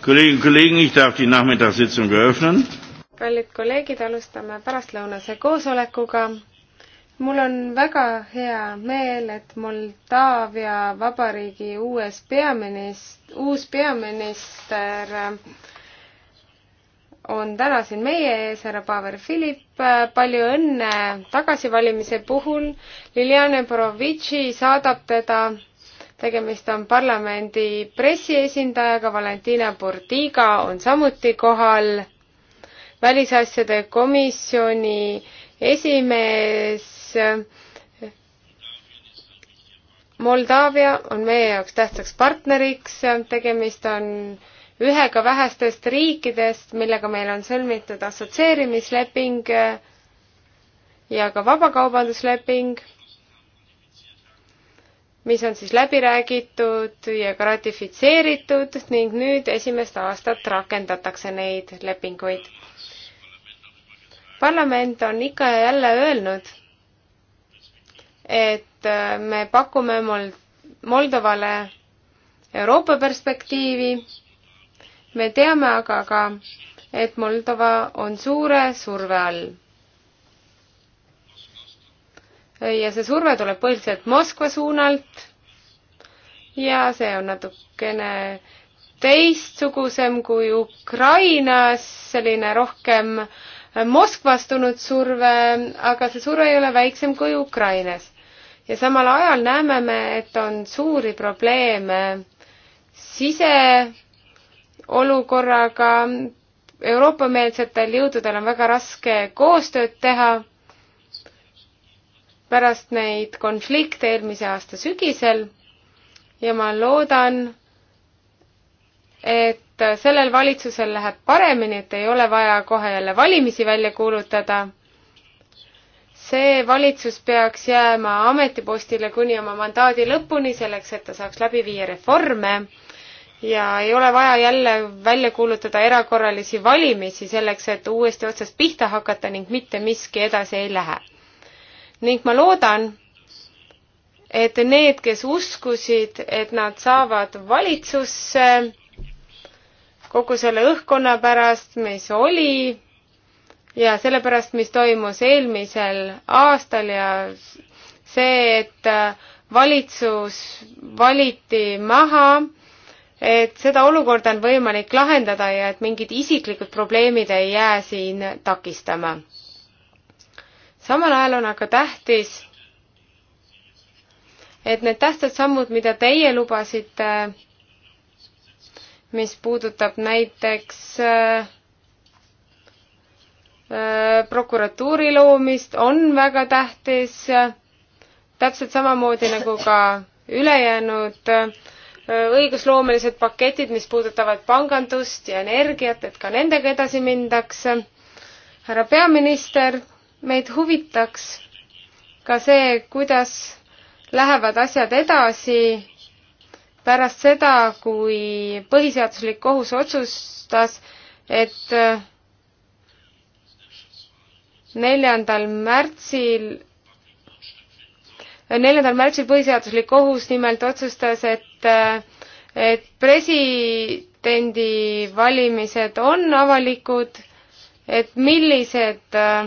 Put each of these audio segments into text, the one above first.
Kolleegid, kolleegid, ich darf die Nachmittagssitzung geöffnen. kallid kolleegid, alustame pärastlõunase koosolekuga. mul on väga hea meel, et Moldaavia Vabariigi uues peaminist-, uus peaminister on täna siin meie ees, härra Pavel Philipp. palju õnne tagasivalimise puhul. Liliane Borovitši saadab teda tegemist on parlamendi pressiesindajaga, Valentina Bordiga on samuti kohal, välisasjade komisjoni esimees eh, Moldaavia on meie jaoks tähtsaks partneriks, tegemist on ühega vähestest riikidest, millega meil on sõlmitud assotsieerimisleping eh, ja ka vabakaubandusleping mis on siis läbi räägitud ja ka ratifitseeritud ning nüüd esimest aastat rakendatakse neid lepinguid. parlament on ikka ja jälle öelnud, et äh, me pakume Mol-, Moldovale Euroopa perspektiivi, me teame aga ka, et Moldova on suure surve all ja see surve tuleb põhiliselt Moskva suunalt ja see on natukene teistsugusem kui Ukrainas, selline rohkem Moskvast tulnud surve, aga see surve ei ole väiksem kui Ukrainas. ja samal ajal näeme me, et on suuri probleeme siseolukorraga, Euroopa-meelsetel jõududel on väga raske koostööd teha pärast neid konflikte eelmise aasta sügisel ja ma loodan, et sellel valitsusel läheb paremini, et ei ole vaja kohe jälle valimisi välja kuulutada. see valitsus peaks jääma ametipostile kuni oma mandaadi lõpuni, selleks et ta saaks läbi viia reforme ja ei ole vaja jälle välja kuulutada erakorralisi valimisi selleks, et uuesti otsast pihta hakata ning mitte miski edasi ei lähe ning ma loodan, et need, kes uskusid, et nad saavad valitsusse kogu selle õhkkonna pärast, mis oli ja selle pärast, mis toimus eelmisel aastal ja see, et valitsus valiti maha, et seda olukorda on võimalik lahendada ja et mingid isiklikud probleemid ei jää siin takistama samal ajal on aga tähtis, et need tähtsad sammud, mida teie lubasite, mis puudutab näiteks äh, äh prokuratuuri loomist on väga tähtis, täpselt samamoodi nagu ka ülejäänud äh, õigusloomelised paketid, mis puudutavad pangandust ja energiat, et ka nendega edasi mindaks. härra peaminister meid huvitaks ka see, kuidas lähevad asjad edasi pärast seda, kui põhiseaduslik kohus otsustas, et äh, neljandal märtsil, äh, neljandal märtsil põhiseaduslik kohus nimelt otsustas, et, äh, et presidendi valimised on avalikud, et millised äh,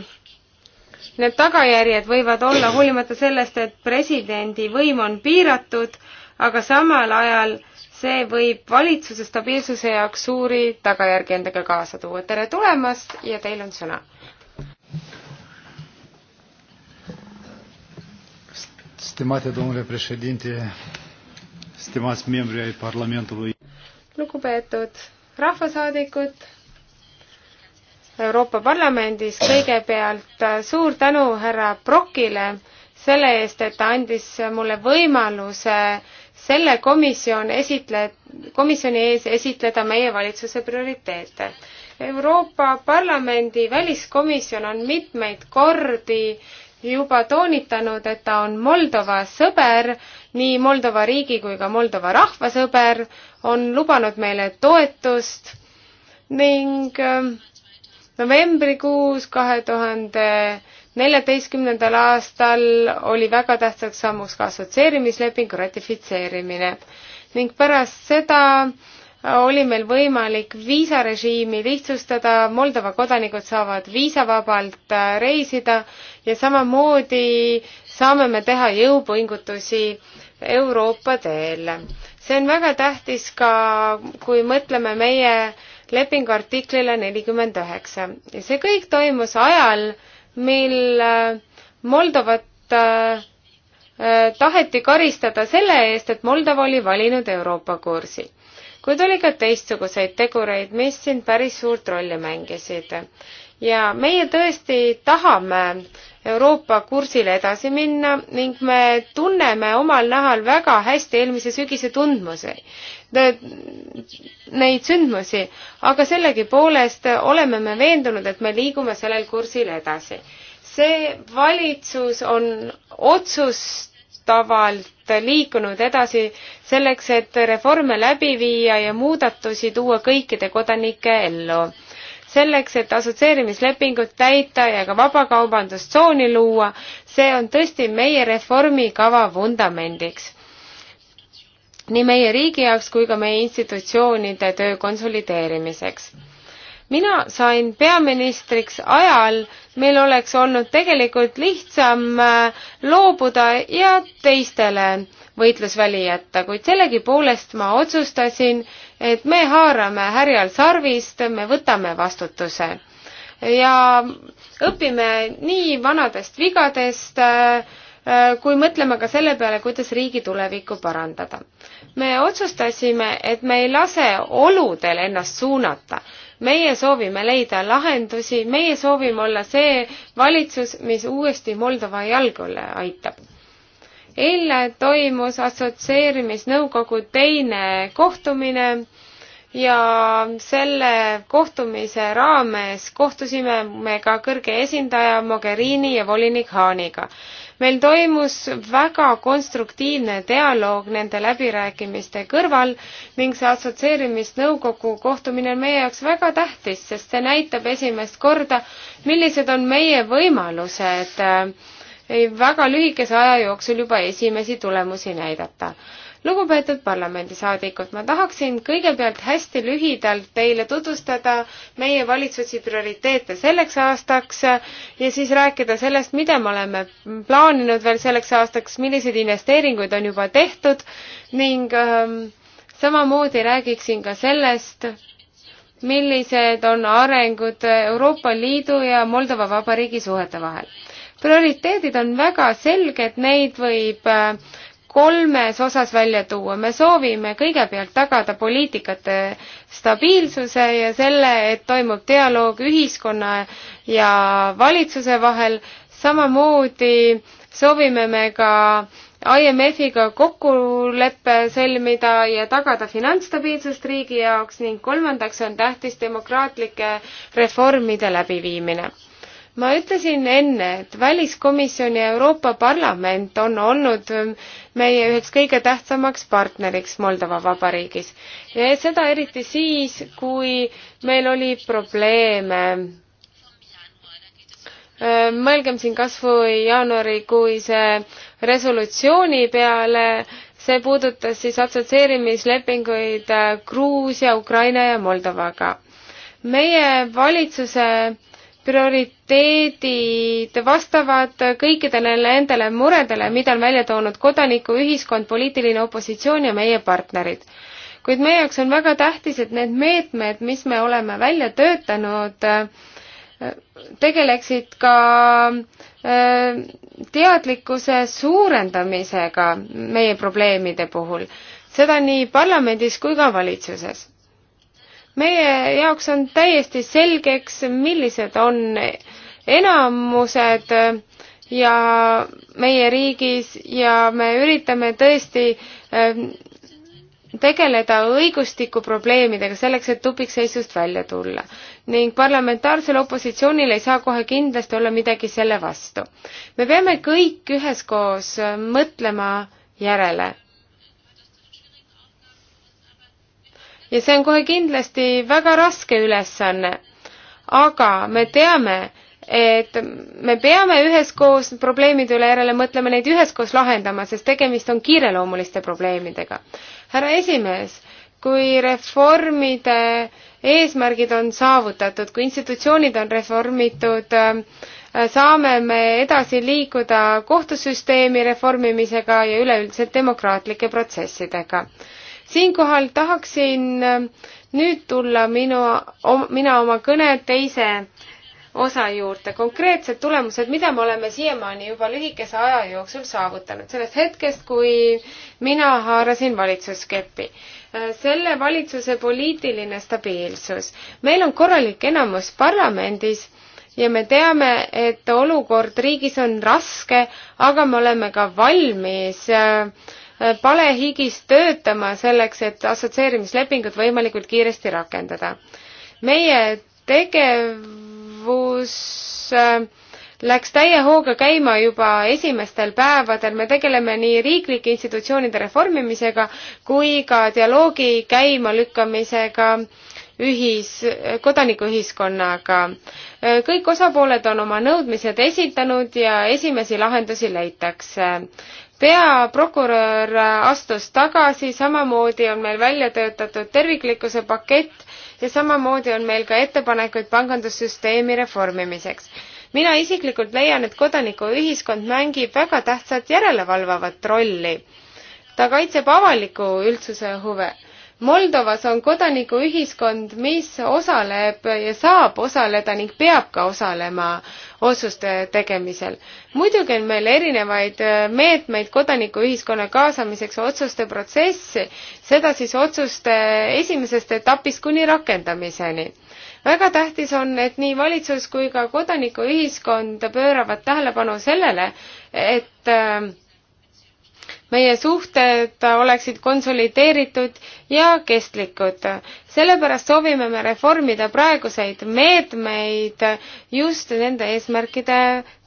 Need tagajärjed võivad olla hoolimata sellest, et presidendi võim on piiratud, aga samal ajal see võib valitsuse stabiilsuse jaoks suuri tagajärgi endaga kaasa tuua. tere tulemast ja teil on sõna. Stimate domnule președinte, stimați membri ai Parlamentului. Lugupeetud rahvasaadikud, Euroopa Parlamendis. kõigepealt äh, suur tänu härra Brokile selle eest, et ta andis mulle võimaluse selle komisjon esitle-, komisjoni ees esitleda meie valitsuse prioriteete. Euroopa Parlamendi väliskomisjon on mitmeid kordi juba toonitanud, et ta on Moldova sõber, nii Moldova riigi kui ka Moldova rahva sõber, on lubanud meile toetust ning äh, novembrikuus kahe tuhande neljateistkümnendal aastal oli väga tähtsaks sammuks ka assotsieerimislepingu ratifitseerimine ning pärast seda oli meil võimalik viisarežiimi lihtsustada, Moldova kodanikud saavad viisavabalt äh, reisida ja samamoodi saame me teha jõupingutusi Euroopa teel. see on väga tähtis ka, kui mõtleme meie lepingu artiklile nelikümmend üheksa ja see kõik toimus ajal, mil äh, Moldovat äh, äh, taheti karistada selle eest, et Moldova oli valinud Euroopa kursi. kuid oli ka teistsuguseid tegureid, mis siin päris suurt rolli mängisid. ja meie tõesti tahame Euroopa kursile edasi minna ning me tunneme omal nahal väga hästi eelmise sügise tundmusi, neid sündmusi, aga sellegipoolest oleme me veendunud, et me liigume sellel kursil edasi. see valitsus on otsustavalt liikunud edasi selleks, et reforme läbi viia ja muudatusi tuua kõikide kodanike ellu selleks, et assotsieerimislepingut täita ja ka vabakaubandustsooni luua, see on tõesti meie reformikava vundamendiks nii meie riigi jaoks kui ka meie institutsioonide töö konsolideerimiseks. mina sain peaministriks ajal, mil oleks olnud tegelikult lihtsam äh, loobuda ja teistele võitlus väli jätta, kuid sellegipoolest ma otsustasin, et me haarame härjal sarvist, me võtame vastutuse ja õpime nii vanadest vigadest äh, äh, kui mõtleme ka selle peale, kuidas riigi tulevikku parandada. me otsustasime, et me ei lase oludel ennast suunata. meie soovime leida lahendusi, meie soovime olla see valitsus, mis uuesti Moldova jalgule aitab eile toimus assotsieerimisnõukogu teine kohtumine ja selle kohtumise raames kohtusime me ka kõrge esindaja Mogherini ja volinik Haaniga. meil toimus väga konstruktiivne dialoog nende läbirääkimiste kõrval ning see assotsieerimisnõukogu kohtumine on meie jaoks väga tähtis, sest see näitab esimest korda, millised on meie võimalused äh, väga lühikese aja jooksul juba esimesi tulemusi näidata. lugupeetud parlamendisaadikud, ma tahaksin kõigepealt hästi lühidalt teile tutvustada meie valitsuse prioriteete selleks aastaks ja siis rääkida sellest, mida me oleme plaaninud veel selleks aastaks, milliseid investeeringuid on juba tehtud ning ähm, samamoodi räägiksin ka sellest, millised on arengud Euroopa Liidu ja Moldova Vabariigi suhete vahel prioriteedid on väga selged, neid võib äh, kolmes osas välja tuua. me soovime kõigepealt tagada poliitikate stabiilsuse ja selle, et toimub dialoog ühiskonna ja valitsuse vahel. samamoodi soovime me ka IMF-iga kokkuleppe sõlmida ja tagada finantsstabiilsust riigi jaoks ning kolmandaks on tähtis demokraatlike reformide läbiviimine ma ütlesin enne, et Väliskomisjon ja Euroopa Parlament on olnud meie üheks kõige tähtsamaks partneriks Moldova Vabariigis ja seda eriti siis, kui meil oli probleeme. mõelgem siin kas või jaanuarikuise resolutsiooni peale, see puudutas siis assotsieerimislepinguid Gruusia, Ukraina ja Moldovaga. meie valitsuse prioriteedid vastavad kõikidele nendele muredele, mida on välja toonud kodanikuühiskond, poliitiline opositsioon ja meie partnerid. kuid meie jaoks on väga tähtis, et need meetmed, mis me oleme välja töötanud, tegeleksid ka äh, teadlikkuse suurendamisega meie probleemide puhul, seda nii parlamendis kui ka valitsuses meie jaoks on täiesti selgeks, millised on enamused ja meie riigis ja me üritame tõesti ähm, tegeleda õigustiku probleemidega selleks, et tupikseisust välja tulla. ning parlamentaarsel opositsioonil ei saa kohe kindlasti olla midagi selle vastu. me peame kõik üheskoos mõtlema järele ja see on kohe kindlasti väga raske ülesanne. aga me teame, et me peame üheskoos probleemide üle järele mõtlema, neid üheskoos lahendama, sest tegemist on kiireloomuliste probleemidega. härra esimees, kui reformide eesmärgid on saavutatud, kui institutsioonid on reformitud, äh, saame me edasi liikuda kohtusüsteemi reformimisega ja üleüldiselt demokraatlike protsessidega siinkohal tahaksin äh, nüüd tulla minu, mina oma kõne teise osa juurde, konkreetsed tulemused, mida me oleme siiamaani juba lühikese aja jooksul saavutanud, sellest hetkest, kui mina haarasin valitsuskeppi. Äh, selle valitsuse poliitiline stabiilsus. meil on korralik enamus parlamendis ja me teame, et olukord riigis on raske, aga me oleme ka valmis äh, palehigis töötama selleks, et assotsieerimislepingut võimalikult kiiresti rakendada. meie tegevus äh, läks täie hooga käima juba esimestel päevadel, me tegeleme nii riiklike institutsioonide reformimisega kui ka dialoogi käimalükkamisega ühis, kodanikuühiskonnaga. Äh, kõik osapooled on oma nõudmised esitanud ja esimesi lahendusi leitakse peaprokurör astus tagasi, samamoodi on meil välja töötatud terviklikkuse pakett ja samamoodi on meil ka ettepanekuid pangandussüsteemi reformimiseks. mina isiklikult leian, et kodanikuühiskond mängib väga tähtsat järelevalvavat rolli. ta kaitseb avaliku üldsuse huve. Moldovas on kodanikuühiskond, mis osaleb ja saab osaleda ning peab ka osalema otsuste tegemisel. muidugi on meil erinevaid äh, meetmeid kodanikuühiskonna kaasamiseks otsuste protsessi, seda siis otsuste esimesest etapist kuni rakendamiseni väga tähtis on, et nii valitsus kui ka kodanikuühiskond pööravad tähelepanu sellele, et äh, meie suhted oleksid konsolideeritud ja kestlikud. sellepärast soovime me reformida praeguseid meetmeid just nende eesmärkide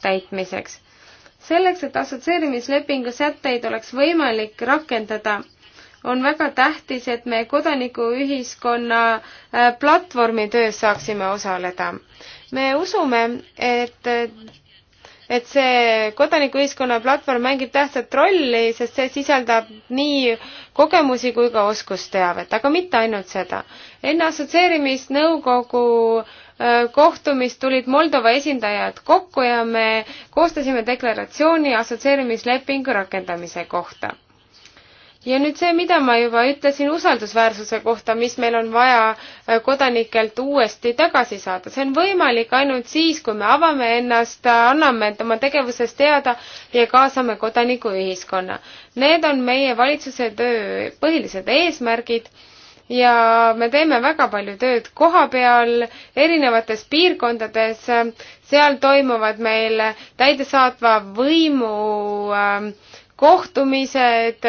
täitmiseks. selleks, et assotsieerimislepingu sätteid oleks võimalik rakendada, on väga tähtis, et me kodanikuühiskonna äh, platvormi töös saaksime osaleda. me usume, et et see kodanikuühiskonna platvorm mängib tähtsat rolli, sest see sisaldab nii kogemusi kui ka oskusteavet, aga mitte ainult seda. enne assotsieerimisnõukogu äh, kohtumist tulid Moldova esindajad kokku ja me koostasime deklaratsiooni assotsieerimislepingu rakendamise kohta ja nüüd see, mida ma juba ütlesin usaldusväärsuse kohta, mis meil on vaja äh, kodanikelt uuesti tagasi saada, see on võimalik ainult siis, kui me avame ennast, anname oma tegevusest teada ja kaasame kodanikuühiskonna. Need on meie valitsuse töö põhilised eesmärgid ja me teeme väga palju tööd kohapeal erinevates piirkondades, seal toimuvad meil täidesaatva võimu ähm, kohtumised,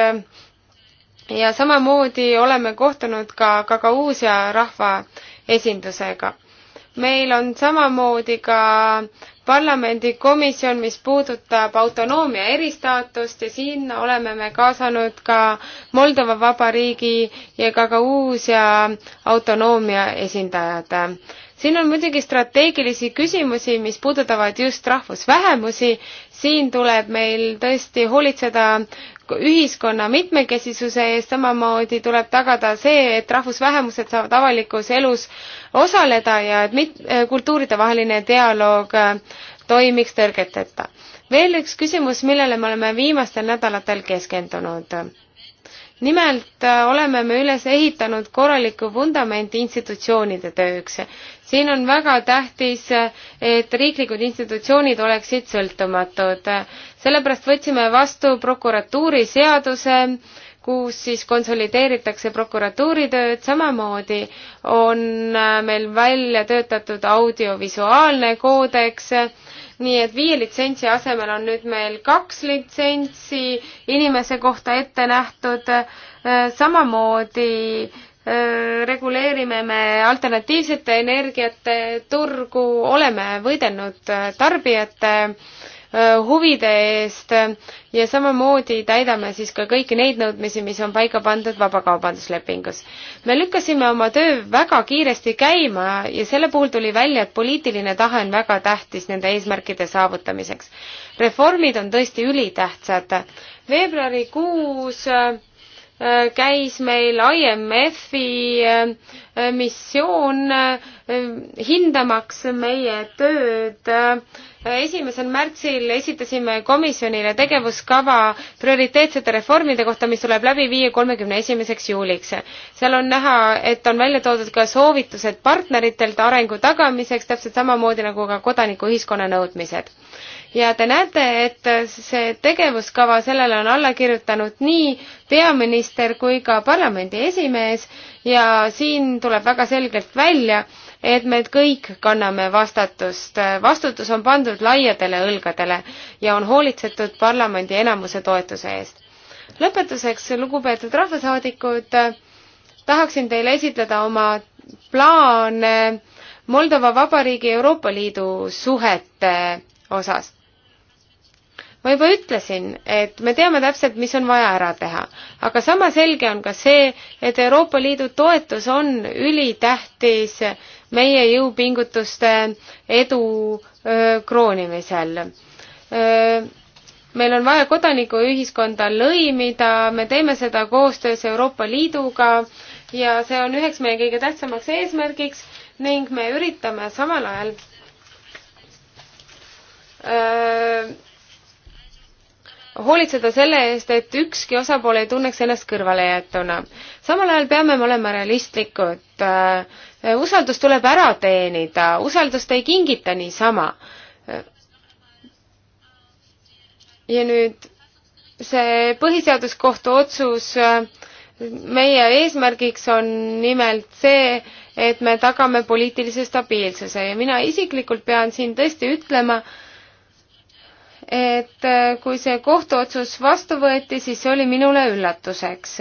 ja samamoodi oleme kohtunud ka Gagauusia rahvaesindusega. meil on samamoodi ka parlamendikomisjon, mis puudutab autonoomia eristaatust ja siin oleme me kaasanud ka Moldova Vabariigi ja Gagauusia autonoomia esindajad siin on muidugi strateegilisi küsimusi, mis puudutavad just rahvusvähemusi, siin tuleb meil tõesti hoolitseda ühiskonna mitmekesisuse eest, samamoodi tuleb tagada see, et rahvusvähemused saavad avalikus elus osaleda ja et mit-, äh, kultuuridevaheline dialoog äh, toimiks tõrgeteta. veel üks küsimus, millele me oleme viimastel nädalatel keskendunud. nimelt äh, oleme me üles ehitanud korraliku vundamendi institutsioonide tööks siin on väga tähtis, et riiklikud institutsioonid oleksid sõltumatud. sellepärast võtsime vastu prokuratuuri seaduse, kus siis konsolideeritakse prokuratuuri tööd, samamoodi on meil välja töötatud audiovisuaalne koodeks, nii et viie litsentsi asemel on nüüd meil kaks litsentsi inimese kohta ette nähtud, samamoodi reguleerime me alternatiivsete energiate turgu, oleme võidelnud äh, tarbijate huvide eest ja samamoodi täidame siis ka kõiki neid nõudmisi, mis on paika pandud vabakaubanduslepingus. me lükkasime oma töö väga kiiresti käima ja selle puhul tuli välja, et poliitiline tahe on väga tähtis nende eesmärkide saavutamiseks. reformid on tõesti ülitähtsad. veebruarikuus äh, Äh, käis meil IMF-i äh, äh, missioon hindamaks meie tööd. esimesel märtsil esitasime komisjonile tegevuskava prioriteetsete reformide kohta, mis tuleb läbi viia kolmekümne esimeseks juuliks. seal on näha, et on välja toodud ka soovitused partneritelt arengu tagamiseks, täpselt samamoodi nagu ka kodanikuühiskonna nõudmised ja te näete, et see tegevuskava, sellele on alla kirjutanud nii peaminister kui ka parlamendi esimees ja siin tuleb väga selgelt välja, et me kõik kanname vastutust. vastutus on pandud laiadele õlgadele ja on hoolitsetud parlamendi enamuse toetuse eest. lõpetuseks, lugupeetud rahvasaadikud, tahaksin teile esitleda oma plaane Moldova Vabariigi Euroopa Liidu suhete osas ma juba ütlesin, et me teame täpselt, mis on vaja ära teha, aga sama selge on ka see, et Euroopa Liidu toetus on ülitähtis meie jõupingutuste edu öö, kroonimisel. meil on vaja kodanikuühiskonda lõimida, me teeme seda koostöös Euroopa Liiduga ja see on üheks meie kõige tähtsamaks eesmärgiks ning me üritame samal ajal öö, hoolitseda selle eest, et ükski osapool ei tunneks ennast kõrvalejäetuna. samal ajal peame me olema realistlikud. Äh, usaldus tuleb ära teenida, usaldust ei kingita niisama. Äh, ja nüüd see põhiseaduskohtu otsus, äh, meie eesmärgiks on nimelt see, et me tagame poliitilise stabiilsuse ja mina isiklikult pean siin tõesti ütlema, et äh, kui see kohtuotsus vastu võeti, siis see oli minule üllatuseks.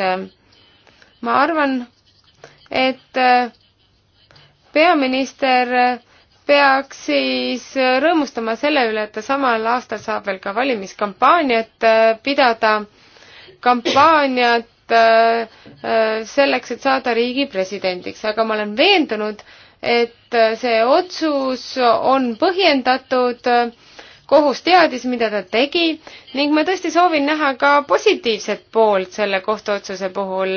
ma arvan, et äh, peaminister äh, peaks siis rõõmustama selle üle, et ta samal aastal saab veel ka valimiskampaaniat pidada, kampaaniat selleks, et saada riigi presidendiks, aga ma olen veendunud, et see otsus on põhjendatud kohus teadis, mida ta tegi ning ma tõesti soovin näha ka positiivset poolt selle kohtuotsuse puhul.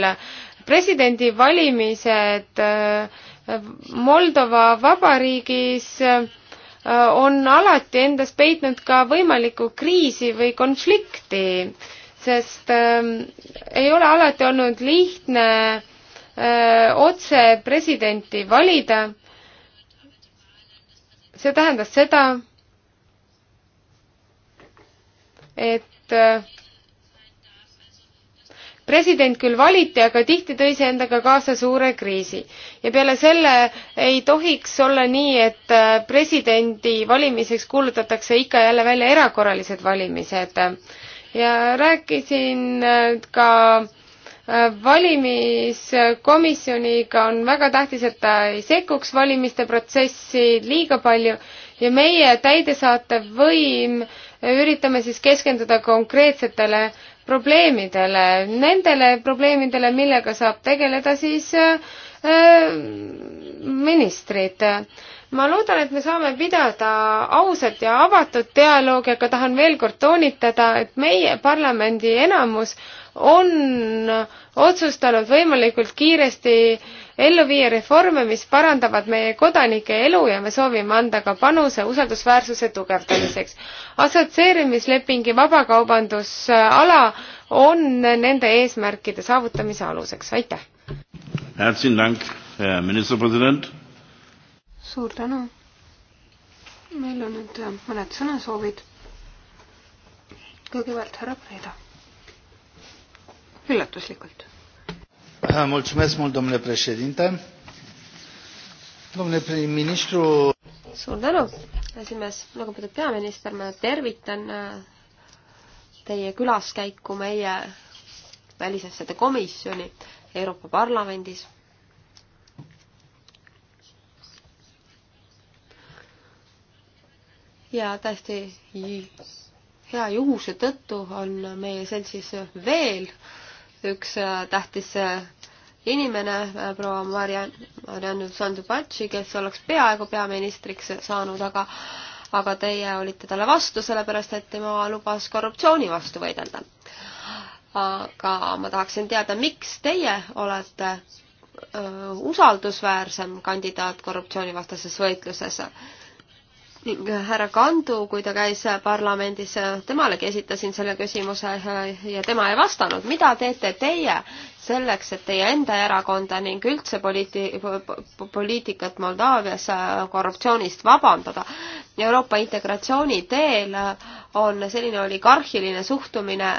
presidendivalimised äh, Moldova Vabariigis äh, on alati endas peitnud ka võimalikku kriisi või konflikti, sest äh, ei ole alati olnud lihtne otse presidenti valida. see tähendas seda, et äh, president küll valiti, aga tihti tõi see endaga kaasa suure kriisi. ja peale selle ei tohiks olla nii, et äh, presidendi valimiseks kuulutatakse ikka jälle välja erakorralised valimised. ja rääkisin äh, ka valimiskomisjoniga on väga tähtis, et ta ei sekkuks valimiste protsessi liiga palju ja meie täidesaatev võim äh, üritame siis keskenduda konkreetsetele probleemidele, nendele probleemidele, millega saab tegeleda siis äh, ministrid. ma loodan, et me saame pidada ausat ja avatud dialoogi, aga tahan veel kord toonitada, et meie parlamendi enamus on otsustanud võimalikult kiiresti ellu viia reforme, mis parandavad meie kodanike elu ja me soovime anda ka panuse usaldusväärsuse tugevdamiseks. assotsieerimislepingi vabakaubandusala on nende eesmärkide saavutamise aluseks, aitäh! suur tänu! meil on nüüd mõned sõnasoovid. kõigepealt härra Preeda üllatuslikult. domnule președinte, domnule prim-ministru. suur tänu, esimees, lugupeetud peaminister, ma tervitan äh, teie külaskäiku meie välisasjade komisjoni Euroopa Parlamendis. ja täiesti hea juhuse tõttu on meie seltsis veel üks äh, tähtis äh, inimene, äh, proua Marianne, Marianne Sandubatši, kes oleks peaaegu peaministriks saanud, aga aga teie olite talle vastu, sellepärast et tema lubas korruptsiooni vastu võidelda. aga ma tahaksin teada, miks teie olete usaldusväärsem kandidaat korruptsioonivastases võitluses ning äh, härra Kandu, kui ta käis äh, parlamendis, äh, temalegi esitasin selle küsimuse ja tema ei vastanud. mida teete teie selleks, et teie enda erakonda ning üldse poliiti-, poliitikat Moldaavias korruptsioonist vabandada? Euroopa integratsiooni teel on selline oligarhiline suhtumine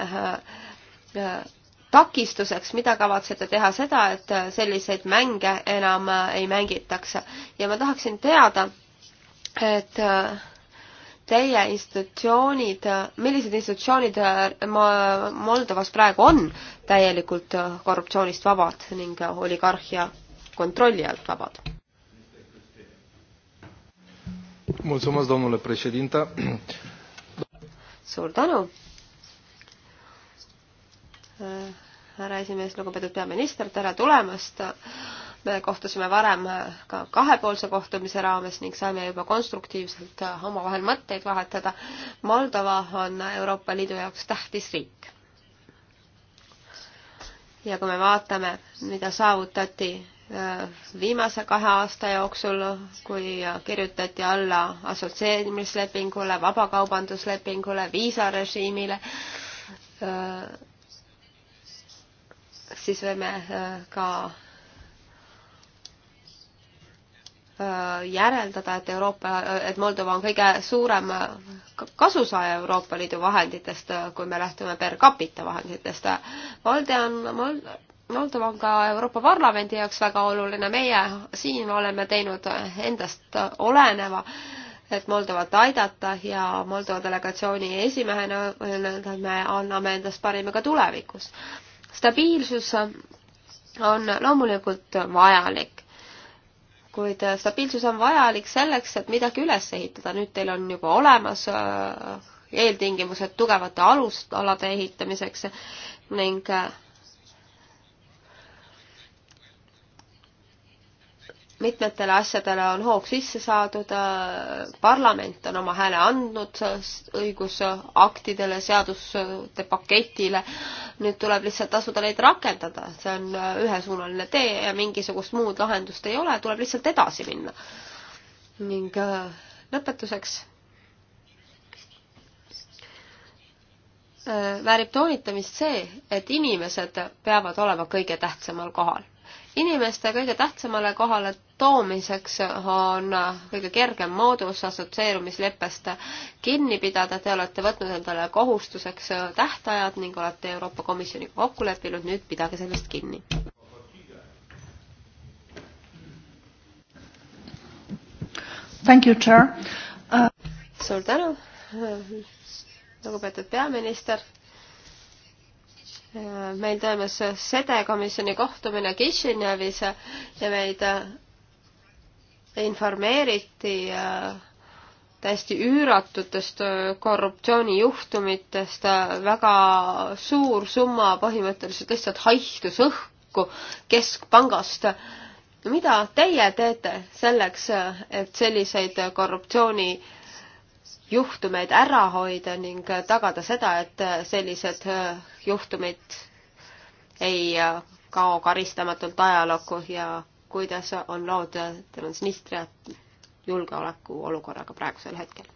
takistuseks, mida kavatsete teha seda, et selliseid mänge enam ei mängitaks? ja ma tahaksin teada, et äh, teie institutsioonid, äh, millised institutsioonid äh, Moldovas praegu on täielikult korruptsioonist vabad ning oligarhia kontrolli alt vabad? suur tänu, härra esimees, lugupeetud peaminister, tere tulemast me kohtusime varem ka kahepoolse kohtumise raames ning saime juba konstruktiivselt omavahel mõtteid vahetada. Moldova on Euroopa Liidu jaoks tähtis riik. ja kui me vaatame, mida saavutati äh, viimase kahe aasta jooksul, kui kirjutati alla assotsieerimislepingule, vabakaubanduslepingule, viisarežiimile, äh, siis võime äh, ka Äh, järeldada, et Euroopa, et Moldova on kõige suurem äh, kasusaaja Euroopa Liidu vahenditest, äh, kui me lähtume per capita vahenditest. Molde on, Moldova on ka Euroopa Parlamendi jaoks väga oluline, meie siin oleme teinud endast oleneva, et Moldovat aidata ja Moldova delegatsiooni esimehena me anname endast parima ka tulevikus. stabiilsus on loomulikult vajalik kuid äh, stabiilsus on vajalik selleks, et midagi üles ehitada, nüüd teil on juba olemas äh, eeltingimused tugevate alustalade ehitamiseks ning äh, mitmetele asjadele on hoog sisse saadud, äh, parlament on oma hääle andnud õigusaktidele, seaduste paketile, nüüd tuleb lihtsalt asuda neid rakendada, see on äh, ühesuunaline tee ja mingisugust muud lahendust ei ole, tuleb lihtsalt edasi minna. ning äh, lõpetuseks väärib toonitamist see, et inimesed peavad olema kõige tähtsamal kohal inimeste kõige tähtsamale kohale toomiseks on kõige kergem moodus assotsieerumisleppest kinni pidada. Te olete võtnud endale kohustuseks tähtajad ning olete Euroopa Komisjoniga kokku leppinud, nüüd pidage sellest kinni. Thank you, Chair uh.... suur tänu, lugupeetud peaminister meil toimus SEDE komisjoni kohtumine Kišinevis ja meid äh, informeeriti äh, täiesti üüratutest äh, korruptsioonijuhtumitest, väga suur summa põhimõtteliselt lihtsalt haihtus õhku keskpangast. mida teie teete selleks, et selliseid korruptsiooni juhtumeid ära hoida ning tagada seda, et sellised äh, juhtumid ei äh, kao karistamatult ajalukku ja kuidas on lood äh, Transnistria julgeolekuolukorraga praegusel hetkel?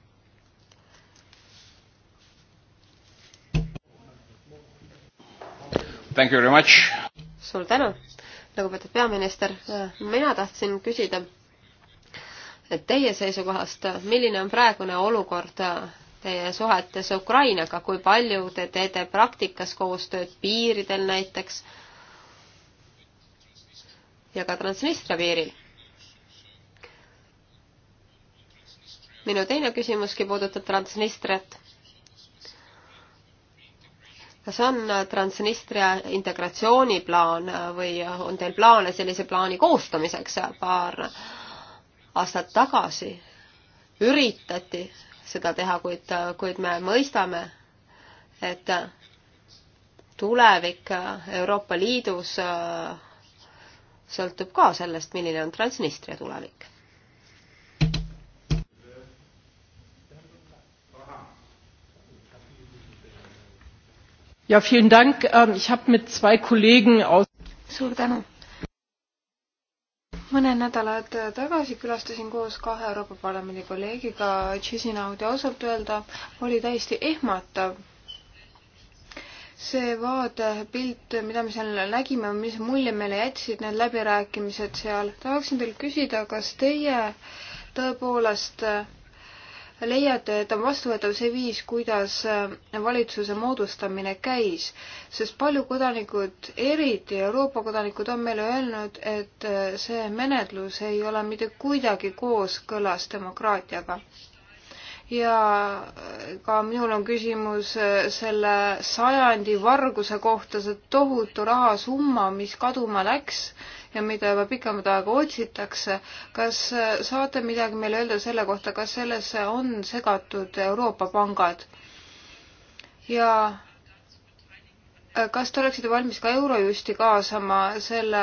suur tänu, lugupeetud peaminister, mina tahtsin küsida et teie seisukohast, milline on praegune olukord teie suhetes Ukrainaga, kui palju te teete praktikas koostööd piiridel näiteks ja ka Transnistria piiril? minu teine küsimuski puudutab Transnistriat. kas on Transnistria integratsiooniplaan või on teil plaane sellise plaani koostamiseks paar aastat tagasi üritati seda teha, kuid, kuid me mõistame, et tulevik Euroopa Liidus äh, sõltub ka sellest, milline on Transnistria tulevik. ja vielen Dank, ähm, ich habe mit zwei Kollegen aus. suur tänu mõned nädalad tagasi külastasin koos kahe Euroopa Parlamendi kolleegiga Chisinaud ja ausalt öelda oli täiesti ehmatav see vaadepilt, mida me seal nägime, mis mulje meile jätsid need läbirääkimised seal. tahaksin teilt küsida, kas teie tõepoolest äh, leiate, et on vastuvõetav see viis, kuidas äh, valitsuse moodustamine käis, sest palju kodanikud, eriti Euroopa kodanikud, on meile öelnud, et äh, see menetlus ei ole mitte kuidagi kooskõlas demokraatiaga. ja äh, ka minul on küsimus selle sajandi varguse kohta, see tohutu rahasumma, mis kaduma läks ja mida juba pikemat aega otsitakse. kas saate midagi meile öelda selle kohta, kas sellesse on segatud Euroopa pangad? ja kas te oleksite valmis ka Eurojusti kaasama selle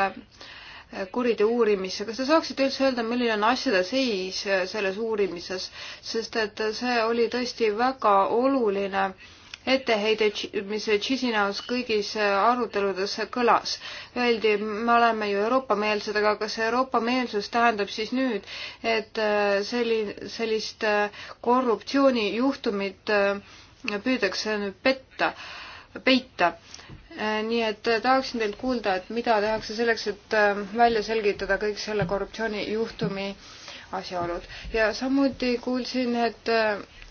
kuriteo uurimisse, kas te saaksite üldse öelda, milline on asjade seis selles uurimises, sest et see oli tõesti väga oluline äh, etteheide, mis Chisinaos kõigis äh, aruteludes kõlas. Öeldi, me oleme ju Euroopa-meelsed, aga kas Euroopa-meelsus tähendab siis nüüd, et äh, selli-, sellist äh, korruptsioonijuhtumit püüdakse nüüd petta, peita? nii et tahaksin teilt kuulda, et mida tehakse selleks, et välja selgitada kõik selle korruptsioonijuhtumi asjaolud ja samuti kuulsin, et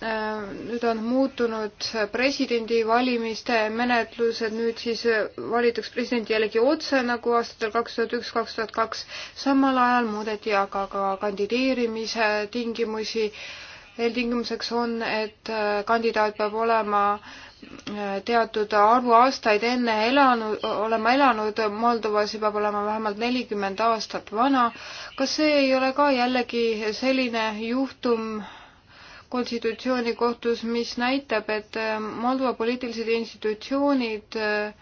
Äh, nüüd on muutunud presidendivalimiste menetlused, nüüd siis äh, valitakse president jällegi otse nagu aastatel kaks tuhat üks, kaks tuhat kaks. samal ajal muudeti aga ka kandideerimise tingimusi. eeltingimuseks on, et äh, kandidaat peab olema teatud arvu aastaid enne elanud, olema elanud Moldovas ja peab olema vähemalt nelikümmend aastat vana. kas see ei ole ka jällegi selline juhtum, konstitutsioonikohtus, mis näitab, et äh, Moldova poliitilised institutsioonid äh,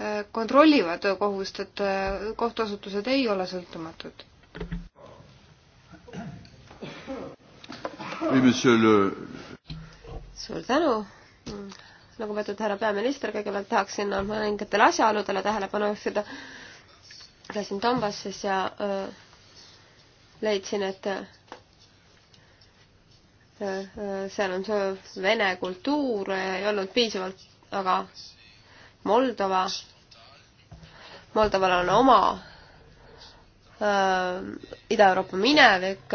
äh, kontrollivad kohust, et kohtuasutused ei ole sõltumatud. suur tänu, mm, lugupeetud härra peaminister, kõigepealt tahaksin mõningatele asjaoludele tähelepanu juhtida. käisin Dombassis ja öö, leidsin, et seal on see vene kultuur, ei olnud piisavalt, aga Moldova, Moldoval on oma äh, Ida-Euroopa minevik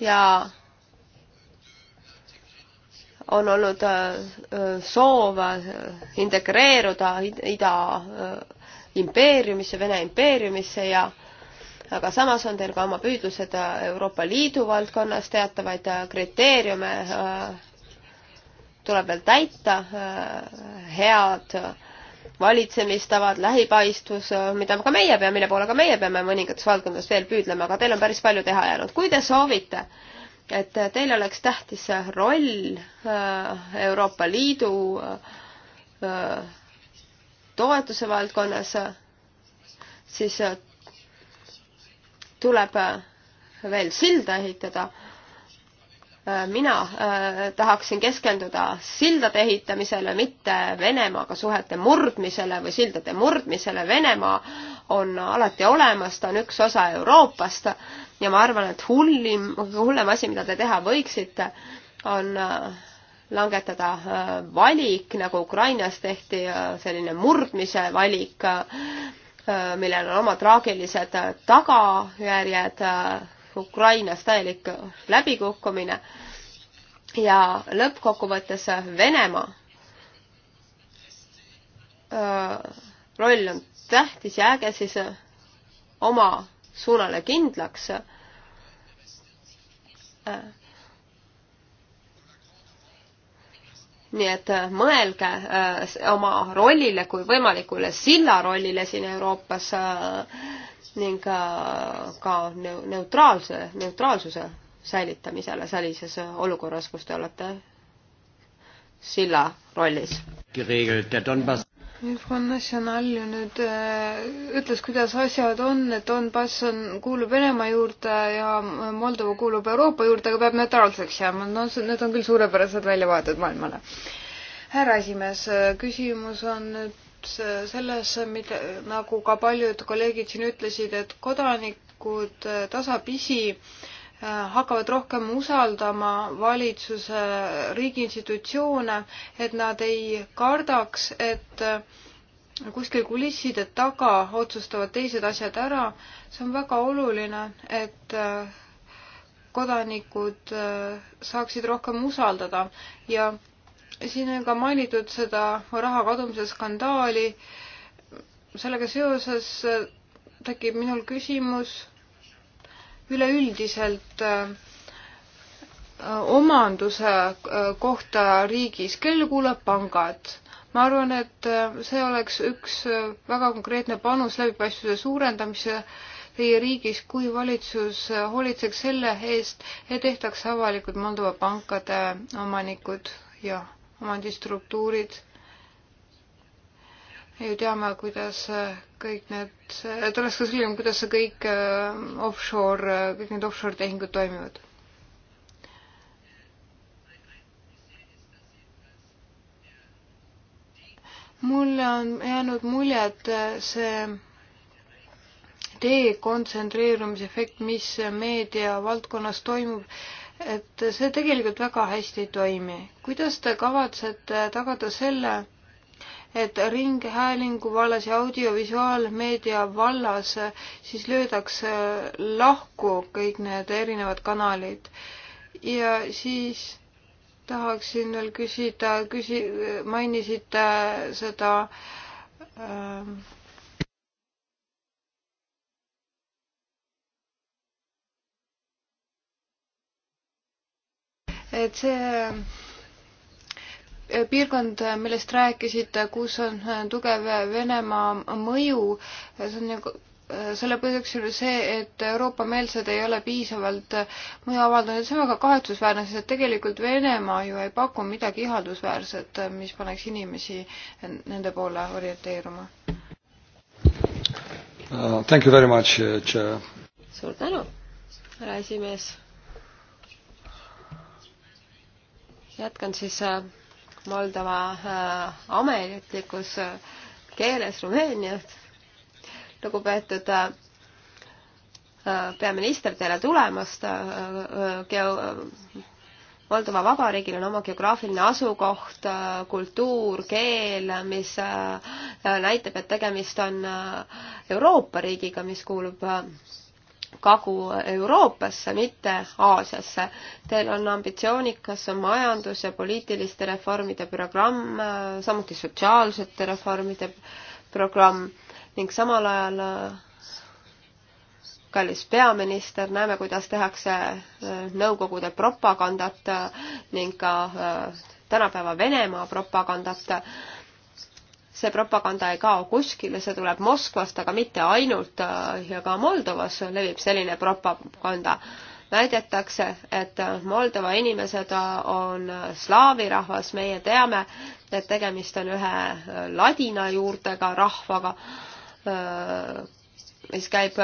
ja on olnud äh, soov integreeruda Ida äh, impeeriumisse, Vene impeeriumisse ja aga samas on teil ka oma püüdlused äh, Euroopa Liidu valdkonnas, teatavaid äh, kriteeriume äh, tuleb veel täita, head valitsemistavad, lähipaistvus, mida ka meie peame, mille poole ka meie peame mõningates valdkondades veel püüdlema, aga teil on päris palju teha jäänud. kui te soovite, et teil oleks tähtis roll Euroopa Liidu toetuse valdkonnas, siis tuleb äh, veel silda ehitada. Äh, mina äh, tahaksin keskenduda sildade ehitamisele, mitte Venemaaga suhete murdmisele või sildade murdmisele. Venemaa on alati olemas, ta on üks osa Euroopast ja ma arvan, et hullim, hullem asi, mida te teha võiksite, on langetada valik, nagu Ukrainas tehti, selline murdmise valik Äh, millel on oma traagilised äh, tagajärjed, äh, Ukrainas täielik läbikukkumine ja lõppkokkuvõttes Venemaa roll on tähtis, jääge siis oma suunale kindlaks nii et äh, mõelge äh, oma rollile kui võimalikule sillarollile siin Euroopas äh, ning ka neutraalse, neutraalsuse säilitamisele sellises olukorras, kus te olete silla rollis. Front National ju nüüd äh, ütles, kuidas asjad on, et Donbass on, kuulub Venemaa juurde ja Moldova kuulub Euroopa juurde, aga peab neutraalseks jääma. no need on küll suurepärased väljavaated maailmale. härra esimees, küsimus on nüüd selles, mida, nagu ka paljud kolleegid siin ütlesid, et kodanikud tasapisi äh, hakkavad rohkem usaldama valitsuse riigi institutsioone, et nad ei kardaks, et kuskil kulisside taga otsustavad teised asjad ära. see on väga oluline, et kodanikud äh, saaksid rohkem usaldada ja siin on ka mainitud seda raha kadumise skandaali. sellega seoses äh, tekib minul küsimus üleüldiselt äh, äh, omanduse äh, kohta riigis, kellele kuulab pangad? ma arvan, et see oleks üks väga konkreetne panus läbipaistvuse suurendamise teie riigis, kui valitsus hoolitseks selle eest, et tehtaks avalikud Moldova pankade omanikud ja omandistruktuurid ju teame, kuidas kõik need, et oleks ka selline, kuidas see kõik äh, offshore, äh, kõik need offshore tehingud toimivad. mulle on jäänud mulje, et äh, see dekontsentreerumise efekt, mis meediavaldkonnas toimub, et see tegelikult väga hästi ei toimi. kuidas te kavatsete tagada selle, et ringhäälingu vallas ja audiovisuaalmeedia vallas siis löödakse lahku kõik need erinevad kanalid. ja siis tahaksin veel küsida, küsi-, mainisite seda ähm, et see piirkond, millest rääkisite, kus on tugev Venemaa mõju, see on nagu selle põhjuseks oli see, et Euroopa-meelsed ei ole piisavalt mõju avaldanud, see on väga kahetsusväärne, sest et tegelikult Venemaa ju ei paku midagi ihaldusväärset, mis paneks inimesi nende poole orienteeruma uh,. Thank you very much uh,, Chair. suur tänu, härra esimees. jätkan siis uh Moldova äh, ametlikus äh, keeles Rumeeniat. lugupeetud äh, peaminister, tere tulemast. Moldova Vabariigil on oma geograafiline asukoht, kultuur, keel, mis näitab, et tegemist on Euroopa riigiga, mis kuulub Kagu-Euroopasse, mitte Aasiasse. Teil on ambitsioonikas majandus- ja poliitiliste reformide programm, samuti sotsiaalsete reformide programm ning samal ajal kallis peaminister, näeme, kuidas tehakse äh, Nõukogude propagandat ning ka äh, tänapäeva Venemaa propagandat see propaganda ei kao kuskile, see tuleb Moskvast, aga mitte ainult äh, ja ka Moldovas levib selline propaganda. väidetakse, et äh, Moldova inimesed äh, on slaavi rahvas, meie teame, et tegemist on ühe ladina juurtega rahvaga, mis käib,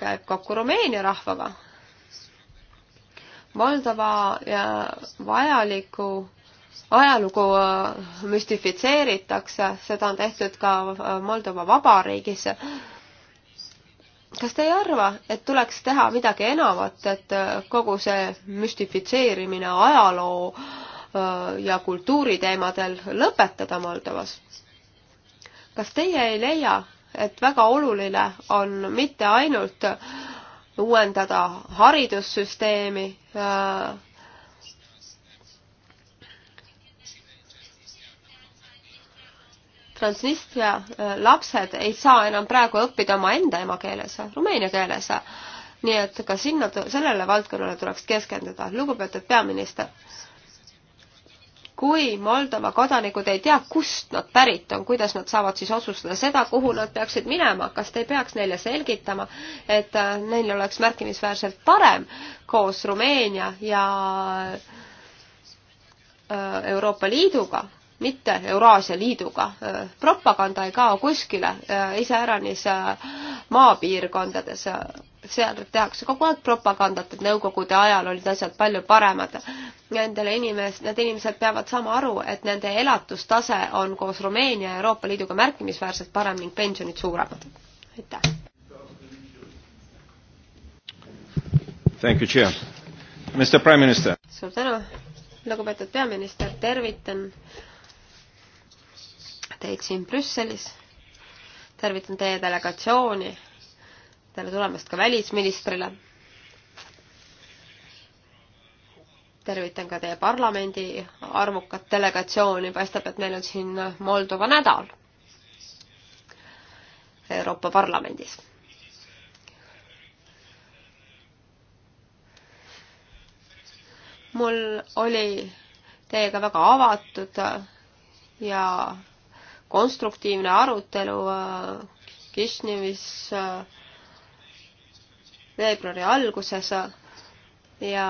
käib kokku Rumeenia rahvaga. Moldova ja vajaliku ajalugu äh, müstifitseeritakse, seda on tehtud ka äh, Moldova Vabariigis. kas te ei arva, et tuleks teha midagi enamat, et äh, kogu see müstifitseerimine ajaloo ja kultuuriteemadel lõpetada Moldovas? kas teie ei leia, et väga oluline on mitte ainult uuendada haridussüsteemi äh, Transnistria äh, lapsed ei saa enam praegu õppida omaenda emakeeles, rumeenia keeles. nii et ka sinna, sellele valdkonnale tuleks keskenduda. lugupeetud peaminister, kui Moldova kodanikud ei tea, kust nad pärit on, kuidas nad saavad siis otsustada seda, kuhu nad peaksid minema, kas te ei peaks neile selgitama, et äh, neil oleks märkimisväärselt parem koos Rumeenia ja äh, Euroopa Liiduga mitte Euraasia Liiduga. propaganda ei kao kuskile, äh, iseäranis äh, maapiirkondades. seal tehakse kogu aeg propagandat, et nõukogude ajal olid asjad palju paremad. Nendele inimes-, need inimesed peavad saama aru, et nende elatustase on koos Rumeenia ja Euroopa Liiduga märkimisväärselt parem ning pensionid suuremad. aitäh! Thank you, Chair. Mr. Prime Minister. suur tänu, lugupeetud peaminister, tervitan teid siin Brüsselis. tervitan teie delegatsiooni. tere tulemast ka välisministrile. tervitan ka teie parlamendi arvukat delegatsiooni, paistab, et meil on siin Moldova nädal Euroopa Parlamendis mul oli teiega väga avatud ja konstruktiivne arutelu äh, Kišnevis äh, veebruari alguses äh, ja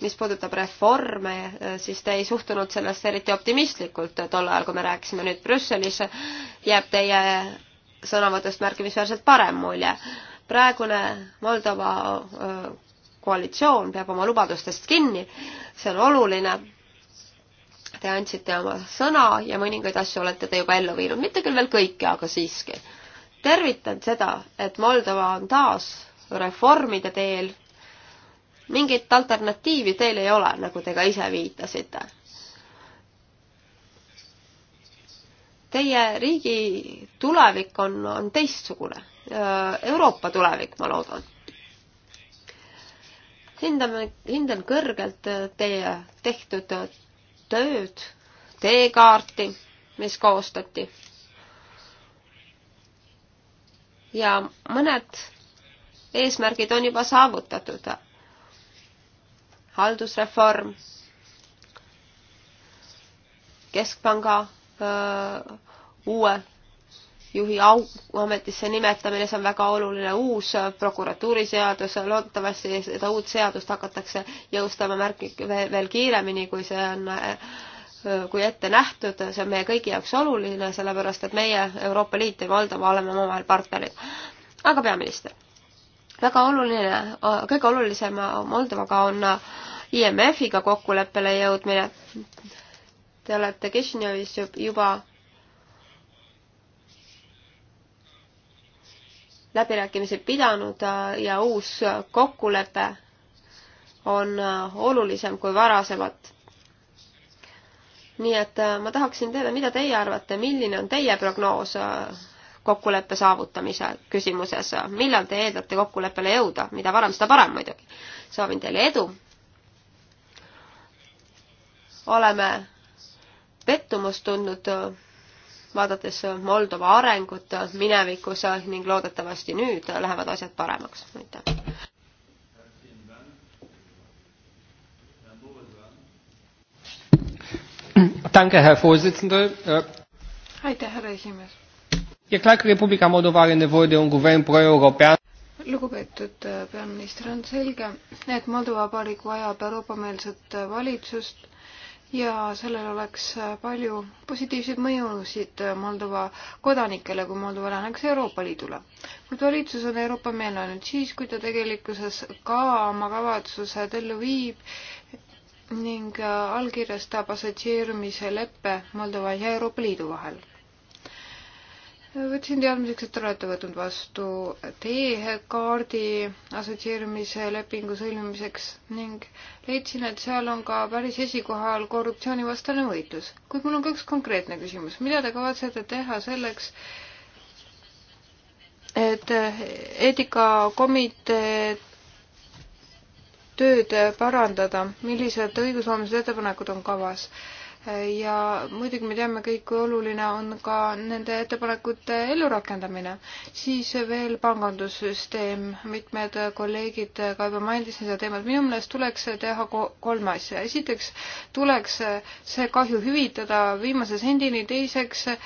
mis puudutab reforme, siis te ei suhtunud sellesse eriti optimistlikult tol ajal, kui me rääkisime nüüd Brüsselis, jääb teie sõnavõtust märkimisväärselt parem mulje. praegune Moldova koalitsioon peab oma lubadustest kinni, see on oluline Te andsite oma sõna ja mõningaid asju olete te juba ellu viinud, mitte küll veel kõike, aga siiski. tervitan seda, et Moldova on taas reformide teel. mingit alternatiivi teil ei ole, nagu te ka ise viitasite teie riigi tulevik on, on teistsugune. Euroopa tulevik, ma loodan. hindame, hindan kõrgelt teie tehtud tööd, teekaarti, mis koostati. ja mõned eesmärgid on juba saavutatud. haldusreform, keskpanga öö, uue juhi au, ametisse nimetamine, see on väga oluline uus prokuratuuriseadus, loodetavasti seda uut seadust hakatakse jõustama märk-, veel kiiremini, kui see on kui ette nähtud, see on meie kõigi jaoks oluline, sellepärast et meie, Euroopa Liit ja Moldova oleme omavahel partnerid. aga peaminister, väga oluline, kõige olulisem Moldovaga on IMF-iga kokkuleppele jõudmine. Te olete Kišinevis juba läbirääkimisi pidanud äh, ja uus kokkulepe on äh, olulisem kui varasemad. nii et äh, ma tahaksin teada, mida teie arvate, milline on teie prognoos kokkuleppe saavutamise küsimuses, millal te eeldate kokkuleppele jõuda, mida varem, seda parem muidugi. soovin teile edu. oleme pettumust tundnud vaadates Moldova arengut minevikus ning loodetavasti nüüd lähevad asjad paremaks. aitäh! Danke, Herr Vorsitzender. Äh, aitäh, härra esimees. E clar că Republica Moldova are nevoie de un guvern pro-european. Lugupeetud äh, peaminister, on selge, et Moldova Vabariik vajab Euroopa-meelset äh, valitsust ja sellel oleks äh, palju positiivseid mõjusid äh, Moldova kodanikele, kui Moldova läheneks Euroopa Liidule. kuid valitsus on Euroopa-meelne ainult siis, kui ta tegelikkuses ka oma kavatsused ellu viib ning äh, allkirjastab assotsieerumise leppe Moldova ja Euroopa Liidu vahel võtsin teadmiseks, et te olete võtnud vastu teekaardi assotsieerumise lepingu sõlmimiseks ning leidsin, et seal on ka päris esikohal korruptsioonivastane võitlus. kuid mul on ka üks konkreetne küsimus, mida te kavatsete teha selleks, et eetikakomitee tööd parandada, millised õigusloomelised ettepanekud on kavas? ja muidugi me teame kõik, kui oluline on ka nende ettepanekute ellurakendamine. siis veel pangandussüsteem, mitmed kolleegid ka juba mainisid seda teemat, minu meelest tuleks teha kolme asja, esiteks tuleks see kahju hüvitada viimase sendini, teiseks äh,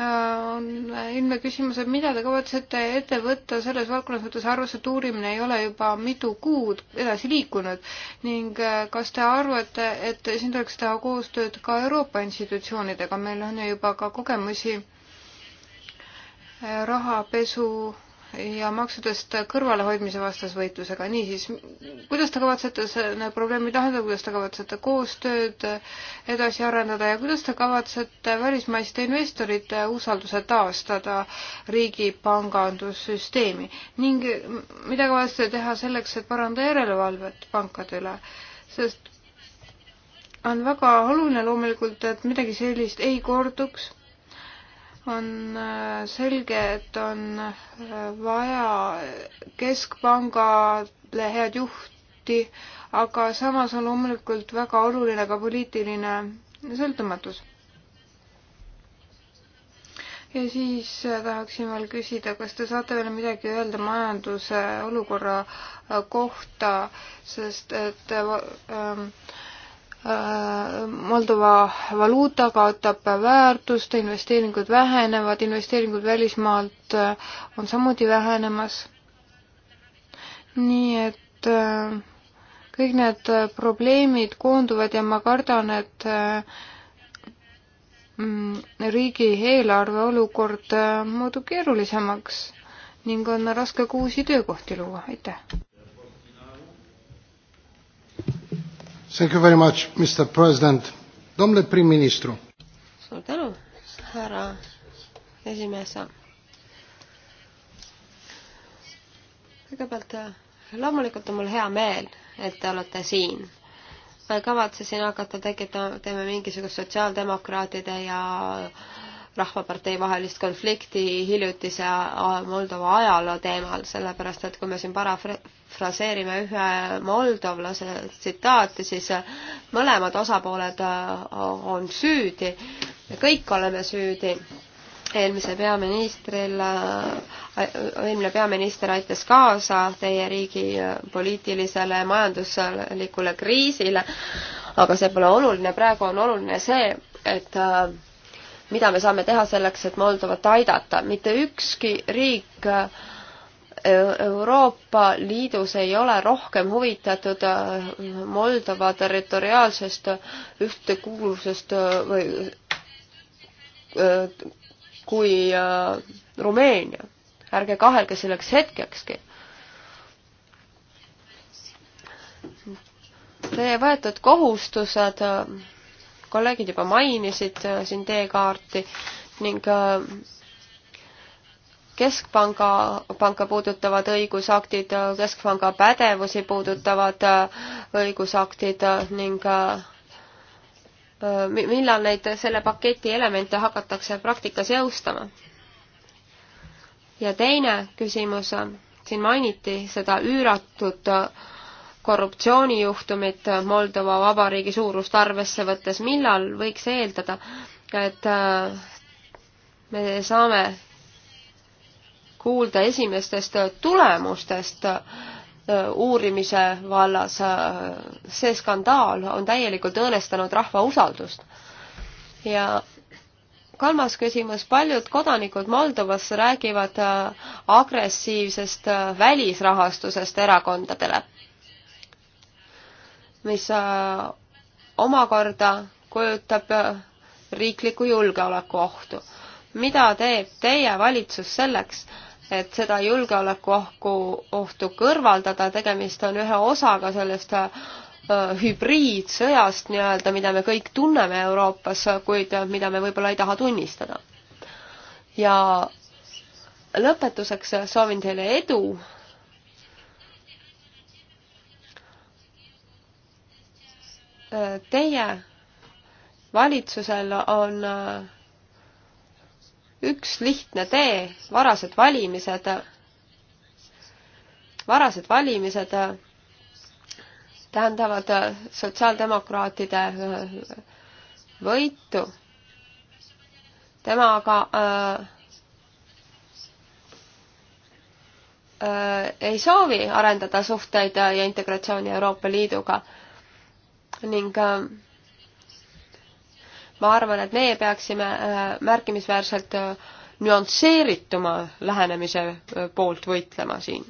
Äh, on ilmne küsimus, et mida te kavatsete ette võtta selles valdkonnas, võttes arvesse, et uurimine ei ole juba mitu kuud edasi liikunud ning äh, kas te arvate, et siin tuleks teha koostööd ka Euroopa institutsioonidega, meil on ju juba ka kogemusi äh, rahapesu ja maksudest kõrvalehoidmise vastase võitlusega. niisiis, kuidas te kavatsete need probleemid lahendada, kuidas te kavatsete koostööd edasi arendada ja kuidas te kavatsete välismaiste investorite usalduse taastada riigi pangandussüsteemi ning mida kavatsete teha selleks, et parandada järelevalvet pankade üle, sest on väga oluline loomulikult, et midagi sellist ei korduks on äh, selge, et on äh, vaja keskpangale head juhti, aga samas on loomulikult väga oluline ka poliitiline sõltumatus. ja siis äh, tahaksin veel küsida, kas te saate veel midagi öelda majanduse olukorra kohta, sest et äh, ähm, Äh, Moldova valuuta kaotab väärtust, investeeringud vähenevad, investeeringud välismaalt äh, on samuti vähenemas. nii et äh, kõik need probleemid koonduvad ja ma kardan, et mm, riigieelarve olukord muutub keerulisemaks ning on raske ka uusi töökohti luua, aitäh! Thank you very much, Mr President. domnule prim-ministru. suur tänu, härra esimees. kõigepealt loomulikult on mul hea meel, et te olete siin. ma ei kavatse siin hakata tekitama, teeme mingisugust sotsiaaldemokraatide ja Rahvapartei vahelist konflikti hiljutise Moldova ajaloo teemal, sellepärast et kui me siin parafra-, parafraseerime ühe moldovlase tsitaati, siis mõlemad osapooled äh, on süüdi, me kõik oleme süüdi. eelmise peaministril, äh, eelmine peaminister aitas kaasa teie riigi äh, poliitilisele ja majanduslikule kriisile, aga see pole oluline, praegu on oluline see, et mida me saame teha selleks, et Moldovat aidata. mitte ükski riik äh, Euroopa Liidus ei ole rohkem huvitatud äh, Moldova territoriaalsest äh, ühtekuuluvusest äh, või kui Rumeenia. ärge kahelge selleks hetkekski. Teie võetud kohustused, kolleegid juba mainisid siin teekaarti ning keskpanga, panka puudutavad õigusaktid, keskpanga pädevusi puudutavad äh, õigusaktid äh, ning äh, millal neid, selle paketi elemente hakatakse praktikas jõustama? ja teine küsimus, siin mainiti seda üüratud korruptsioonijuhtumit Moldova Vabariigi suurust arvesse võttes, millal võiks eeldada, et me saame kuulda esimestest tulemustest äh, uurimise vallas. see skandaal on täielikult õõnestanud rahva usaldust. ja kolmas küsimus, paljud kodanikud Moldovas räägivad äh, agressiivsest äh, välisrahastusest erakondadele, mis omakorda kujutab riikliku julgeoleku ohtu. mida teeb teie valitsus selleks, et seda julgeolekuohku, ohtu kõrvaldada, tegemist on ühe osaga sellest äh, hübriidsõjast nii-öelda, mida me kõik tunneme Euroopas, kuid äh, mida me võib-olla ei taha tunnistada. ja lõpetuseks soovin teile edu. Äh, teie valitsusel on üks lihtne tee, varased valimised, varased valimised tähendavad sotsiaaldemokraatide võitu. tema aga äh, äh, ei soovi arendada suhteid ja integratsiooni Euroopa Liiduga ning äh, ma arvan, et meie peaksime äh, märkimisväärselt äh, nüansseerituma lähenemise äh, poolt võitlema siin.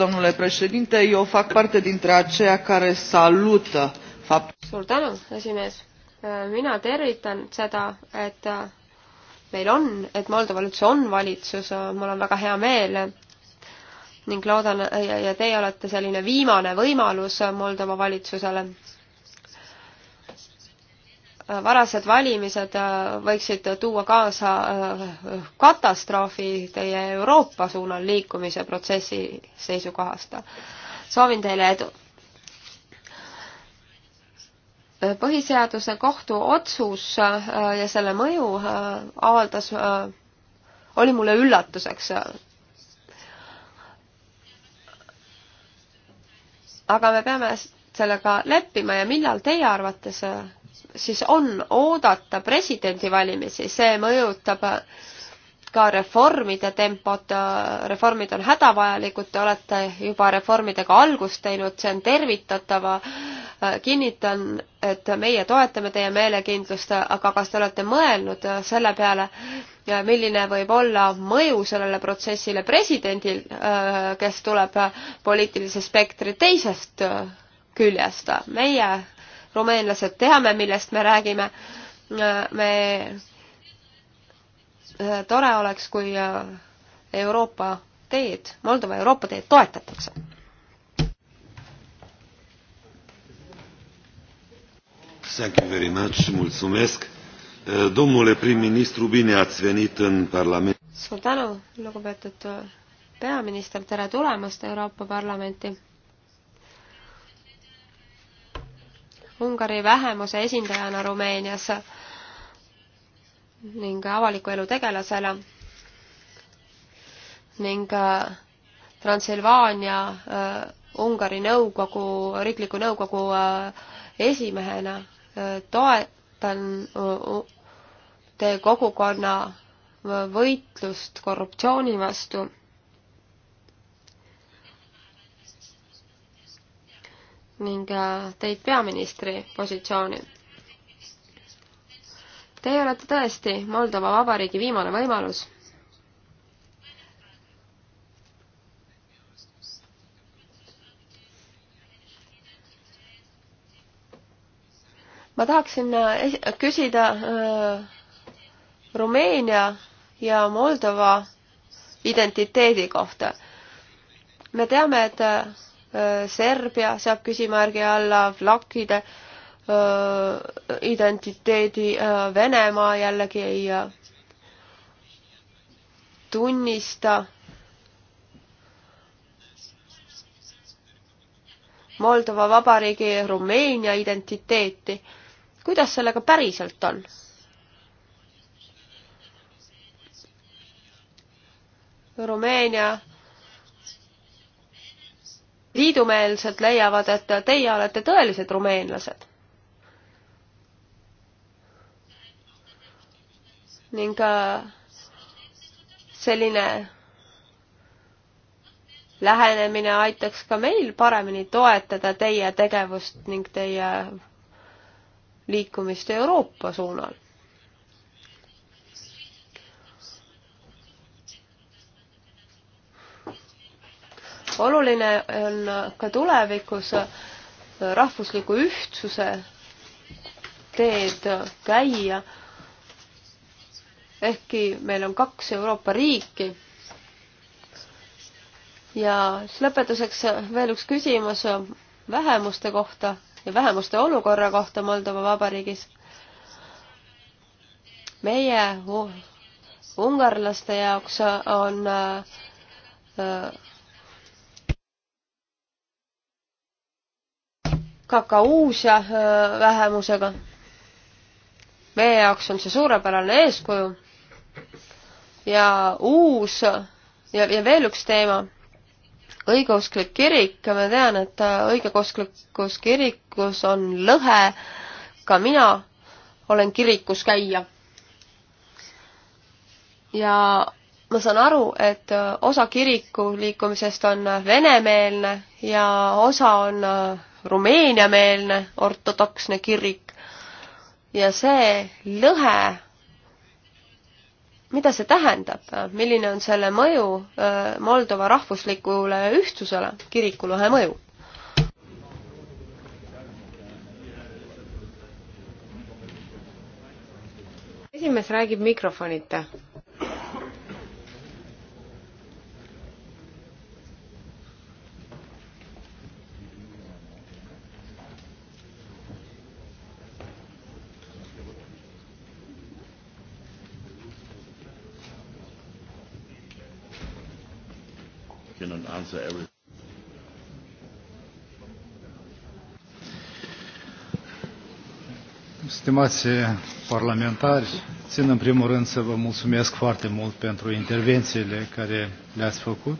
domnule președinte eu fac parte dintre aceia care salută fapt-. suur tänu, esimees. mina tervitan seda, et meil on, et Moldoval üldse on valitsus, mul on väga hea meel ning loodan ja, ja teie olete selline viimane võimalus Moldova valitsusele varased valimised äh, võiksid tuua kaasa äh, katastroofi teie Euroopa suunal liikumise protsessi seisukohast. soovin teile edu! põhiseaduse kohtu otsus äh, ja selle mõju avaldas, oli mulle üllatuseks. aga me peame sellega leppima ja millal teie arvates siis on oodata presidendivalimisi, see mõjutab ka reformide tempot, reformid on hädavajalikud, te olete juba reformidega algust teinud, see on tervitatav. kinnitan, et meie toetame teie meelekindlust, aga kas te olete mõelnud selle peale, milline võib olla mõju sellele protsessile presidendil, kes tuleb poliitilise spektri teisest küljest. meie rumeenlased teame, millest me räägime. me, äh, tore oleks, kui äh, Euroopa teed, Moldova Euroopa teed toetatakse. Thank you very much, mulțumesc. Äh, domnule prim-ministru, bine ați venit în Parlament. Suur tänu, lugupeetud peaminister, tere tulemast Euroopa Parlamenti Ungari vähemuse esindajana Rumeenias ning avaliku elu tegelasele ning äh, Transilvaania äh, Ungari nõukogu, riikliku nõukogu äh, esimehena toetan teie kogukonna võitlust korruptsiooni vastu ning äh, teid peaministri positsiooni. Teie olete tõesti Moldova Vabariigi viimane võimalus. ma tahaksin äh, küsida äh, Rumeenia ja Moldova identiteedi kohta. me teame, et Serbia seab küsimärgi alla, vlakide identiteedi Venemaa jällegi ei tunnista. Moldova Vabariigi Rumeenia identiteeti. kuidas sellega päriselt on? Rumeenia liidumeelselt leiavad, et teie olete tõelised rumeenlased. ning äh, selline lähenemine aitaks ka meil paremini toetada teie tegevust ning teie liikumist Euroopa suunal oluline on ka tulevikus rahvusliku ühtsuse teed käia. ehkki meil on kaks Euroopa riiki. ja lõpetuseks veel üks küsimus vähemuste kohta ja vähemuste olukorra kohta Moldova Vabariigis. meie ungarlaste jaoks on äh, kakauusia äh, vähemusega. meie jaoks on see suurepärane eeskuju. ja uus ja, ja veel üks teema, õigeusklik kirik, ma tean, et äh, õigeusklikus kirikus on lõhe, ka mina olen kirikus käija. ja ma saan aru, et äh, osa kiriku liikumisest on venemeelne ja osa on Rumeeniameelne ortodoksne kirik ja see lõhe, mida see tähendab, milline on selle mõju äh, Moldova rahvuslikule ühtsusele, kirikulõhe mõju? esimees räägib mikrofonita answer everything. Stimați parlamentari, țin în primul rând să vă mulțumesc foarte mult pentru intervențiile care le-ați făcut.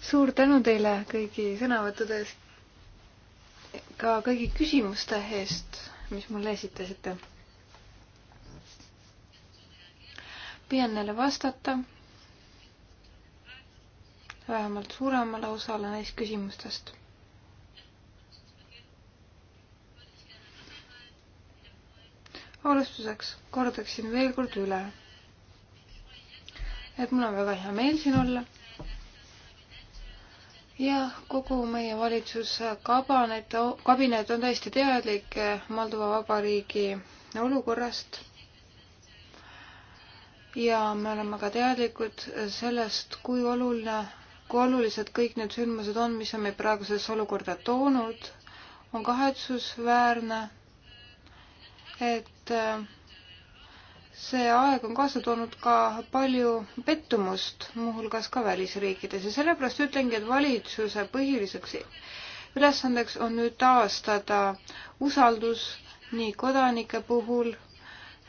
Suur tänu teile kõigi sõnavõttude eest, ka kõigi küsimuste eest, mis mulle esitasite. püüan neile vastata vähemalt suuremale osale neist küsimustest. alustuseks kordaksin veel kord üle, et mul on väga hea meel siin olla jah, kogu meie valitsuse kabinet, kabinet on täiesti teadlik Moldova Vabariigi olukorrast. ja me oleme ka teadlikud sellest, kui oluline kui olulised kõik need sündmused on, mis on meid praegusesse olukorda toonud, on kahetsusväärne, et äh, see aeg on kaasa toonud ka palju pettumust, muuhulgas ka välisriikides ja sellepärast ütlengi, et valitsuse põhiliseks ülesandeks on nüüd taastada usaldus nii kodanike puhul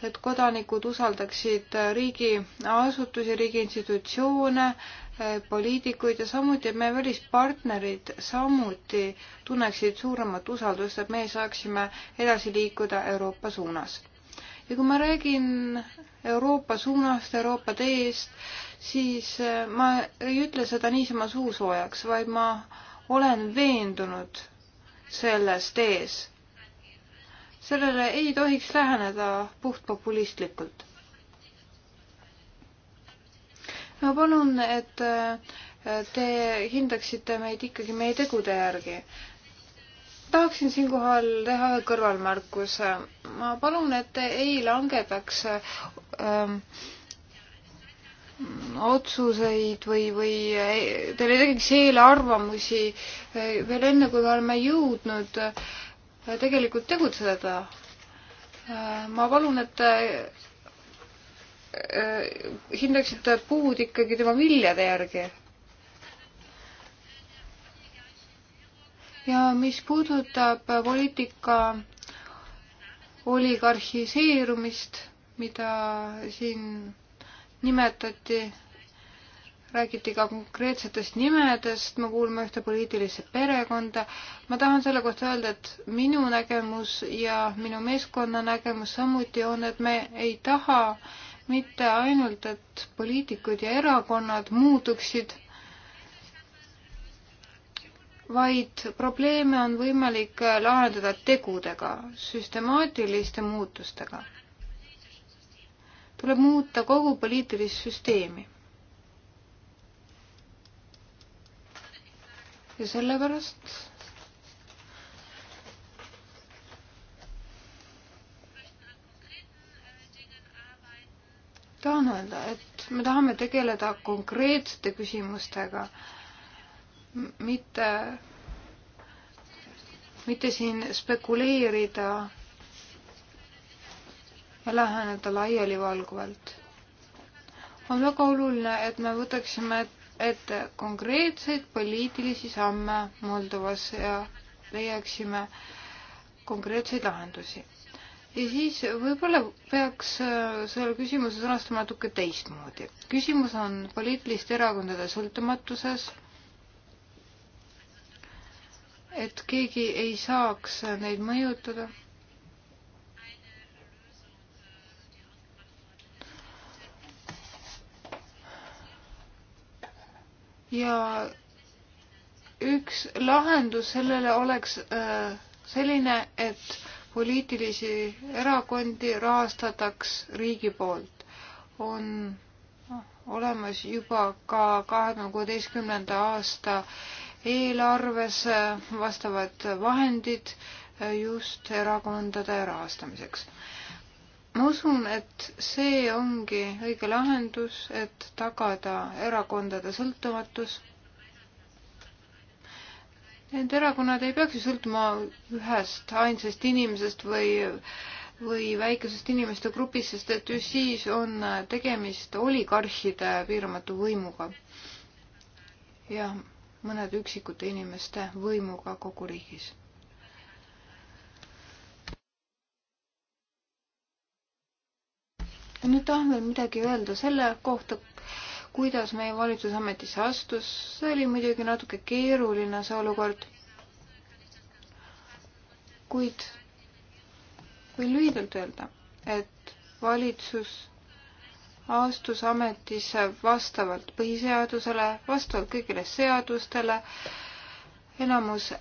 et kodanikud usaldaksid riigiasutusi, riigi institutsioone, Äh, poliitikuid ja samuti, et meie välispartnerid samuti tunneksid suuremat usaldust, et meie saaksime edasi liikuda Euroopa suunas. ja kui ma räägin Euroopa suunast, Euroopa teest, siis äh, ma ei ütle seda niisama suusoojaks, vaid ma olen veendunud selles tees. sellele ei tohiks läheneda puhtpopulistlikult ma palun, et äh, te hindaksite meid ikkagi meie tegude järgi. tahaksin siinkohal teha ühe kõrvalmärkuse. ma palun, et te ei langetaks ähm, otsuseid või, või äh, teil ei tekiks eelarvamusi äh, veel enne, kui me oleme jõudnud tegelikult tegutseda. ma palun, et Äh, hindaksite puud ikkagi tema viljade järgi. ja mis puudutab poliitika oligarhiseerumist, mida siin nimetati, räägiti ka konkreetsetest nimedest, me kuulume ühte poliitilisse perekonda. ma tahan selle kohta öelda, et minu nägemus ja minu meeskonna nägemus samuti on, et me ei taha äh, mitte ainult, et poliitikud ja erakonnad muutuksid, vaid probleeme on võimalik lahendada tegudega, süstemaatiliste muutustega. tuleb muuta kogu poliitilist süsteemi. ja sellepärast tahan öelda, et me tahame tegeleda konkreetsete küsimustega, mitte, mitte siin spekuleerida ja läheneda laialivalguvalt. on väga oluline, et me võtaksime ette konkreetseid poliitilisi samme Moldovas ja leiaksime konkreetseid lahendusi ja siis võib-olla peaks äh, selle küsimuse sõnastama natuke teistmoodi. küsimus on poliitiliste erakondade sõltumatuses, et keegi ei saaks neid mõjutada. ja üks lahendus sellele oleks äh, selline, et poliitilisi erakondi rahastataks riigi poolt. on olemas juba ka kahekümne kuueteistkümnenda aasta eelarves vastavad vahendid just erakondade rahastamiseks. ma usun, et see ongi õige lahendus, et tagada erakondade sõltumatus Need erakonnad ei peaks ju sõltuma ühest ainsast inimesest või, või väikesest inimeste grupist, sest et just siis on tegemist oligarhide piiramatu võimuga. ja mõnede üksikute inimeste võimuga kogu riigis. ja nüüd tahan veel midagi öelda selle kohta, kuidas meie valitsus ametisse astus, see oli muidugi natuke keeruline, see olukord. kuid võin lühidalt öelda, et valitsus astus ametisse vastavalt põhiseadusele, vastavalt kõigile seadustele, enamus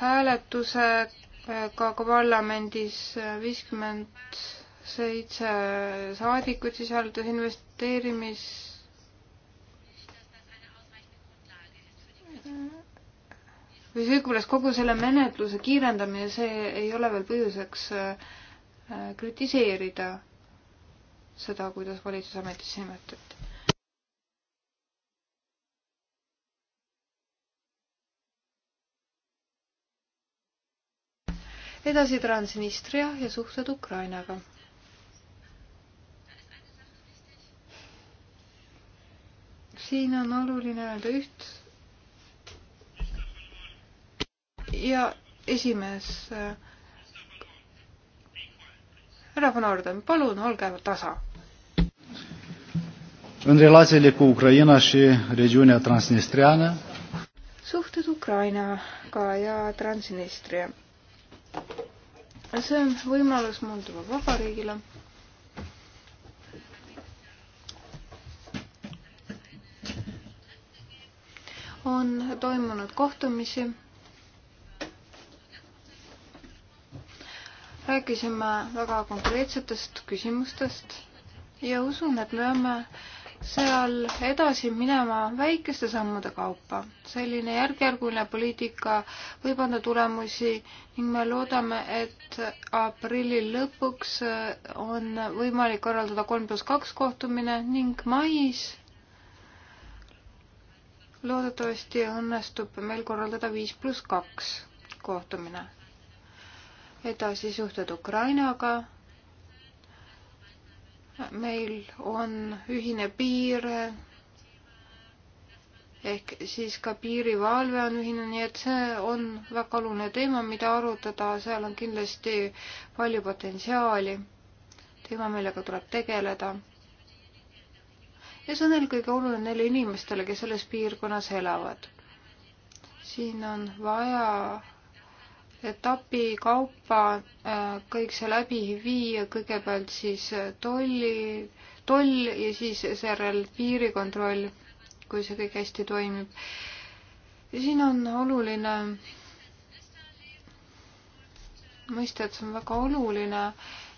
hääletusega ka parlamendis viiskümmend seitse saadikut sisaldas investeerimis või sellepärast kogu selle menetluse kiirendamine, see ei ole veel põhjuseks äh, äh, kritiseerida seda, kuidas valitsus ametisse nimetati. edasi Transnistria ja suhted Ukrainaga. siin on oluline öelda üht ja esimees äh, härra von Orden, palun olge tasa. În relațiile cu Ucraina și regiunea transnistreană, suhted Ukrainaga ja Transnistria. see on võimalus Moldova Vabariigile on toimunud kohtumisi rääkisime väga konkreetsetest küsimustest ja usun, et me peame seal edasi minema väikeste sammude kaupa. selline järkjärguline poliitika võib anda tulemusi ning me loodame, et aprilli lõpuks on võimalik korraldada kolm pluss kaks kohtumine ning mais loodetavasti õnnestub meil korraldada viis pluss kaks kohtumine edasi suhted Ukrainaga. meil on ühine piir ehk siis ka piirivalve on ühine, nii et see on väga oluline teema, mida arutada, seal on kindlasti palju potentsiaali. teema, millega tuleb tegeleda. ja see on eelkõige oluline neile inimestele, kes selles piirkonnas elavad. siin on vaja etapi kaupa äh, kõik see läbi viia, kõigepealt siis äh, tolli, toll ja siis seejärel piirikontroll, kui see kõik hästi toimib. ja siin on oluline mõista, et see on väga oluline,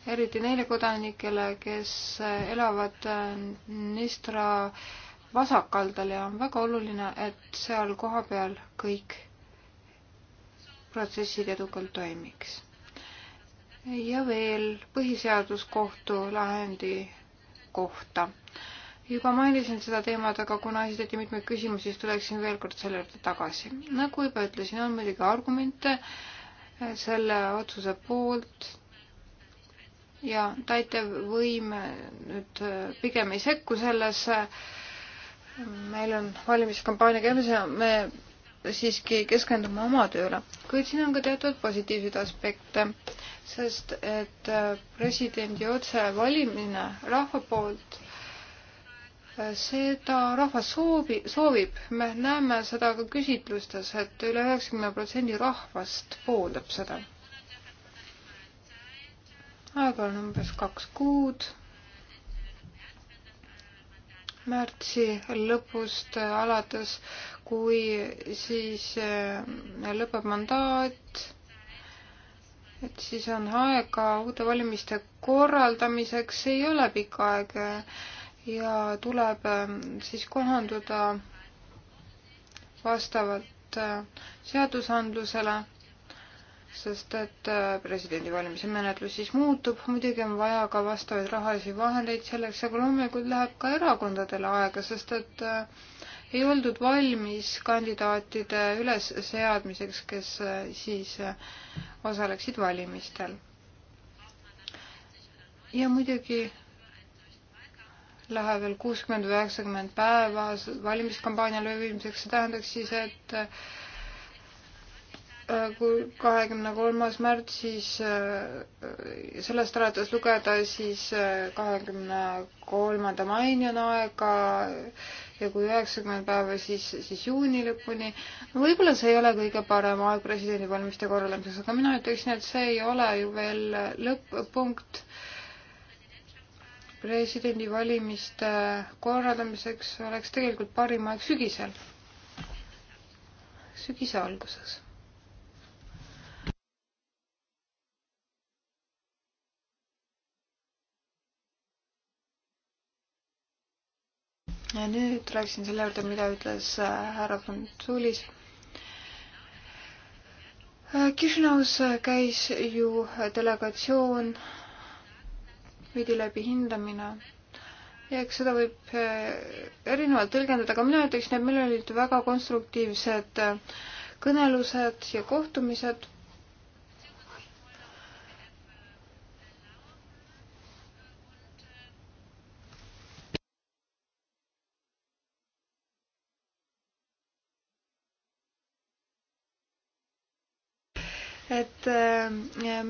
eriti neile kodanikele, kes äh, elavad Nistra vasakaldal ja on väga oluline, et seal kohapeal kõik protsessid edukalt toimiks. ja veel põhiseaduskohtu lahendi kohta. juba mainisin seda teemat, aga kuna esitati mitmeid küsimusi, siis tuleksin veel kord selle juurde tagasi. nagu juba ütlesin, on muidugi argumente eh, selle otsuse poolt ja täitevvõim eh, nüüd eh, pigem ei sekku sellesse. meil on valimiskampaania käimas ja me siiski keskenduma oma tööle. kuid siin on ka teatud positiivseid aspekte, sest et äh, presidendi otsevalimine rahva poolt, äh, seda rahvas soovi, soovib, me näeme seda ka küsitlustes, et üle üheksakümne protsendi rahvast pooldab seda. aega on umbes kaks kuud märtsi lõpust alates, kui siis äh, lõpeb mandaat, et siis on aega uute valimiste korraldamiseks, ei ole pikk aeg äh, ja tuleb äh, siis kohanduda vastavalt seadusandlusele sest et äh, presidendivalimise menetlus siis muutub, muidugi on vaja ka vastavaid rahalisi vahendeid selleks, aga loomulikult läheb ka erakondadele aega, sest et äh, ei oldud valmis kandidaatide ülesseadmiseks, kes äh, siis osaleksid valimistel. ja muidugi läheb veel kuuskümmend, üheksakümmend päeva valimiskampaania läbiviimiseks, see tähendaks siis, et Äh, kui kahekümne kolmas märts, siis äh, sellest alates lugeda, siis äh, kahekümne kolmanda maini on aega ja kui üheksakümmend päeva, siis, siis juuni lõpuni no. võib-olla see ei ole kõige parem aeg presidendi valimiste korraldamiseks, aga mina ütleksin, et see ei ole ju veel lõpp-punkt presidendivalimiste korraldamiseks oleks tegelikult parim aeg sügisel, sügise alguses ja nüüd rääkisin selle juurde, mida ütles äh, härra Frantsulis. Äh, Kišinaus äh, käis ju delegatsioon, viidi läbi hindamine ja eks seda võib erinevalt tõlgendada, aga mina ütleksin, et meil olid väga konstruktiivsed kõnelused ja kohtumised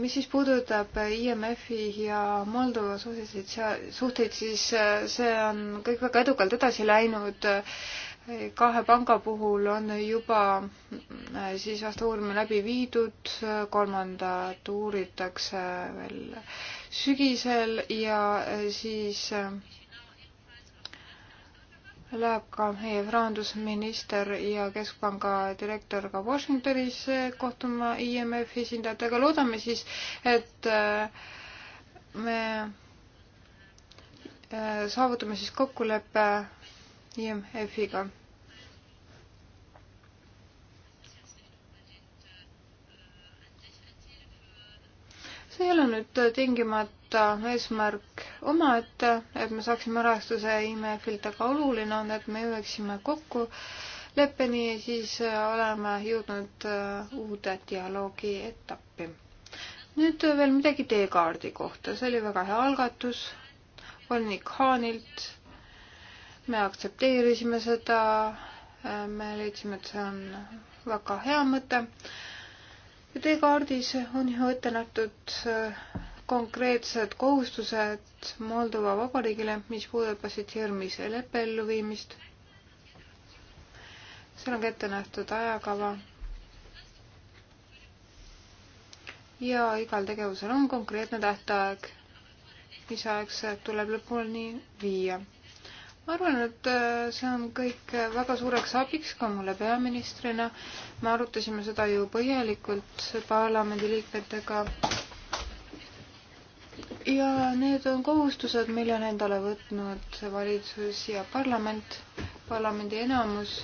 mis siis puudutab IMF-i ja Moldova suhteid, suhteid, siis äh, see on kõik väga edukalt edasi läinud. kahe panga puhul on juba äh, siis vastav uurimine läbi viidud, kolmandat uuritakse veel sügisel ja äh, siis äh, läheb ka meie rahandusminister ja Keskpanga direktor ka Washingtonis kohtuma IMF-i esindajatega. loodame siis, et äh, me äh, saavutame siis kokkuleppe IMF-iga. see ei ole nüüd tingimata eesmärk omaette, et me saaksime rahastuse IMF-ilt, aga oluline on, et me jõuaksime kokku leppeni ja siis äh, oleme jõudnud äh, uude dialoogi etappi. nüüd veel midagi teekaardi kohta, see oli väga hea algatus, volinik Haanilt, me aktsepteerisime seda, äh, me leidsime, et see on väga hea mõte ja teekaardis on ju ette nähtud konkreetsed kohustused Moldova Vabariigile, mis puudutasid Hirmise leppe elluviimist. seal on ka ette nähtud ajakava. ja igal tegevusel on konkreetne tähtaeg, mis ajaks tuleb lõpuni viia. ma arvan, et äh, see on kõik äh, väga suureks abiks ka mulle peaministrina. me arutasime seda ju põhjalikult parlamendiliikmetega ja need on kohustused, mille on endale võtnud valitsus ja parlament, parlamendi enamus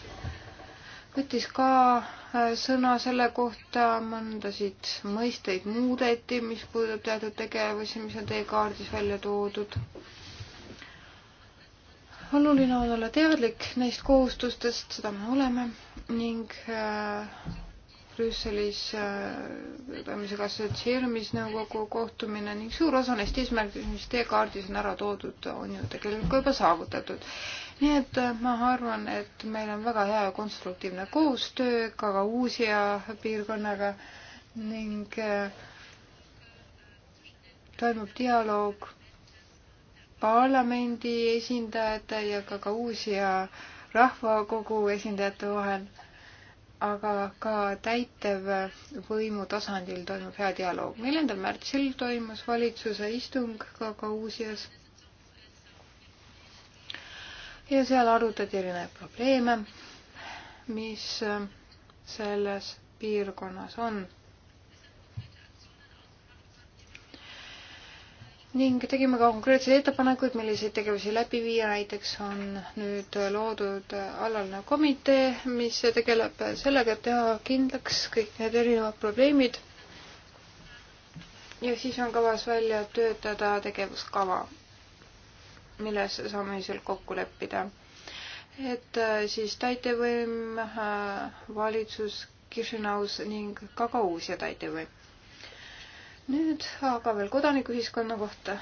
võttis ka äh, sõna selle kohta, mõndasid mõisteid muudeti, mis puudutab teatud tegevusi, mis on teie kaardis välja toodud. oluline on olla teadlik neist kohustustest, seda me oleme ning äh, Brüsselis toimusega äh, assotsieerumisnõukogu kohtumine ning suur osa neist eesmärkidest, mis teekaardis on ära toodud, on ju tegelikult ka juba saavutatud. nii et äh, ma arvan, et meil on väga hea ja konstruktiivne koostöö ka Uusia piirkonnaga ning äh, toimub dialoog parlamendi esindajate ja ka Uusia rahvakogu esindajate vahel aga ka täitevvõimu tasandil toimub hea dialoog. neljandal märtsil toimus valitsuse istung ka Kausias ja seal arutati erinevaid probleeme, mis selles piirkonnas on ning tegime ka konkreetseid ettepanekuid, milliseid tegevusi läbi viia, näiteks on nüüd loodud alaline komitee, mis tegeleb sellega, et teha kindlaks kõik need erinevad probleemid. ja siis on kavas välja töötada tegevuskava, milles saame ilmselt kokku leppida. et siis täitevvõim, valitsus Kišinaus ning ka Kaguusia täitevvõim nüüd aga veel kodanikuühiskonna kohta.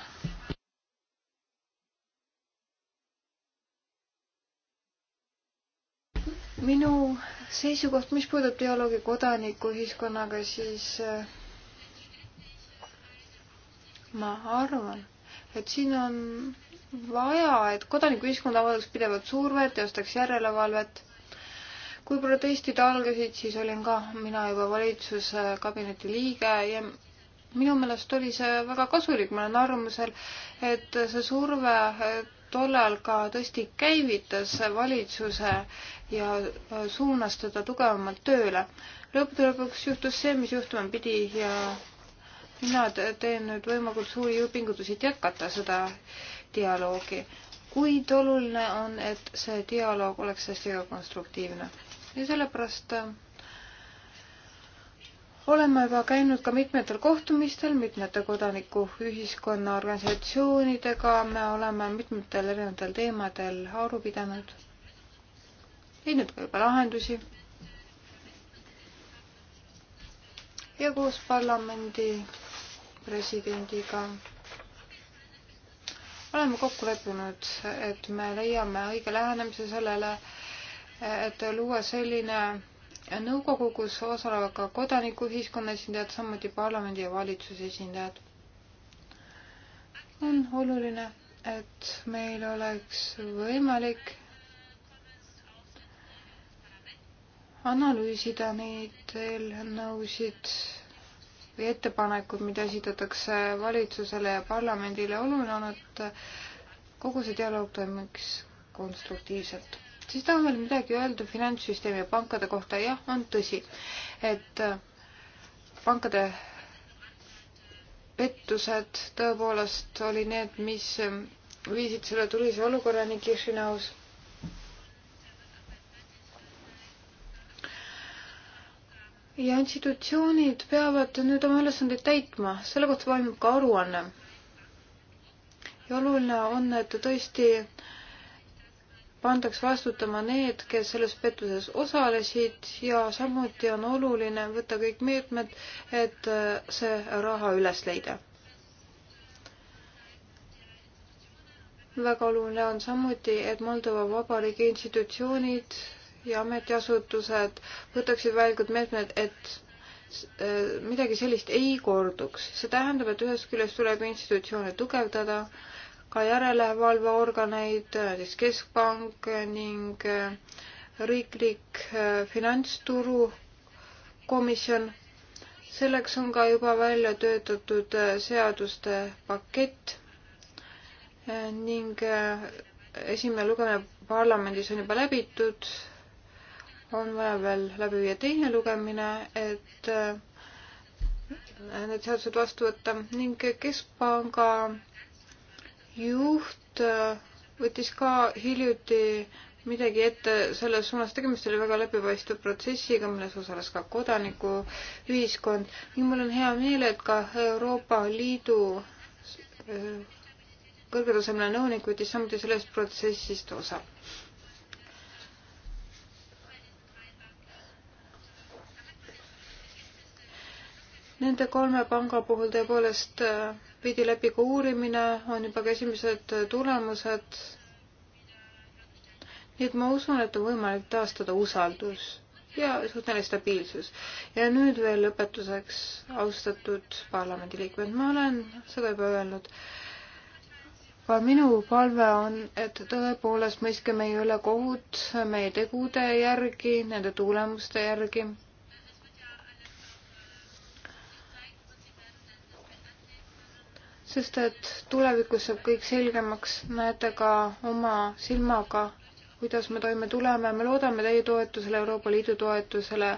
minu seisukoht, mis puudutab dialoogi kodanikuühiskonnaga, siis äh, ma arvan, et siin on vaja, et kodanikuühiskond avaldaks pidevat survet, teostaks järelevalvet. kui protestid algasid, siis olin ka mina juba valitsuse kabineti liige ja minu meelest oli see väga kasulik, ma olen arvamusel, et see surve eh, tollal ka tõesti käivitas valitsuse ja eh, suunas teda tugevamalt tööle. lõppude lõpuks juhtus see, mis juhtuma pidi ja mina teen nüüd võimalikult suuri jõupingutusi, et jätkata seda dialoogi. kuid oluline on, et see dialoog oleks hästi konstruktiivne ja sellepärast äh, oleme juba käinud ka mitmetel kohtumistel mitmete kodanikuühiskonna organisatsioonidega, me oleme mitmetel erinevatel teemadel aru pidanud, leidnud ka juba lahendusi. ja koos parlamendi presidendiga oleme kokku leppinud, et me leiame õige lähenemise sellele, et luua selline nõukogu, kus osalevad ka kodanikuühiskonna esindajad, samuti parlamendi ja valitsuse esindajad. on oluline, et meil oleks võimalik analüüsida neid eelnõusid või ettepanekuid, mida esitatakse valitsusele ja parlamendile. oluline on, et kogu see dialoog toimiks konstruktiivselt siis taha veel midagi öelda finantssüsteemi ja pankade kohta. jah, on tõsi, et äh, pankade pettused tõepoolest oli need, mis äh, viisid selle tulise olukorrani Kišinaus ja institutsioonid peavad nüüd oma ülesandeid täitma, selle kohta valmib ka aruanne. ja oluline on, et tõesti pandaks vastutama need, kes selles pettuses osalesid ja samuti on oluline võtta kõik meetmed, et äh, see raha üles leida. väga oluline on samuti, et Moldova Vabariigi institutsioonid ja ametiasutused võtaksid vajalikud meetmed, et äh, midagi sellist ei korduks. see tähendab, et ühest küljest tuleb institutsioone tugevdada ka järelevalveorganeid, näiteks Keskpank ning äh, riiklik äh, finantsturu komisjon. selleks on ka juba välja töötatud äh, seaduste pakett ning esimene lugemine parlamendis on juba läbitud, on vaja veel läbi viia teine lugemine, et need seadused vastu võtta ning Keskpanga juht äh, võttis ka hiljuti midagi ette selles suunas, tegemist oli väga läbipaistva protsessiga, milles osales ka kodanikuühiskond ning mul on hea meel, et ka Euroopa Liidu äh, kõrgetasemel nõunik võttis samuti sellest protsessist osa. Nende kolme panga puhul tõepoolest äh, viidi läbi ka uurimine, on juba ka esimesed tulemused. nii et ma usun, et on võimalik taastada usaldus ja suhteline stabiilsus. ja nüüd veel lõpetuseks, austatud parlamendiliikmed, ma olen seda juba öelnud, aga minu palve on, et tõepoolest mõistke meie üle kohut meie tegude järgi, nende tulemuste järgi sest et tulevikus saab kõik selgemaks, näete ka oma silmaga, kuidas me toime tuleme, me loodame teie toetusele, Euroopa Liidu toetusele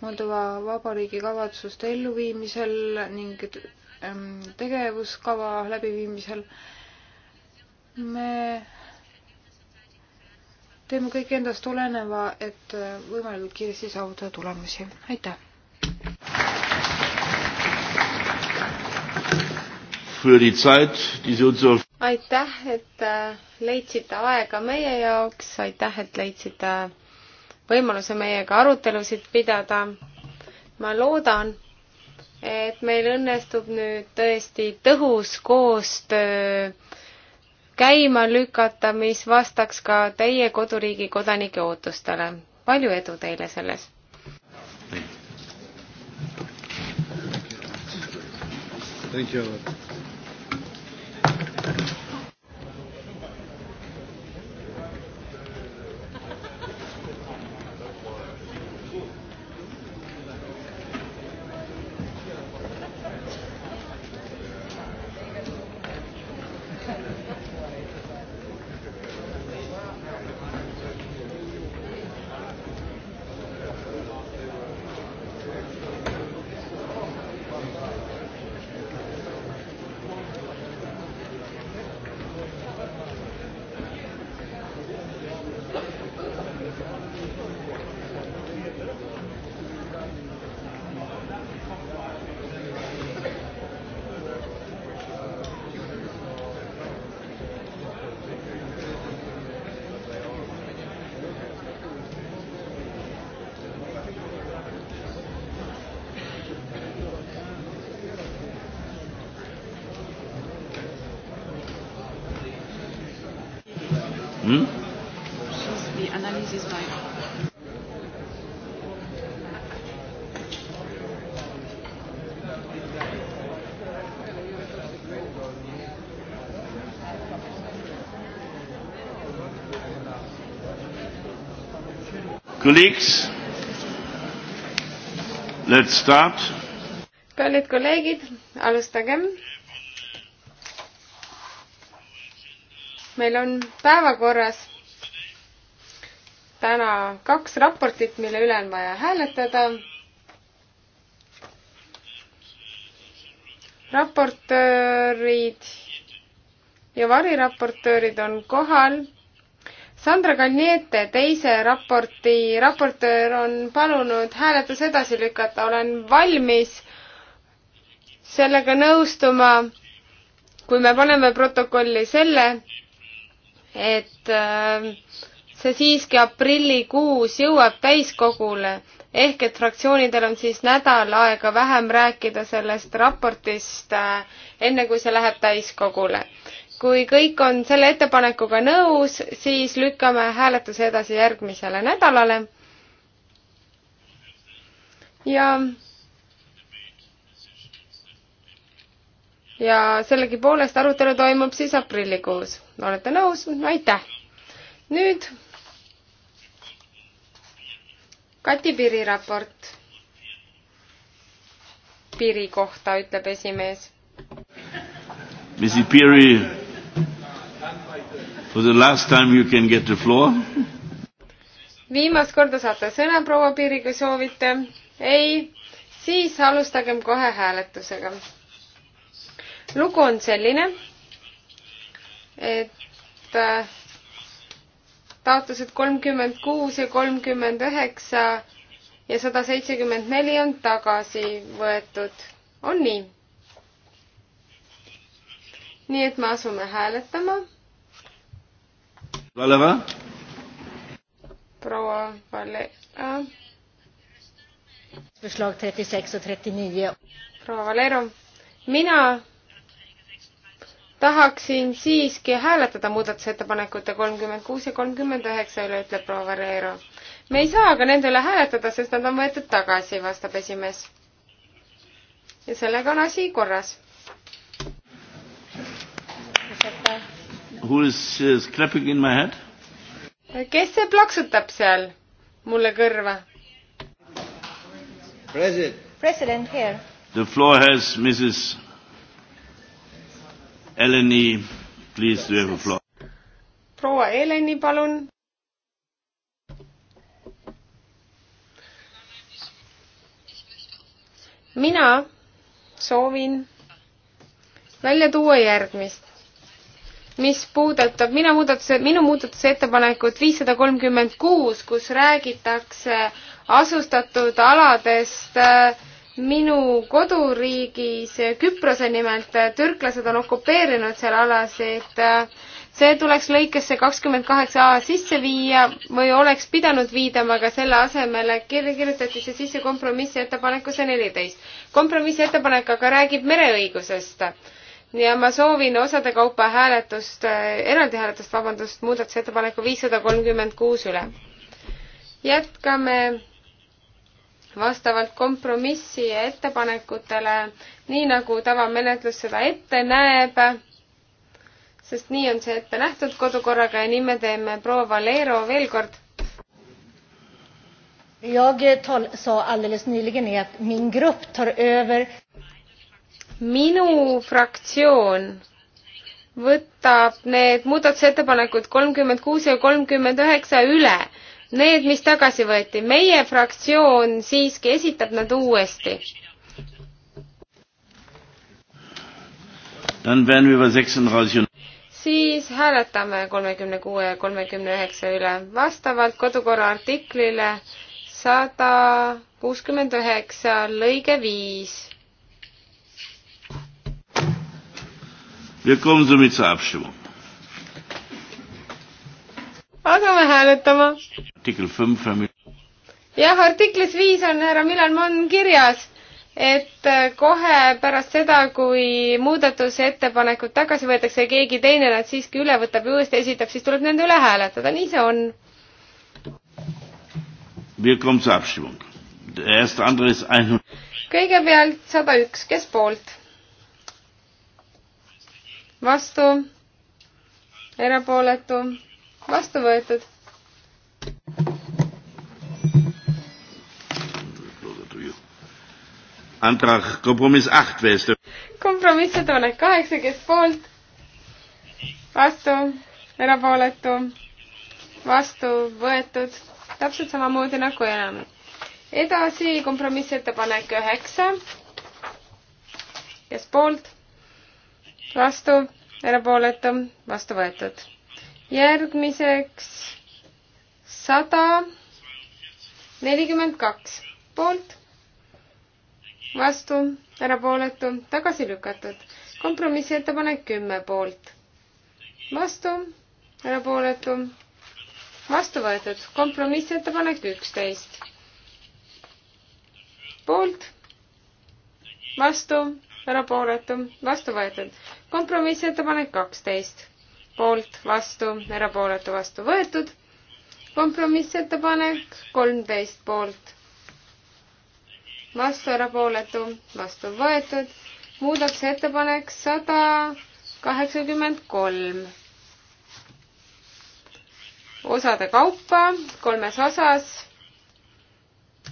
Moldova Vabariigi kavatsuste elluviimisel ning ähm, tegevuskava läbiviimisel. me teeme kõik endast oleneva, et äh, võimalikult kiiresti saavutada tulemusi. aitäh! aitäh, et äh, leidsite aega meie jaoks, aitäh, et leidsite võimaluse meiega arutelusid pidada. ma loodan, et meil õnnestub nüüd tõesti tõhus koostöö käima lükata, mis vastaks ka teie koduriigi kodanike ootustele. palju edu teile selles! Thank you. Colleagues, let's start. kallid kolleegid, alustagem. meil on päevakorras täna kaks raportit, mille üle on vaja hääletada. raportöörid ja variraportöörid on kohal Sandra Kalniete, teise raporti raportöör, on palunud hääletus edasi lükata, olen valmis sellega nõustuma, kui me paneme protokolli selle, et äh, see siiski aprillikuus jõuab täiskogule, ehk et fraktsioonidel on siis nädal aega vähem rääkida sellest raportist, äh, enne kui see läheb täiskogule kui kõik on selle ettepanekuga nõus, siis lükkame hääletuse edasi järgmisele nädalale. ja ja sellegipoolest arutelu toimub siis aprillikuus. olete nõus? aitäh! nüüd Kati Piri raport Piri kohta, ütleb esimees. mis see Piri? For the last time you can get the floor. viimast korda saate sõna, proua Piiri, kui soovite. ei, siis alustagem kohe hääletusega. lugu on selline, et äh, taotlused kolmkümmend kuus ja kolmkümmend üheksa ja sada seitsekümmend neli on tagasi võetud. on nii? nii et me asume hääletama Valeva. proua Valeva. proua Valero, mina tahaksin siiski hääletada muudatusettepanekute kolmkümmend kuus ja kolmkümmend üheksa üle, ütleb proua Valero. me ei saa aga nende üle hääletada, sest nad on võetud tagasi, vastab esimees. ja sellega on asi korras. Who is uh, clapping in my head? kes see plaksutab seal mulle kõrva? President. President here. The floor has Mrs. Eleni, please do have a floor. proua Eleni, palun. mina soovin välja tuua järgmist mis puudutab mina muudatuse, minu muudatusettepanekut viissada kolmkümmend kuus, kus räägitakse asustatud aladest äh, minu koduriigis äh, Küprose nimelt, äh, türklased on okupeerinud seal alasid. see tuleks lõikesse kakskümmend kaheksa A sisse viia või oleks pidanud viidama, aga selle asemele kirjutati see sisse kompromissettepanekusse neliteist. kompromissettepanek aga räägib mereõigusest ja ma soovin osade kaupa hääletust, äh, eraldi hääletust, vabandust, muudatusettepaneku viissada kolmkümmend kuus üle. jätkame vastavalt kompromissi ja ettepanekutele, nii nagu tavamenetlus seda ette näeb, sest nii on see ette nähtud kodukorraga ja nii me teeme proua Valero veel kord. Jag sa alldeles nyligen att min grupp tar över minu fraktsioon võtab need muudatusettepanekud kolmkümmend kuus ja kolmkümmend üheksa üle. Need, mis tagasi võeti, meie fraktsioon siiski esitab nad uuesti. siis hääletame kolmekümne kuue ja kolmekümne üheksa üle vastavalt kodukorra artiklile sada kuuskümmend üheksa lõige viis Wir kommen somit zur Abstimmung. hakkame hääletama. artikkel fünf. jah, artiklis viis on härra Milan Mann kirjas, et äh, kohe pärast seda, kui muudatusettepanekud tagasi võetakse ja keegi teine nad siiski üle võtab ja uuesti esitab, siis tuleb nende üle hääletada, nii see on. kõigepealt sada üks, kes poolt? vastu, erapooletu, vastu võetud. Antrag kompromiss acht, wer ist der? kompromissettepanek kaheksa, kes poolt, vastu, erapooletu, vastu võetud, täpselt samamoodi nagu enamik. edasi kompromissettepanek üheksa, kes poolt vastu, erapooletu, vastu võetud. järgmiseks sada nelikümmend kaks poolt, vastu, erapooletu, tagasi lükatud. kompromissettepanek kümme poolt, vastu, erapooletu, vastu võetud. kompromissettepanek üksteist poolt, vastu, erapooletu, vastu võetud kompromissettepanek kaksteist, poolt, vastu, erapooletu, vastu võetud. kompromissettepanek kolmteist poolt, vastu, erapooletu, vastu võetud. muudatusettepanek sada kaheksakümmend kolm. osade kaupa kolmes osas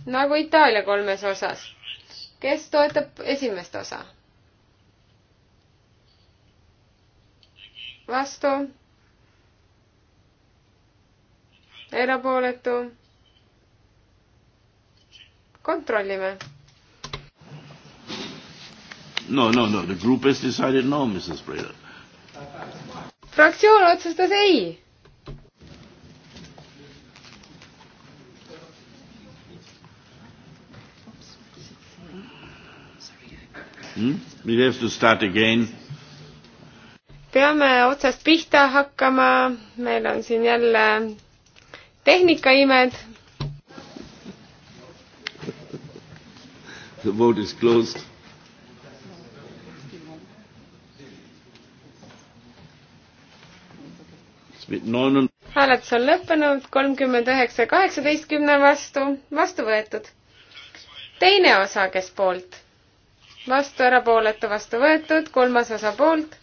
nagu Itaalia kolmes osas. kes toetab esimest osa? vastu, erapooletu. kontrollime. no, no, no the group has decided no, Mrs Breda. fraktsioon otsustas ei. Hmm? We have to start again peame otsast pihta hakkama, meil on siin jälle tehnikaimed. The vote is closed. hääletus on lõppenud, kolmkümmend üheksa kaheksateistkümne vastu, vastu võetud. teine osa, kes poolt? vastu, erapooletu, vastu võetud, kolmas osa poolt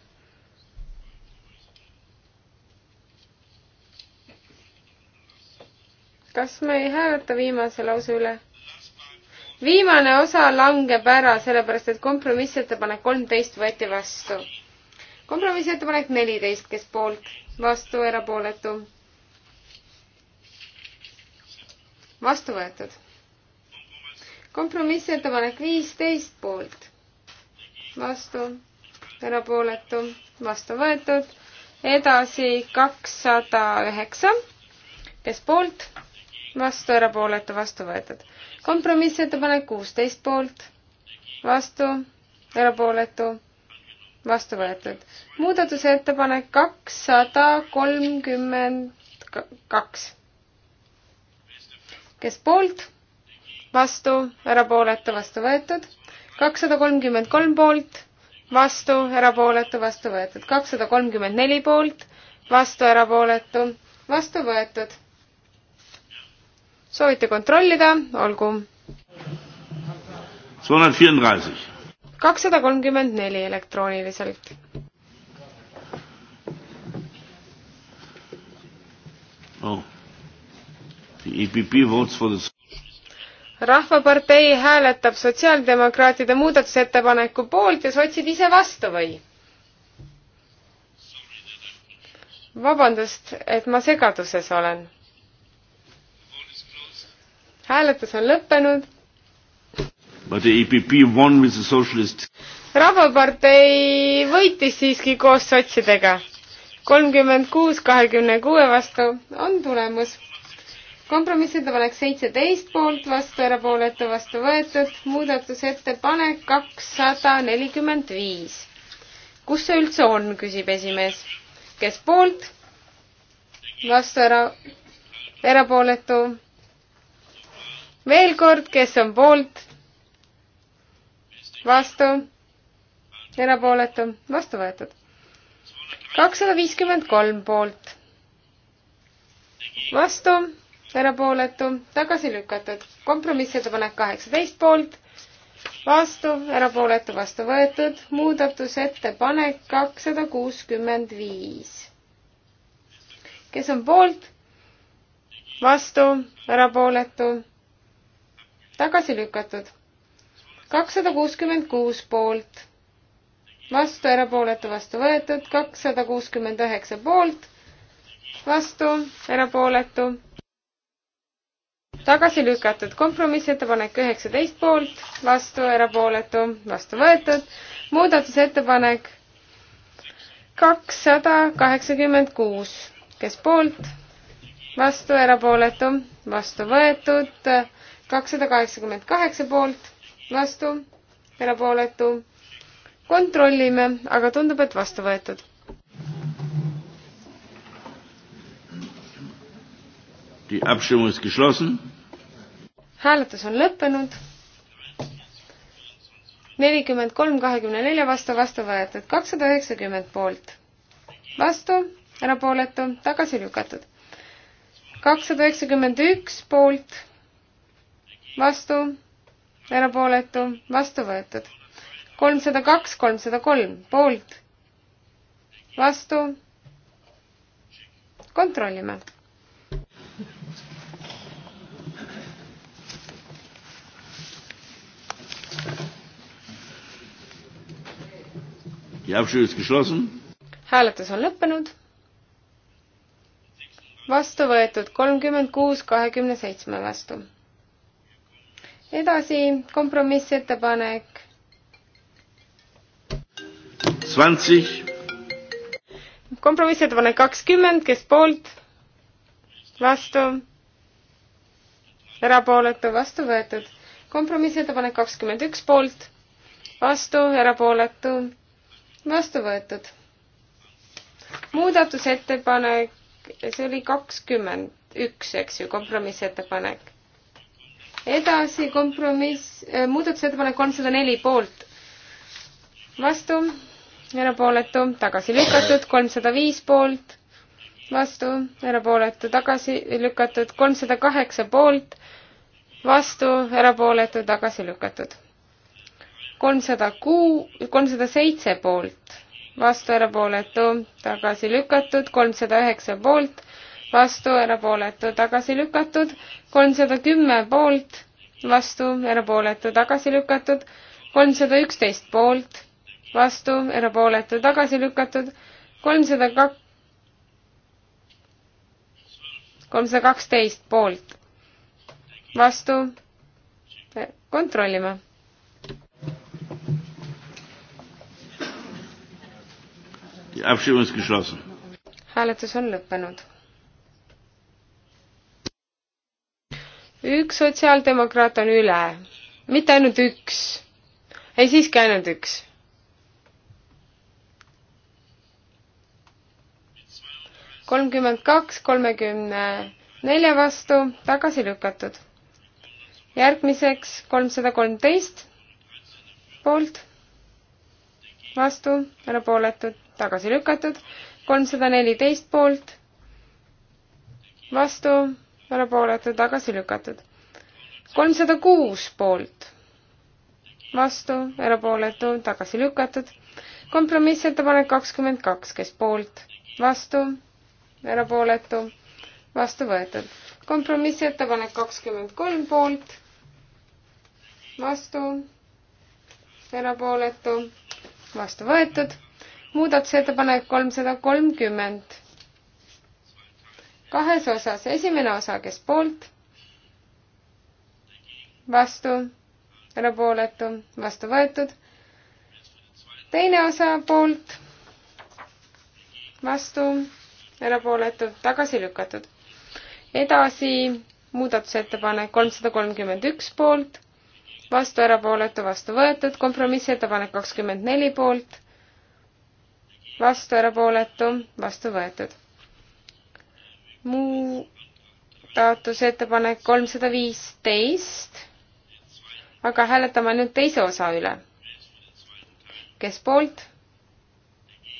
kas me ei hääleta viimase lause üle? viimane osa langeb ära, sellepärast et kompromissettepanek kolmteist võeti vastu. kompromissettepanek neliteist, kes poolt, vastu, erapooletu. vastu võetud. kompromissettepanek viisteist poolt, vastu, erapooletu, vastu võetud. edasi kakssada üheksa, kes poolt vastu, erapooletu, vastu võetud. kompromissettepanek kuusteist poolt, vastu, erapooletu, vastu võetud. muudatusettepanek kakssada kolmkümmend kaks. kes poolt, vastu, erapooletu, vastu võetud. kakssada kolmkümmend kolm poolt, vastu, erapooletu, vastu võetud. kakssada kolmkümmend neli poolt, vastu, erapooletu, vastu võetud soovite kontrollida, olgu. kakssada kolmkümmend neli elektrooniliselt. Oh. E rahvapartei hääletab sotsiaaldemokraatide muudatusettepaneku poolt ja sotsid ise vastu või? vabandust, et ma segaduses olen hääletus on lõppenud. E rahvapartei võitis siiski koos sotsidega. kolmkümmend kuus kahekümne kuue vastu on tulemus. kompromissettepanek seitseteist poolt vastu, erapooletu vastu võetud, muudatusettepanek kakssada nelikümmend viis. kus see üldse on, küsib esimees. kes poolt? vastu ära, erapooletu veel kord, kes on poolt, vastu, erapooletu, vastu võetud. kakssada viiskümmend kolm poolt, vastu, erapooletu, tagasi lükatud. kompromissettepanek kaheksateist poolt, vastu, erapooletu, vastu võetud. muudatusettepanek kakssada kuuskümmend viis. kes on poolt, vastu, erapooletu tagasi lükatud. kakssada kuuskümmend kuus poolt, vastu, erapooletu, vastu võetud, kakssada kuuskümmend üheksa poolt, vastu, erapooletu, tagasi lükatud. kompromissettepanek üheksateist poolt, vastu, erapooletu, vastu võetud, muudatusettepanek kakssada kaheksakümmend kuus, kes poolt, vastu, erapooletu, vastu võetud kakssada kaheksakümmend kaheksa poolt, vastu, erapooletu. kontrollime, aga tundub, et vastu võetud. hääletus on lõppenud. nelikümmend kolm kahekümne nelja vastu, vastu võetud kakssada üheksakümmend poolt, vastu, erapooletu, tagasi lükatud. kakssada üheksakümmend üks poolt vastu, erapooletu, vastu võetud. kolmsada kaks, kolmsada kolm, poolt, vastu, kontrollime hääletus on lõppenud. vastu võetud kolmkümmend kuus kahekümne seitsme vastu edasi kompromissettepanek. kompromissettepanek kakskümmend, kes poolt, vastu, erapooletu, vastu võetud. kompromissettepanek kakskümmend üks poolt, vastu, erapooletu, vastu võetud. muudatusettepanek, see oli kakskümmend üks, eks ju, kompromissettepanek edasi kompromiss, äh, muudatusettepanek kolmsada neli poolt, vastu, erapooletu, tagasi lükatud, kolmsada viis poolt, vastu, erapooletu, tagasi lükatud, kolmsada kaheksa poolt, vastu, erapooletu, tagasi lükatud. kolmsada kuu, kolmsada seitse poolt, vastu, erapooletu, tagasi lükatud, kolmsada üheksa poolt vastu, erapooletu, tagasi lükatud, kolmsada kümme poolt, vastu, erapooletu, tagasi lükatud, kolmsada üksteist poolt, vastu, erapooletu, tagasi lükatud, kolmsada kak-, kolmsada kaksteist poolt, vastu, kontrollime hääletus on lõppenud. üks sotsiaaldemokraat on üle, mitte ainult üks. ei, siiski ainult üks. kolmkümmend kaks, kolmekümne nelja vastu, tagasi lükatud. järgmiseks kolmsada kolmteist poolt, vastu, erapooletud, tagasi lükatud, kolmsada neliteist poolt, vastu erapooletu tagasi lükatud. kolmsada kuus poolt, vastu, erapooletu tagasi lükatud. kompromissettepanek kakskümmend kaks, kes poolt, vastu, erapooletu, vastu võetud. kompromissettepanek kakskümmend kolm poolt, vastu, erapooletu, vastu võetud. muudatusettepanek kolmsada kolmkümmend kahes osas, esimene osa, kes poolt, vastu, erapooletu, vastu võetud. teine osa poolt, vastu, erapooletu, tagasi lükatud. edasi muudatusettepanek kolmsada kolmkümmend üks poolt, vastu, erapooletu, vastu võetud, kompromissettepanek kakskümmend neli poolt, vastu, erapooletu, vastu võetud muu taotlusettepanek kolmsada viisteist, aga hääletame nüüd teise osa üle. kes poolt?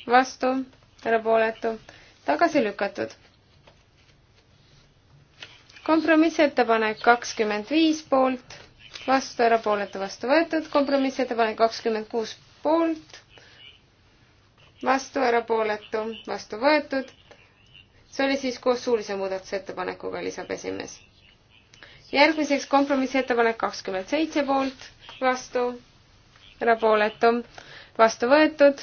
vastu, erapooletu, tagasi lükatud. kompromissettepanek kakskümmend viis poolt, vastu, erapooletu, vastu võetud, kompromissettepanek kakskümmend kuus poolt, vastu, erapooletu, vastu võetud see oli siis koos suulise muudatusettepanekuga, lisab esimees. järgmiseks kompromissettepanek kakskümmend seitse poolt, vastu, erapooletu, vastu võetud.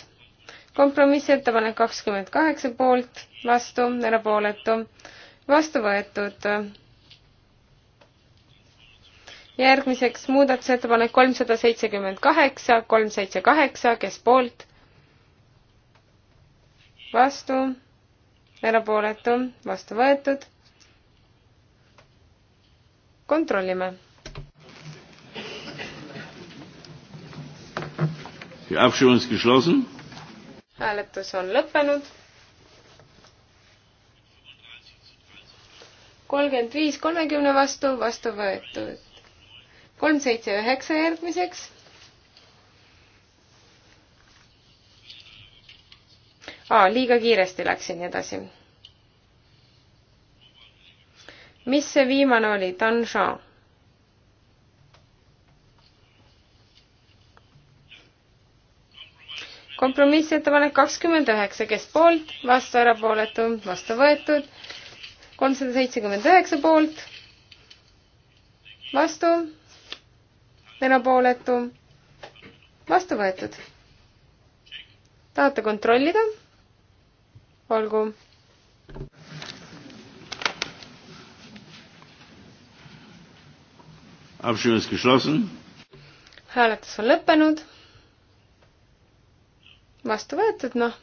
kompromissettepanek kakskümmend kaheksa poolt, vastu, erapooletu, vastu võetud. järgmiseks muudatusettepanek kolmsada seitsekümmend kaheksa, kolm seitse kaheksa, kes poolt? vastu erapooletu, vastu võetud. kontrollime. hääletus on lõppenud. kolmkümmend viis kolmekümne vastu, vastu võetud. kolm, seitse, üheksa järgmiseks ah,. liiga kiiresti läksin edasi. mis see viimane oli? Danjean. kompromissettepanek kakskümmend üheksa, kes poolt, vastu, erapooletu, vastu võetud. kolmsada seitsekümmend üheksa poolt, vastu, erapooletu, vastu võetud. tahate kontrollida? olgu. hääletus on lõppenud. vastu võetud, noh.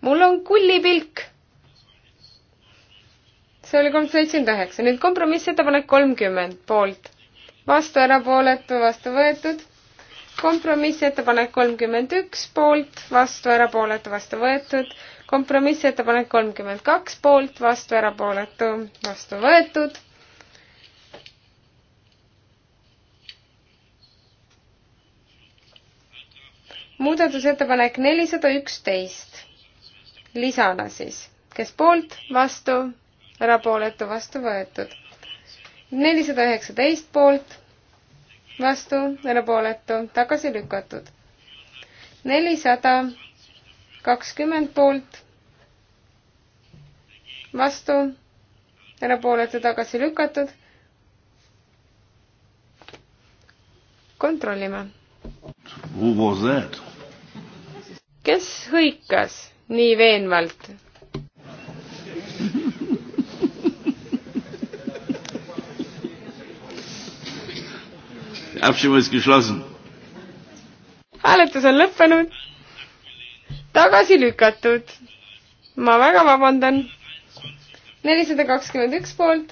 mul on kullipilk. see oli kolmsada seitsekümmend üheksa, nüüd kompromissettepanek kolmkümmend poolt, vastu, erapooletu, vastu võetud kompromissettepanek kolmkümmend üks poolt, vastu, erapooletu, vastu võetud. kompromissettepanek kolmkümmend kaks poolt, vastu, erapooletu, vastu võetud. muudatusettepanek nelisada üksteist, lisana siis, kes poolt, vastu, erapooletu, vastu võetud. nelisada üheksateist poolt vastu, erapooletu, tagasi lükatud. nelisada kakskümmend poolt, vastu, erapooletu, tagasi lükatud. kontrollime. kes hõikas nii veenvalt? hääletus on lõppenud. tagasi lükatud. ma väga vabandan. nelisada kakskümmend üks poolt,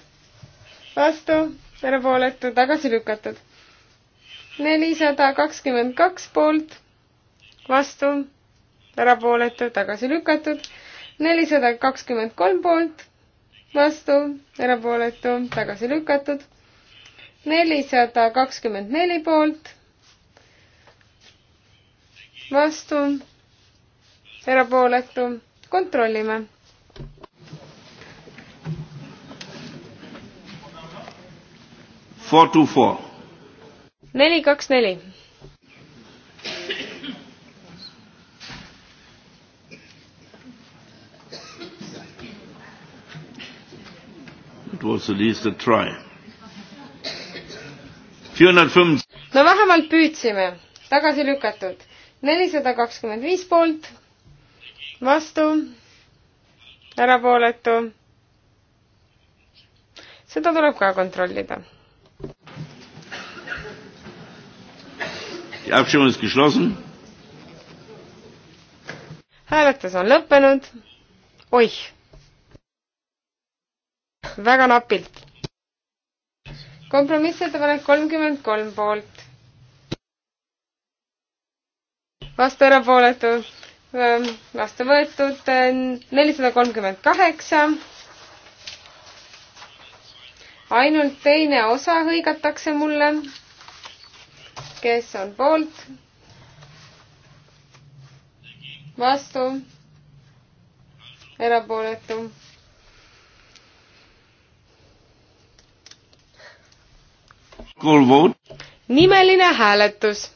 vastu, erapooletu, tagasi lükatud. nelisada kakskümmend kaks poolt, vastu, erapooletu, tagasi lükatud. nelisada kakskümmend kolm poolt, vastu, erapooletu, tagasi lükatud nelisada kakskümmend neli poolt, vastu, erapooletu, kontrollime. neli, kaks, neli. It was at least a try no vähemalt püüdsime, tagasi lükatud. nelisada kakskümmend viis poolt, vastu, erapooletu. seda tuleb ka kontrollida. hääletus on lõppenud. oih, väga napilt kompromissettepanek kolmkümmend kolm poolt. vastu erapooletu, ähm, vastu võetud äh, nelisada kolmkümmend kaheksa. ainult teine osa hõigatakse mulle. kes on poolt? vastu, erapooletu nimeline hääletus.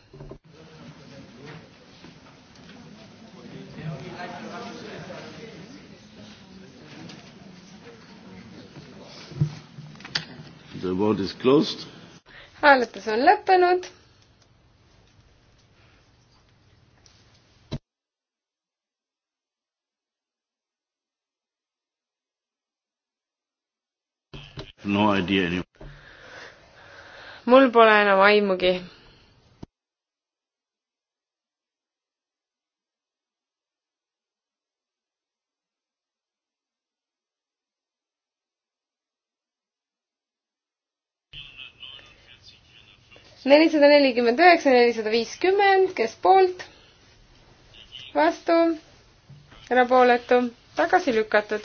The vote is closed. hääletus on lõppenud no idea anymore mul pole enam aimugi. nelisada nelikümmend üheksa, nelisada viiskümmend, kes poolt? vastu, erapooletu, tagasi lükatud.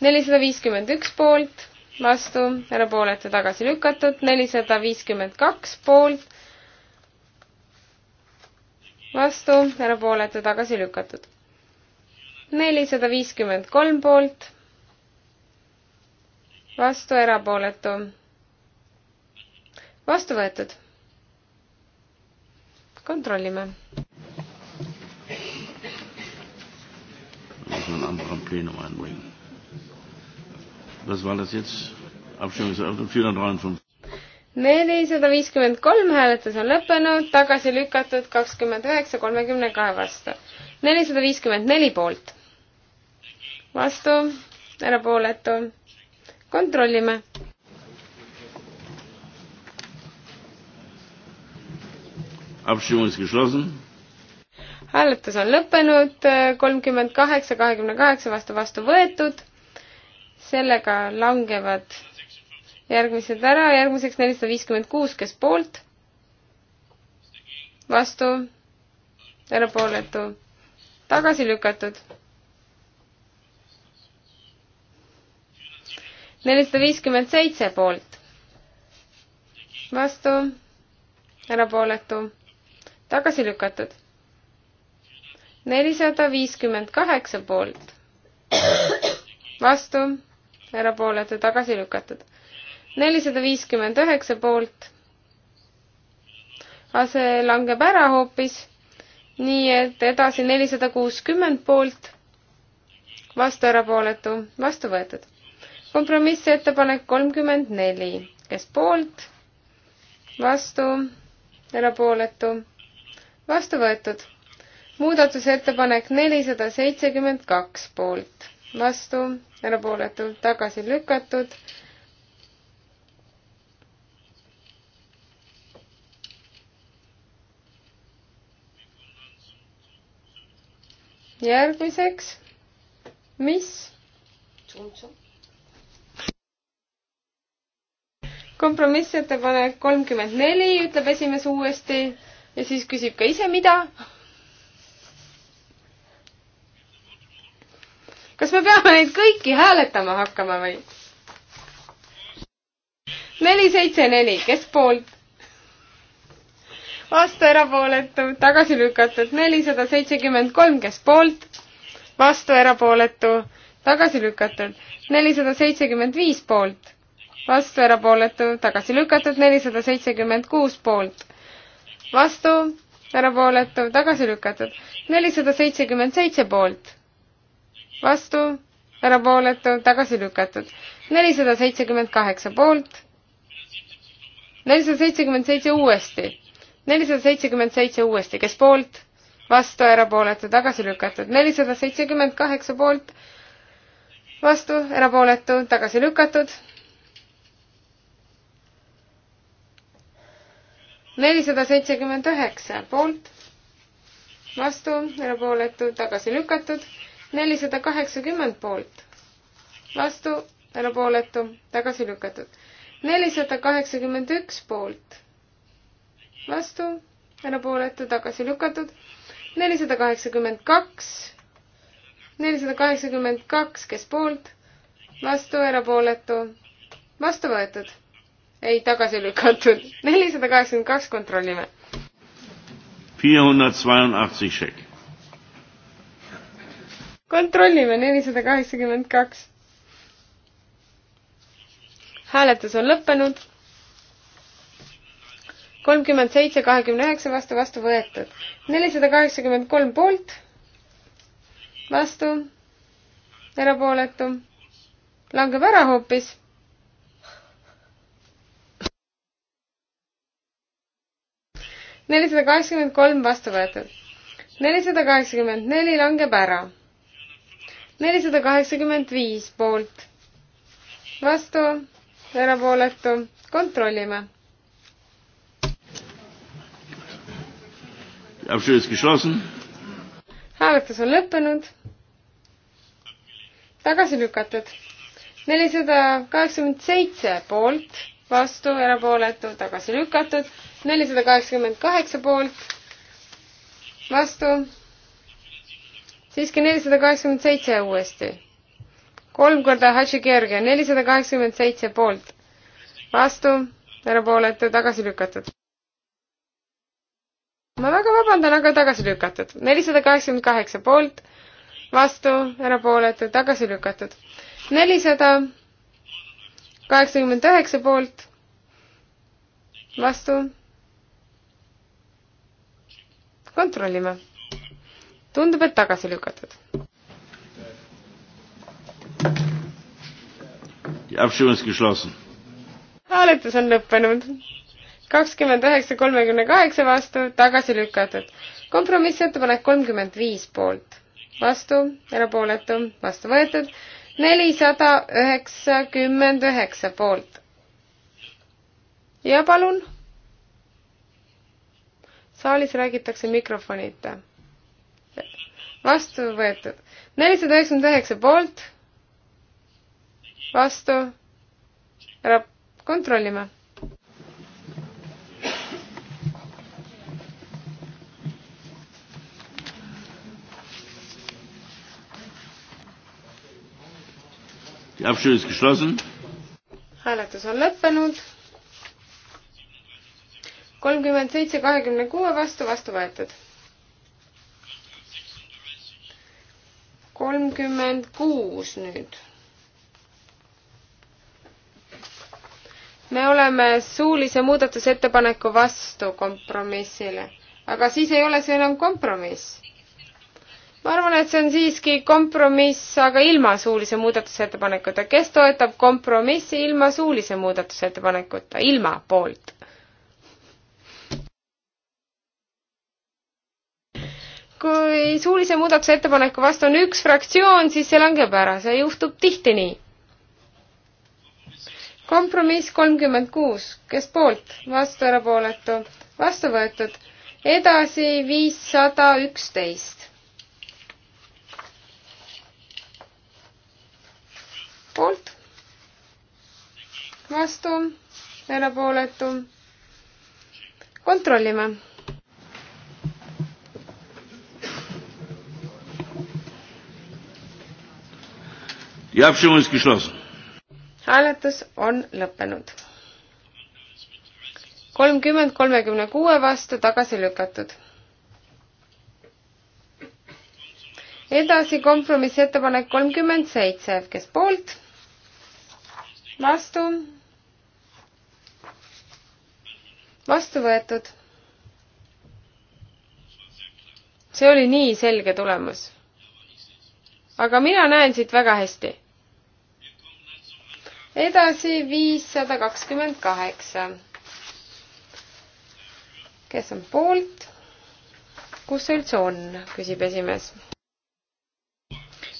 nelisada viiskümmend üks poolt vastu, erapooletu tagasi lükatud, nelisada viiskümmend kaks poolt, vastu, erapooletu tagasi lükatud. nelisada viiskümmend kolm poolt, vastu, erapooletu, vastu võetud. kontrollime. ma saan, ma pean pleenuma, et võin Das war das jetzt. Abstimmung ist eröffnet. 453. nelisada viiskümmend kolm hääletus on lõppenud, tagasi lükatud kakskümmend üheksa, kolmekümne kahe vastu. nelisada viiskümmend neli poolt. vastu, erapooletu. kontrollime. Abstimmung ist geschlossen. hääletus on lõppenud, kolmkümmend kaheksa, kahekümne kaheksa vastu vastu võetud sellega langevad järgmised ära, järgmiseks nelisada viiskümmend kuus, kes poolt, vastu, erapooletu, tagasi lükatud. nelisada viiskümmend seitse poolt, vastu, erapooletu, tagasi lükatud. nelisada viiskümmend kaheksa poolt, vastu erapooletu tagasi lükatud. nelisada viiskümmend üheksa poolt. aga see langeb ära hoopis. nii et edasi nelisada kuuskümmend poolt. vastu erapooletu, vastu võetud. kompromissettepanek kolmkümmend neli, kes poolt, vastu, erapooletu, vastu võetud muudatusettepanek nelisada seitsekümmend kaks poolt vastu, erapooletult tagasi lükatud. järgmiseks, mis? kompromissettepanek kolmkümmend neli ütleb esimees uuesti ja siis küsib ka ise, mida kas me peame neid kõiki hääletama hakkama või? neli, seitse, neli, kes poolt? vastu erapooletu, tagasi lükatud nelisada seitsekümmend kolm, kes poolt? vastu erapooletu, tagasi lükatud nelisada seitsekümmend viis poolt, vastu erapooletu, tagasi lükatud nelisada seitsekümmend kuus poolt, vastu erapooletu, tagasi lükatud nelisada seitsekümmend seitse poolt vastu, erapooletu, tagasi lükatud. nelisada seitsekümmend kaheksa poolt, nelisada seitsekümmend seitse uuesti, nelisada seitsekümmend seitse uuesti, kes poolt, vastu, erapooletu, tagasi lükatud. nelisada seitsekümmend kaheksa poolt, vastu, erapooletu, tagasi lükatud. nelisada seitsekümmend üheksa poolt, vastu, erapooletu, tagasi lükatud nelisada kaheksakümmend poolt, vastu, erapooletu, tagasi lükatud. nelisada kaheksakümmend üks poolt, vastu, erapooletu, tagasi lükatud. nelisada kaheksakümmend kaks, nelisada kaheksakümmend kaks, kes poolt, vastu, erapooletu, vastu võetud. ei, tagasi lükatud. nelisada kaheksakümmend kaks kontrollime. 482 Scheck kontrollime, nelisada kaheksakümmend kaks. hääletus on lõppenud. kolmkümmend seitse, kahekümne üheksa vastu, vastu võetud. nelisada kaheksakümmend kolm poolt, vastu, erapooletu, langeb ära hoopis nelisada kaheksakümmend kolm vastu võetud. nelisada kaheksakümmend neli langeb ära nelisada kaheksakümmend viis poolt, vastu, erapooletu, kontrollime. hääletus on lõppenud. tagasi lükatud. nelisada kaheksakümmend seitse poolt, vastu, erapooletu, tagasi lükatud. nelisada kaheksakümmend kaheksa poolt, vastu siiski nelisada kaheksakümmend seitse uuesti. kolm korda Hadži Georgia, nelisada kaheksakümmend seitse poolt. vastu, erapooletu, tagasi lükatud. ma väga vabandan, aga tagasi lükatud. nelisada kaheksakümmend kaheksa poolt, vastu, erapooletu, tagasi lükatud. nelisada kaheksakümmend üheksa poolt, vastu. kontrollime tundub, et tagasi lükatud. hääletus on lõppenud. kakskümmend üheksa, kolmekümne kaheksa vastu, tagasi lükatud. kompromissettepanek kolmkümmend viis poolt, vastu, erapooletu, vastu võetud, nelisada üheksakümmend üheksa poolt. ja palun saalis räägitakse mikrofonita vastu võetud. nelisada üheksakümmend üheksa poolt, vastu, ära kontrollime. hääletus on lõppenud kolmkümmend seitse kahekümne kuue vastu vastu võetud kolmkümmend kuus nüüd. me oleme suulise muudatusettepaneku vastu kompromissile, aga siis ei ole see enam kompromiss. ma arvan, et see on siiski kompromiss, aga ilma suulise muudatusettepanekuta. kes toetab kompromissi ilma suulise muudatusettepanekuta, ilma poolt? kui suulise muudatusettepaneku vastu on üks fraktsioon, siis see langeb ära, see juhtub tihti nii. kompromiss kolmkümmend kuus, kes poolt, vastu, erapooletu, vastu võetud. edasi viissada üksteist. poolt, vastu, erapooletu. kontrollime hääletus on lõppenud. kolmkümmend kolmekümne kuue vastu tagasi lükatud. edasi kompromissettepanek kolmkümmend seitse, kes poolt? vastu? vastu võetud. see oli nii selge tulemus. aga mina näen siit väga hästi edasi viissada kakskümmend kaheksa. kes on poolt? kus see üldse on, küsib esimees.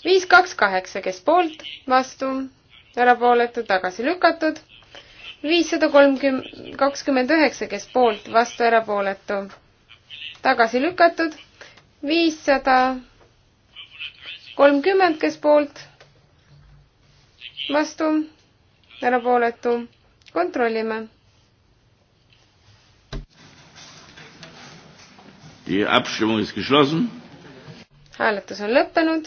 viis, kaks, kaheksa, kes poolt, vastu, erapooletu, tagasi lükatud. viissada kolmkümmend, kakskümmend üheksa, kes poolt, vastu, erapooletu, tagasi lükatud. viissada kolmkümmend, kes poolt, vastu erapooletu, kontrollime. hääletus on lõppenud.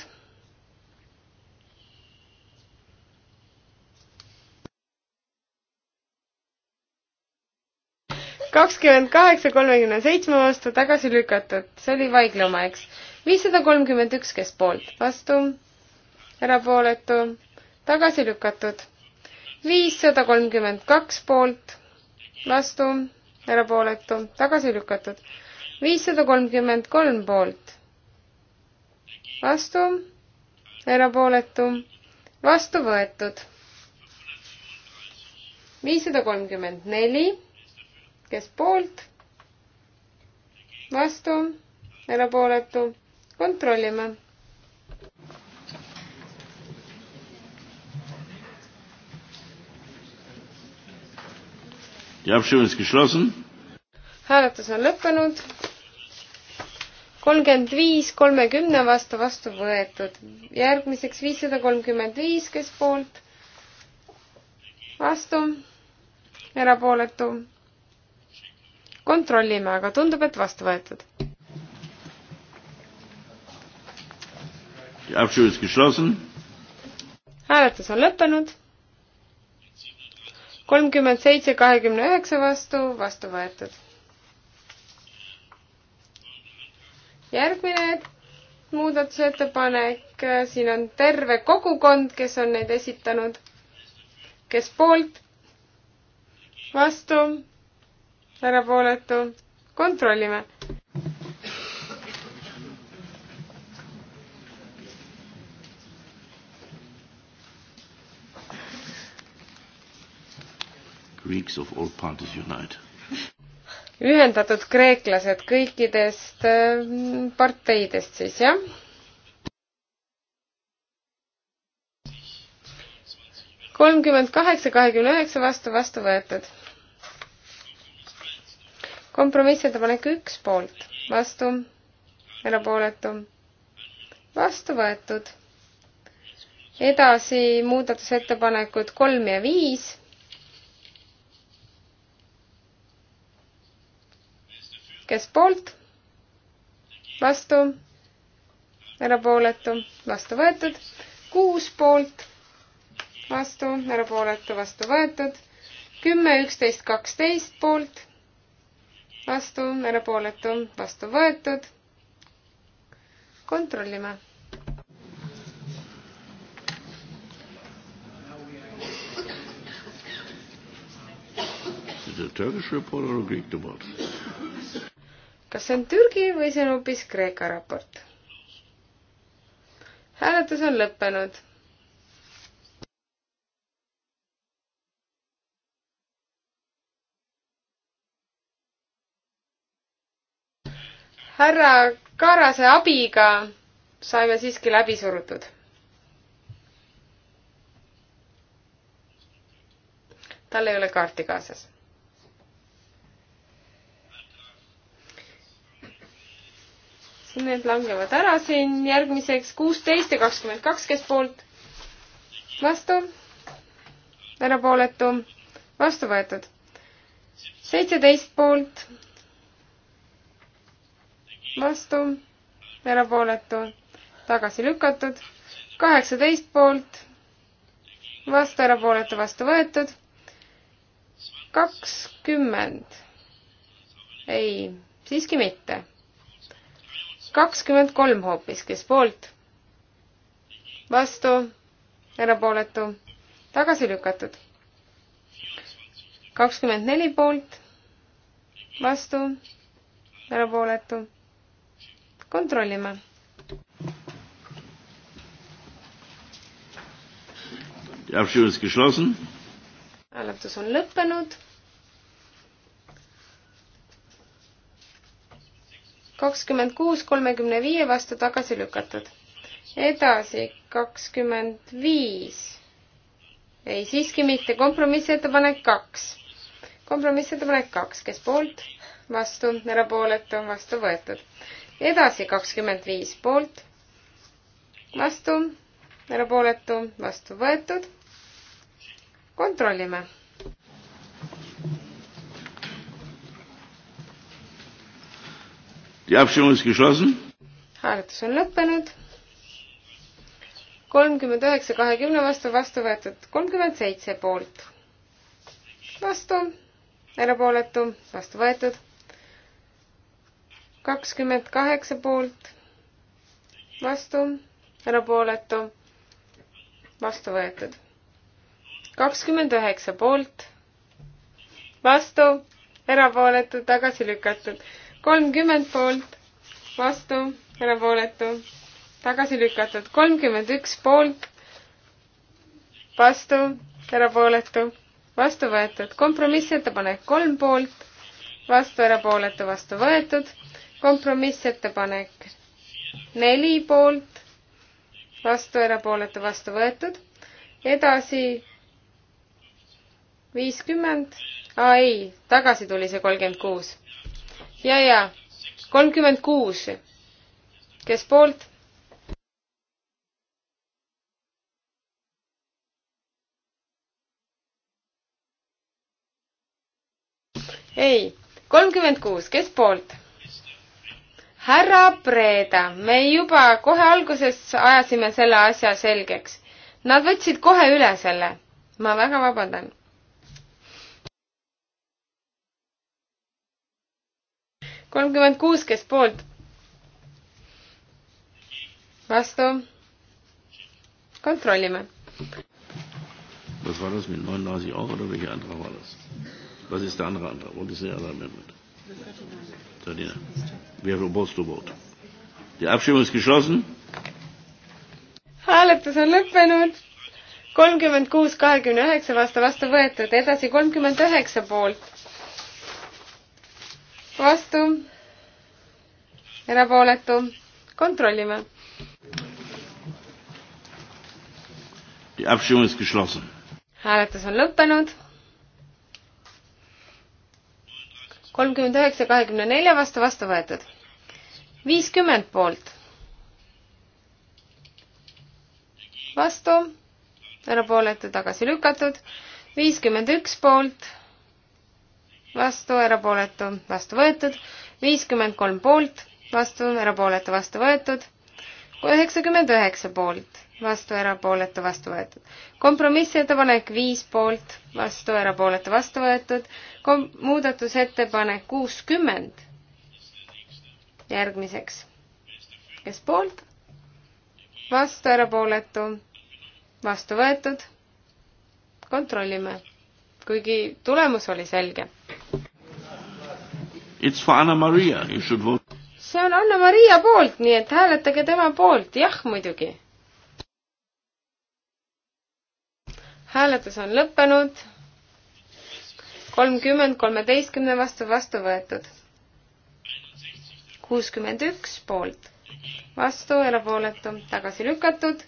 kakskümmend kaheksa, kolmekümne seitsme vastu tagasi lükatud, see oli Vaigla oma, eks. viissada kolmkümmend üks, kes poolt, vastu, erapooletu, tagasi lükatud viissada kolmkümmend kaks poolt, vastu, erapooletu, tagasi lükatud. viissada kolmkümmend kolm poolt, vastu, erapooletu, vastu võetud. viissada kolmkümmend neli, kes poolt, vastu, erapooletu, kontrollime hääletus on lõppenud. kolmkümmend viis kolmekümne vastu vastu võetud. järgmiseks viissada kolmkümmend viis, kes poolt? vastu, erapooletu. kontrollime, aga tundub, et vastu võetud. hääletus on lõppenud kolmkümmend seitse kahekümne üheksa vastu, vastu võetud. järgmine muudatusettepanek, siin on terve kogukond, kes on neid esitanud. kes poolt, vastu, erapooletu, kontrollime Greeks of all parties unite. ühendatud kreeklased kõikidest mm, parteidest siis, jah? kolmkümmend kaheksa, kahekümne üheksa vastu, vastu võetud. kompromissettepanek üks poolt, vastu, erapooletu, vastu võetud edasi muudatusettepanekud kolm ja viis kes poolt, vastu, erapooletu, vastu võetud, kuus poolt, vastu, erapooletu, vastu võetud, kümme, üksteist, kaksteist poolt, vastu, erapooletu, vastu võetud. kontrollime the Turkish report or a Greek report? kas see on Türgi või see on hoopis Kreeka raport? hääletus on lõppenud. härra Kaarase abiga saime siiski läbi surutud. tal ei ole kaarti kaasas Need langevad ära siin järgmiseks kuusteist ja kakskümmend kaks, kes poolt, vastu, erapooletu, vastu võetud. seitseteist poolt, vastu, erapooletu, tagasi lükatud. kaheksateist poolt, vastu, erapooletu, vastu võetud. kakskümmend ei, siiski mitte kakskümmend kolm hoopis, kes poolt, vastu, erapooletu, tagasi lükatud. kakskümmend neli poolt, vastu, erapooletu. kontrollime. hääletus on lõppenud kakskümmend kuus kolmekümne viie vastu tagasi lükatud. edasi kakskümmend viis. ei, siiski mitte, kompromissettepanek kaks. kompromissettepanek kaks, kes poolt, vastu, erapooletu, vastu võetud. edasi kakskümmend viis poolt, vastu, erapooletu, vastu võetud. kontrollime hääletus on lõppenud. kolmkümmend üheksa kahekümne vastu, vastu võetud kolmkümmend seitse poolt. vastu, erapooletu, vastu võetud. kakskümmend kaheksa poolt, vastu, erapooletu, vastu võetud. kakskümmend üheksa poolt, vastu, erapooletu, tagasi lükatud kolmkümmend poolt, vastu, erapooletu, tagasi lükatud. kolmkümmend üks poolt, vastu, erapooletu, vastu võetud. kompromissettepanek kolm poolt, vastu, erapooletu, vastu võetud. kompromissettepanek neli poolt, vastu, erapooletu, vastu võetud. edasi viiskümmend, aa ei, tagasi tuli see kolmkümmend kuus ja, ja kolmkümmend kuus. kes poolt? ei, kolmkümmend kuus, kes poolt? härra Preeda, me juba kohe alguses ajasime selle asja selgeks. Nad võtsid kohe üle selle. ma väga vabandan kolmkümmend kuus, kes poolt? vastu. kontrollime. Was war das mit 39 auch oder welcher Antrag war das? Was ist der andere Antrag? What is the other amendment? 39. We have a both to vote. Die Abstimmung ist geschlossen. hääletus on lõppenud. kolmkümmend kuus, kahekümne üheksa vastu vastu võetud, edasi kolmkümmend üheksa poolt vastu, erapooletu, kontrollime. hääletus on lõppenud. kolmkümmend üheksa, kahekümne nelja vastu, vastu võetud. viiskümmend poolt. vastu, erapooletu, tagasi lükatud. viiskümmend üks poolt vastu, erapooletu, vastu võetud, viiskümmend kolm poolt, vastu, erapooletu, vastu võetud, üheksakümmend üheksa poolt, vastu, erapooletu, vastu võetud. kompromissettepanek viis poolt, vastu, erapooletu, vastu võetud, kom-, muudatusettepanek kuuskümmend järgmiseks. kes poolt? vastu, erapooletu, vastu võetud, kontrollime kuigi tulemus oli selge. It's for Anna Maria, you should vote. see on Anna Maria poolt, nii et hääletage tema poolt, jah muidugi. hääletus on lõppenud. kolmkümmend kolmeteistkümne vastu vastu võetud. kuuskümmend üks poolt, vastu, erapooletu, tagasi lükatud.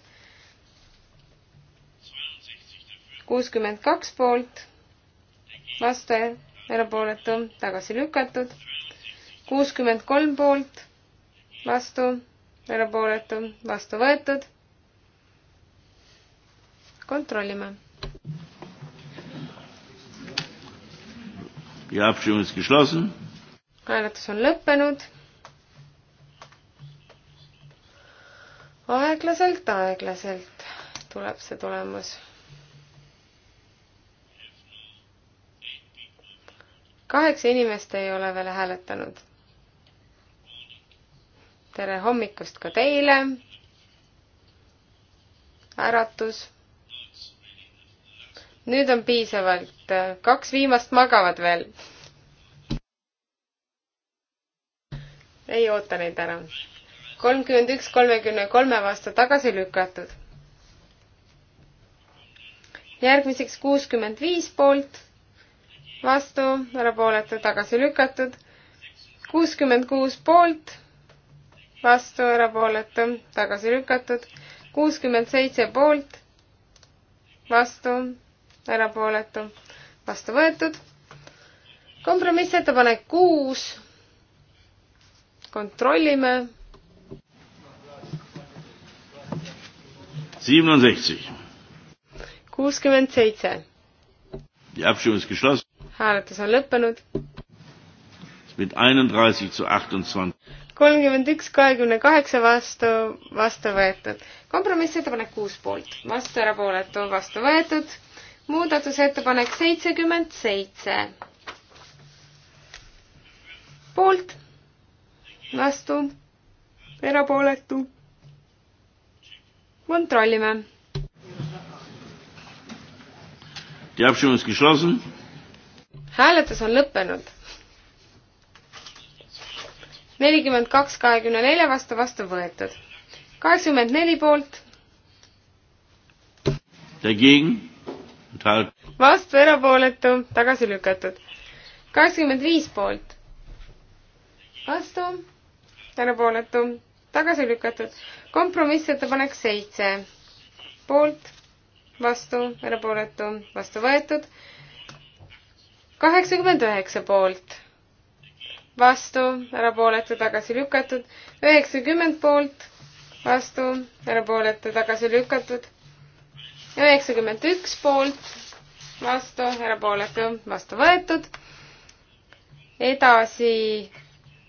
kuuskümmend kaks poolt, vastu erapooletu, tagasi lükatud. kuuskümmend kolm poolt, vastu, erapooletu, vastu võetud. kontrollime. hääletus on lõppenud. aeglaselt, aeglaselt tuleb see tulemus kaheksa inimest ei ole veel hääletanud. tere hommikust ka teile. äratus. nüüd on piisavalt, kaks viimast magavad veel. ei oota neid ära. kolmkümmend üks kolmekümne kolme vastu tagasi lükatud. järgmiseks kuuskümmend viis poolt vastu, erapooletu, tagasi lükatud. kuuskümmend kuus poolt, vastu, erapooletu, tagasi lükatud. kuuskümmend seitse poolt, vastu, erapooletu, vastu võetud. kompromissettepanek kuus. kontrollime. kuuskümmend seitse. Die Abstimmung ist geschlossen hääletus on lõppenud. kolmkümmend üks kahekümne kaheksa vastu, vastu võetud. kompromissettepanek kuus poolt, vastu erapooletu, vastu võetud. muudatusettepanek seitsekümmend seitse. poolt, vastu, erapooletu. kontrollime Die Abstimmung ist geschlossen hääletus on lõppenud. nelikümmend kaks kahekümne nelja vastu, vastu võetud. kaheksakümmend neli poolt. vastu erapooletu, tagasi lükatud. kaheksakümmend viis poolt. vastu, erapooletu, tagasi lükatud. kompromissettepanek seitse. poolt, vastu, erapooletu, vastu võetud kaheksakümmend üheksa poolt, vastu, erapooletu, tagasi lükatud, üheksakümmend poolt, vastu, erapooletu, tagasi lükatud, üheksakümmend üks poolt, vastu, erapooletu, vastu võetud, edasi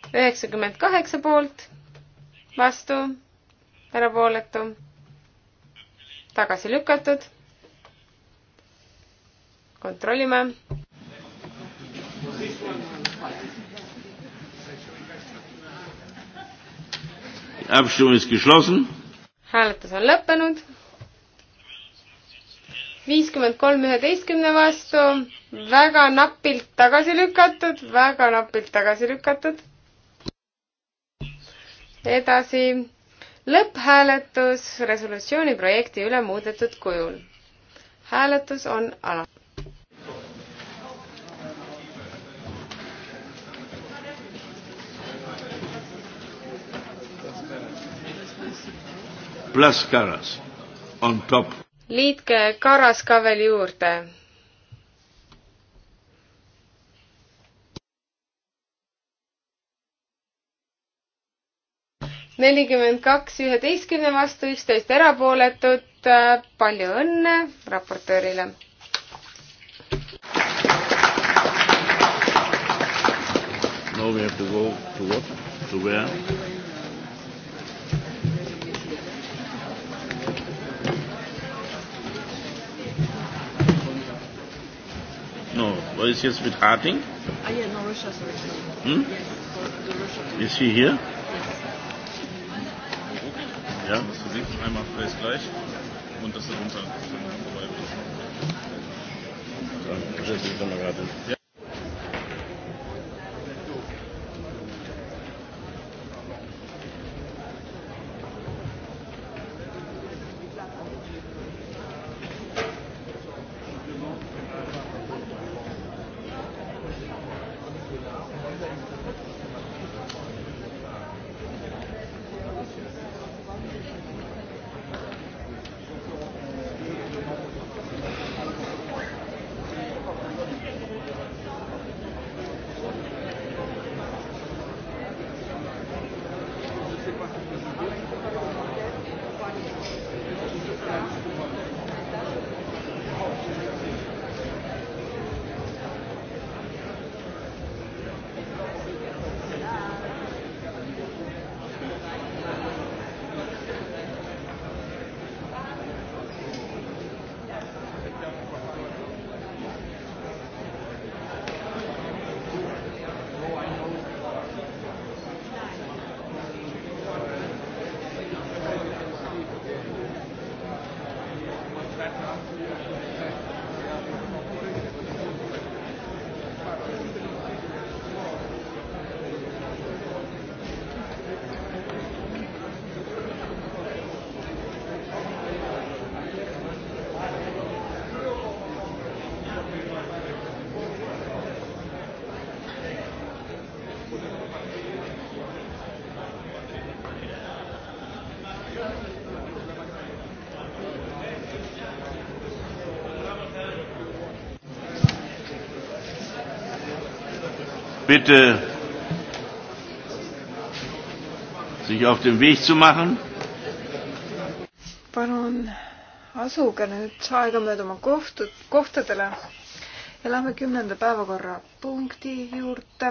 üheksakümmend kaheksa poolt, vastu, erapooletu, tagasi lükatud, kontrollime hääletus on lõppenud. viiskümmend kolm üheteistkümne vastu, väga napilt tagasi lükatud, väga napilt tagasi lükatud. edasi lõpphääletus resolutsiooni projekti üle muudetud kujul. hääletus on alanud. plus Karas on top. liitke Karas ka veel juurde. nelikümmend kaks üheteistkümne vastu, üksteist erapooletut. palju õnne raportöörile. Now we have to go to what? To where? Was ist jetzt mit Harting? Ah, yeah, no, Russia, sorry. Hm? Yes, Russia. Ist sie hier? Yes. Ja, das Gesicht er einmal fest gleich und das darunter. Er ja, das ist nochmal gerade. Ja. bitte, sich auf den Weg zu machen. palun asuge nüüd aegamööda oma kohtud, kohtadele ja lähme kümnenda päevakorrapunkti juurde.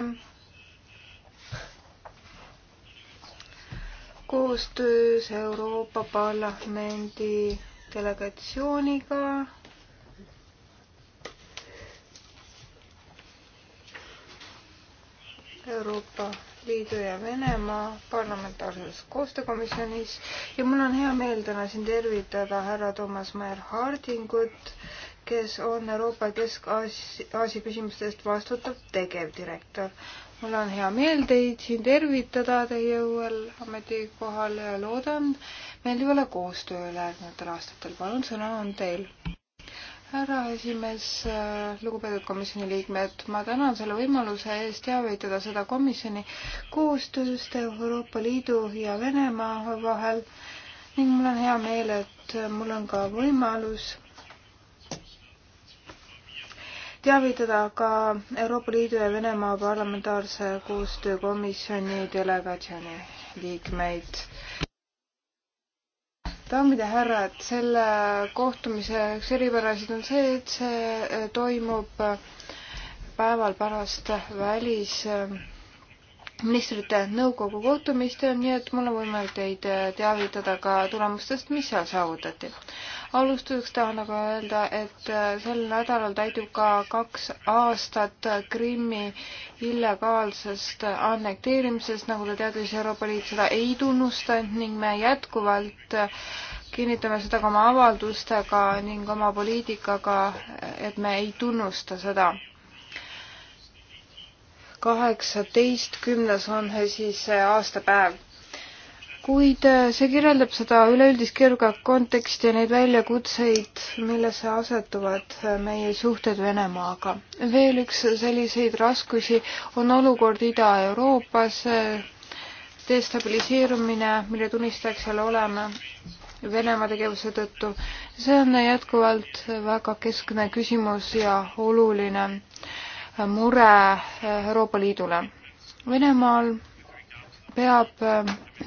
koostöös Euroopa Parlamendi delegatsiooniga Euroopa Liidu ja Venemaa parlamentaarses koostöökomisjonis ja mul on hea meel täna siin tervitada härra Toomas Maier Hardingut, kes on Euroopa Kesk-Aasia küsimustest vastutav tegevdirektor. mul on hea meel teid siin tervitada teie uuel ametikohal ja loodan meeldivale koostööle järgnevatel aastatel. palun, sõna on teil härra esimees, lugupeetud komisjoni liikmed, ma tänan selle võimaluse eest teavitada seda komisjoni koostööst Euroopa Liidu ja Venemaa vahel ning mul on hea meel, et mul on ka võimalus teavitada ka Euroopa Liidu ja Venemaa parlamentaarse koostöökomisjoni delegatsiooni liikmeid daamid ja härrad, selle kohtumise üks eripärasid on see, et see eh, toimub eh, päeval pärast välis äh, ministrite nõukogu kohtumistel, nii et mul on võimalik teid äh, teavitada ka tulemustest, mis seal saavutati. alustuseks tahan aga öelda, et äh, sel nädalal täidub ka kaks aastat Krimmi illegaalsest annekteerimisest, nagu te teate, siis Euroopa Liit seda ei tunnusta ning me jätkuvalt äh, kinnitame seda ka oma avaldustega ning oma poliitikaga, et me ei tunnusta seda kaheksateistkümnes on siis aastapäev. kuid äh, see kirjeldab seda üleüldist keerukat konteksti ja neid väljakutseid, millesse asetuvad äh, meie suhted Venemaaga. veel üks selliseid raskusi on olukord Ida-Euroopas, äh, destabiliseerumine, mille tunnistajaks seal oleme Venemaa tegevuse tõttu. see on jätkuvalt väga keskne küsimus ja oluline mure Euroopa Liidule. Venemaal peab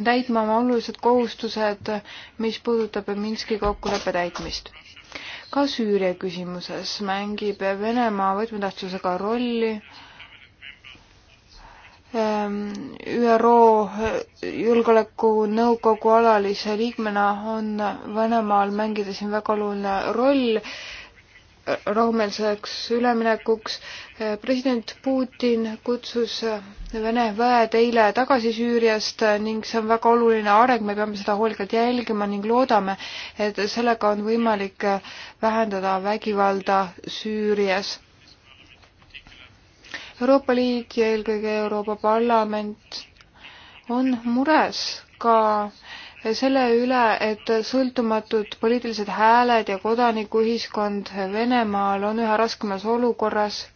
täitma oma olulised kohustused, mis puudutab Minski kokkuleppe täitmist. ka Süüria küsimuses mängib Venemaa võtmetähtsusega rolli ehm, ÜRO Julgeolekunõukogu alalise liikmena on Venemaal mängida siin väga oluline roll rahumeelseks üleminekuks. president Putin kutsus Vene väed eile tagasi Süüriast ning see on väga oluline areng, me peame seda hoolikalt jälgima ning loodame, et sellega on võimalik vähendada vägivalda Süürias. Euroopa Liit ja eelkõige Euroopa Parlament on mures ka äh, selle üle, et sõltumatud poliitilised hääled ja kodanikuühiskond Venemaal on üha raskemas olukorras.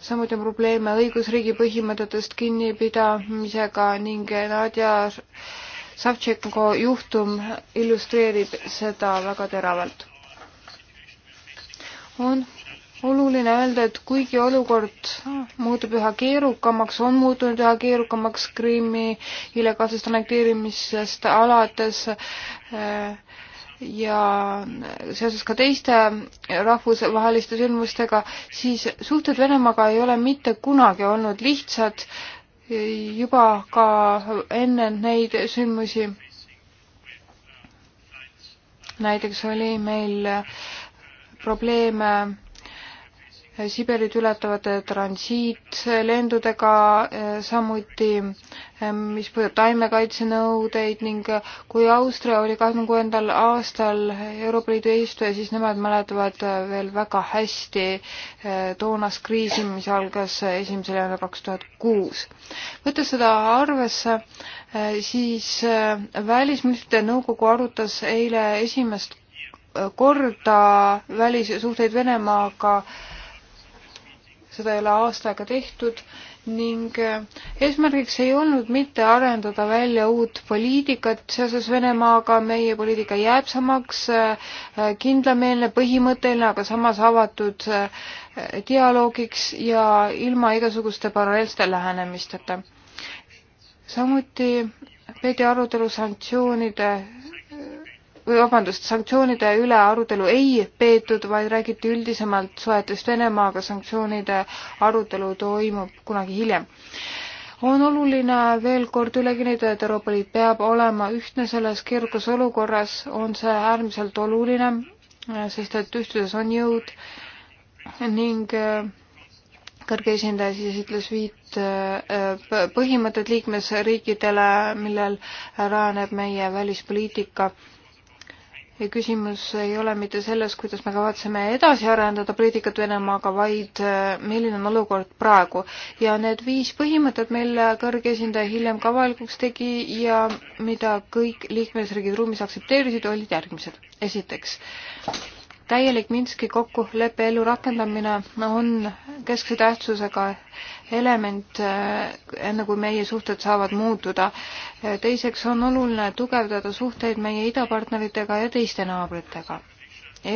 samuti on probleeme õigusriigi põhimõtetest kinnipidamisega ning Nadja Savtšenko juhtum illustreerib seda väga teravalt. on oluline öelda, et kuigi olukord muutub üha keerukamaks, on muutunud üha keerukamaks Krimmi illegaalsest annekteerimisest alates äh, ja seoses ka teiste rahvusvaheliste sündmustega, siis suhted Venemaaga ei ole mitte kunagi olnud lihtsad juba ka enne neid sündmusi. näiteks oli meil probleeme Siberit ületavate äh, transiitlendudega, äh, samuti äh, mis puudutab taimekaitsenõudeid ning kui Austria oli kahekümne kuuendal aastal Euroopa Liidu eesistuja, siis nemad mäletavad veel väga hästi toonast kriisi, mis algas esimesel jaanuaril kaks tuhat kuus. võttes seda arvesse, siis välisministrite nõukogu arutas eile esimest korda välissuhteid Venemaaga seda ei ole aasta aega tehtud ning äh, eesmärgiks ei olnud mitte arendada välja uut poliitikat seoses Venemaaga, meie poliitika jääb samaks, äh, äh, kindlameelne, põhimõtteline, aga samas avatud dialoogiks ja ilma igasuguste paralleelste lähenemisteta. samuti peeti arutelu sanktsioonide või vabandust, sanktsioonide üle arutelu ei peetud, vaid räägiti üldisemalt suhetest Venemaaga, sanktsioonide arutelu toimub kunagi hiljem. on oluline veel kord üle kinnitada, et Euroopa Liit peab olema ühtne selles keerukas olukorras, on see äärmiselt oluline, sest et ühtluses on jõud ning äh, kõrge esindaja siis ütles viit äh, põhimõtet liikmesriikidele, millel rajaneb meie välispoliitika ja küsimus ei ole mitte selles, kuidas me kavatseme edasi arendada poliitikat Venemaaga, vaid äh, milline on olukord praegu. ja need viis põhimõtet, mille kõrge esindaja hiljem ka avalikuks tegi ja mida kõik liikmesriigid ruumis aktsepteerisid, olid järgmised. esiteks, täielik Minski kokkuleppe ellurakendamine on keskse tähtsusega element, äh, enne kui meie suhted saavad muutuda. Äh, teiseks on oluline tugevdada suhteid meie idapartneritega ja teiste naabritega,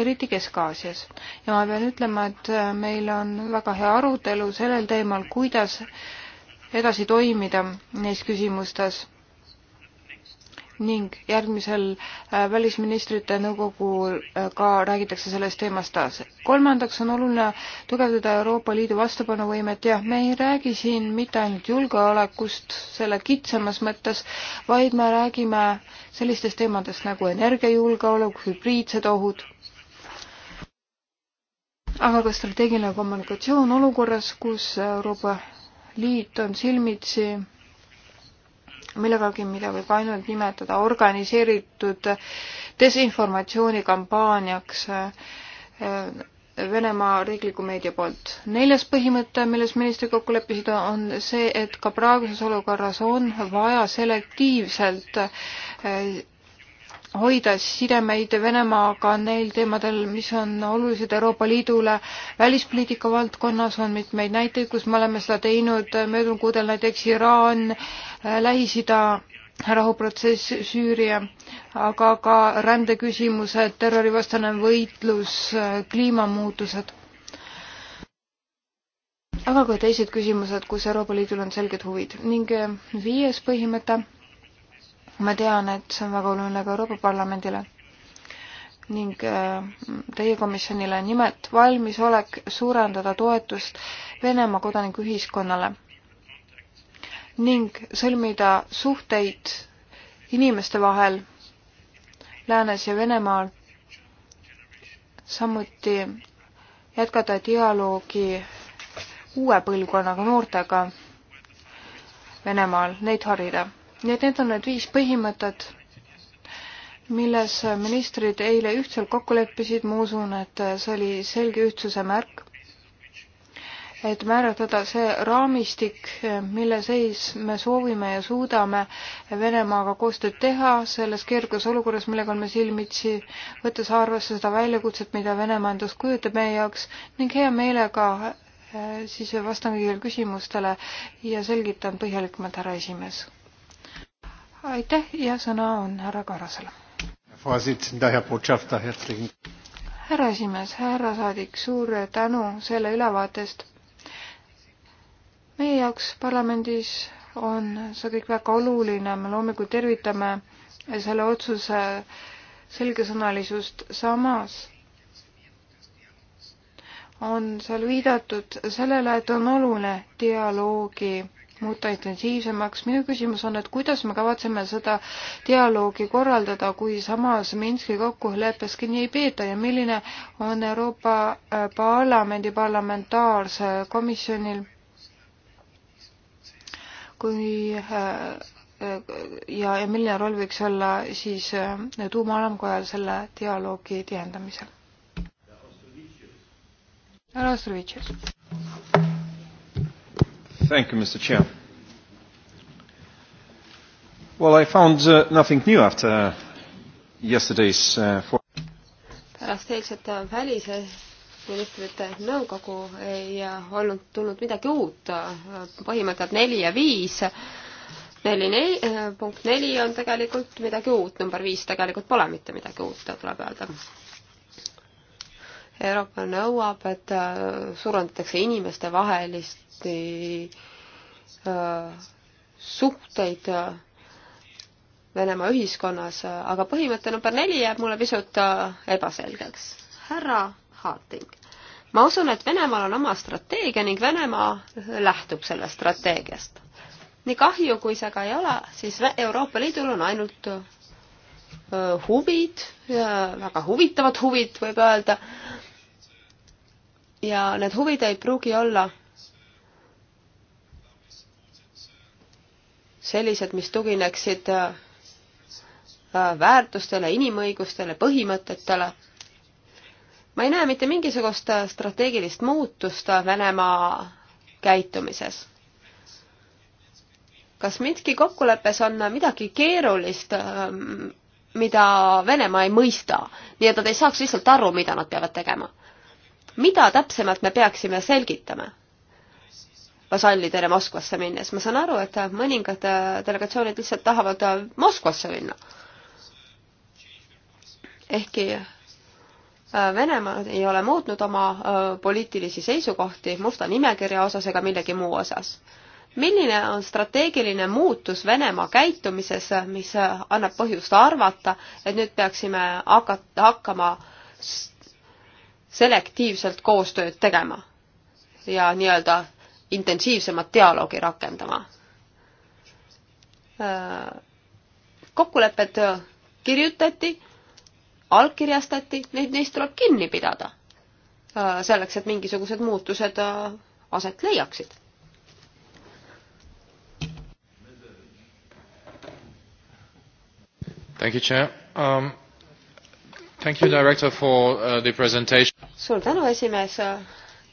eriti Kesk-Aasias. ja ma pean ütlema, et äh, meil on väga hea arutelu sellel teemal, kuidas edasi toimida neis küsimustes ning järgmisel äh, välisministrite nõukogul äh, ka räägitakse sellest teemast taas. kolmandaks on oluline tugevdada Euroopa Liidu vastupanuvõimet ja me ei räägi siin mitte ainult julgeolekust selle kitsamas mõttes, vaid me räägime sellistest teemadest nagu energiajulgeolek, hübriidsed ohud, aga ka strateegiline kommunikatsioon olukorras, kus Euroopa Liit on silmitsi millegagi, mida võib ainult nimetada organiseeritud desinformatsioonikampaaniaks äh, Venemaa riikliku meedia poolt. neljas põhimõte, milles ministrid kokku leppisid, on see, et ka praeguses olukorras on vaja selektiivselt äh, hoida sidemeid Venemaaga neil teemadel, mis on olulised Euroopa Liidule välispoliitika valdkonnas, on mitmeid näiteid, kus me oleme seda teinud möödunud kuudel, näiteks Iraan, Lähis-Ida rahuprotsess, Süüria, aga ka rändeküsimused, terrorivastane võitlus, kliimamuutused. aga ka teised küsimused, kus Euroopa Liidul on selged huvid ning viies põhimõte ma tean, et see on väga oluline ka Euroopa Parlamendile ning äh, teie komisjonile, nimelt valmisolek suurendada toetust Venemaa kodanikuühiskonnale ning sõlmida suhteid inimeste vahel Läänes ja Venemaal, samuti jätkata dialoogi uue põlvkonnaga noortega Venemaal, neid harida nii et need on need viis põhimõtet, milles ministrid eile ühtselt kokku leppisid, ma usun, et see oli selge ühtsuse märk, et määratleda see raamistik, mille seis me soovime ja suudame Venemaaga koostööd teha selles keerukas olukorras, millega oleme silmitsi, võttes arvesse seda väljakutset, mida Venemaa endast kujutab meie jaoks ning hea meelega eh, siis vastan kõigile küsimustele ja selgitan põhjalikumalt, härra esimees aitäh ja sõna on härra Karasele. härra esimees, härra saadik, suur tänu selle ülevaate eest. meie jaoks parlamendis on see kõik väga oluline, me loomulikult tervitame selle otsuse selgesõnalisust, samas on seal viidatud sellele, et on oluline dialoogi muuta intensiivsemaks. minu küsimus on, et kuidas me kavatseme seda dialoogi korraldada, kui samas Minski kokkuleppes kinni ei peeta ja milline on Euroopa äh, Parlamendi parlamentaarse komisjonil kui äh, äh, ja, ja milline roll võiks olla siis tuumaalamkojal selle dialoogi tihendamisel? härra Ostrovitš. Thank you, Mr. Chair. Well, I found uh, nothing new after yesterday's uh, for pärast eilset äh, välisministrite nõukogu ei äh, olnud tulnud midagi uut. Äh, põhimõtted neli ja viis, neli, punkt neli on tegelikult midagi uut, number viis tegelikult pole mitte midagi uut, tuleb öelda. Euroopa nõuab, et suurendatakse inimestevahelist kindlasti äh, suhteid äh, Venemaa ühiskonnas, äh, aga põhimõte number neli jääb mulle pisut ebaselgeks. härra Haating, ma usun, et Venemaal on oma strateegia ning Venemaa lähtub sellest strateegiast. nii kahju, kui see ka ei ole, siis Euroopa Liidul on ainult huvid, väga huvitavad huvid, võib öelda, ja need huvid ei pruugi olla sellised, mis tugineksid äh, äh, väärtustele, inimõigustele, põhimõtetele. ma ei näe mitte mingisugust äh, strateegilist muutust Venemaa käitumises. kas Minski kokkuleppes on midagi keerulist, ähm, mida Venemaa ei mõista, nii et nad ei saaks lihtsalt aru, mida nad peavad tegema? mida täpsemalt me peaksime selgitama? vasallidele Moskvasse minnes. ma saan aru, et mõningad äh, delegatsioonid lihtsalt tahavad äh, Moskvasse minna. ehkki äh, Venemaa ei ole muutnud oma poliitilisi seisukohti musta nimekirja osas ega millegi muu osas. milline on strateegiline muutus Venemaa käitumises, mis annab põhjust arvata, et nüüd peaksime hakata, hakkama selektiivselt koostööd tegema ja nii-öelda intensiivsemat dialoogi rakendama. kokkulepped kirjutati, allkirjastati, neid, neist tuleb kinni pidada. selleks, et mingisugused muutused aset leiaksid. Thank you, Chair. Um, thank you, Director, for uh, the presentation. suur tänu, esimees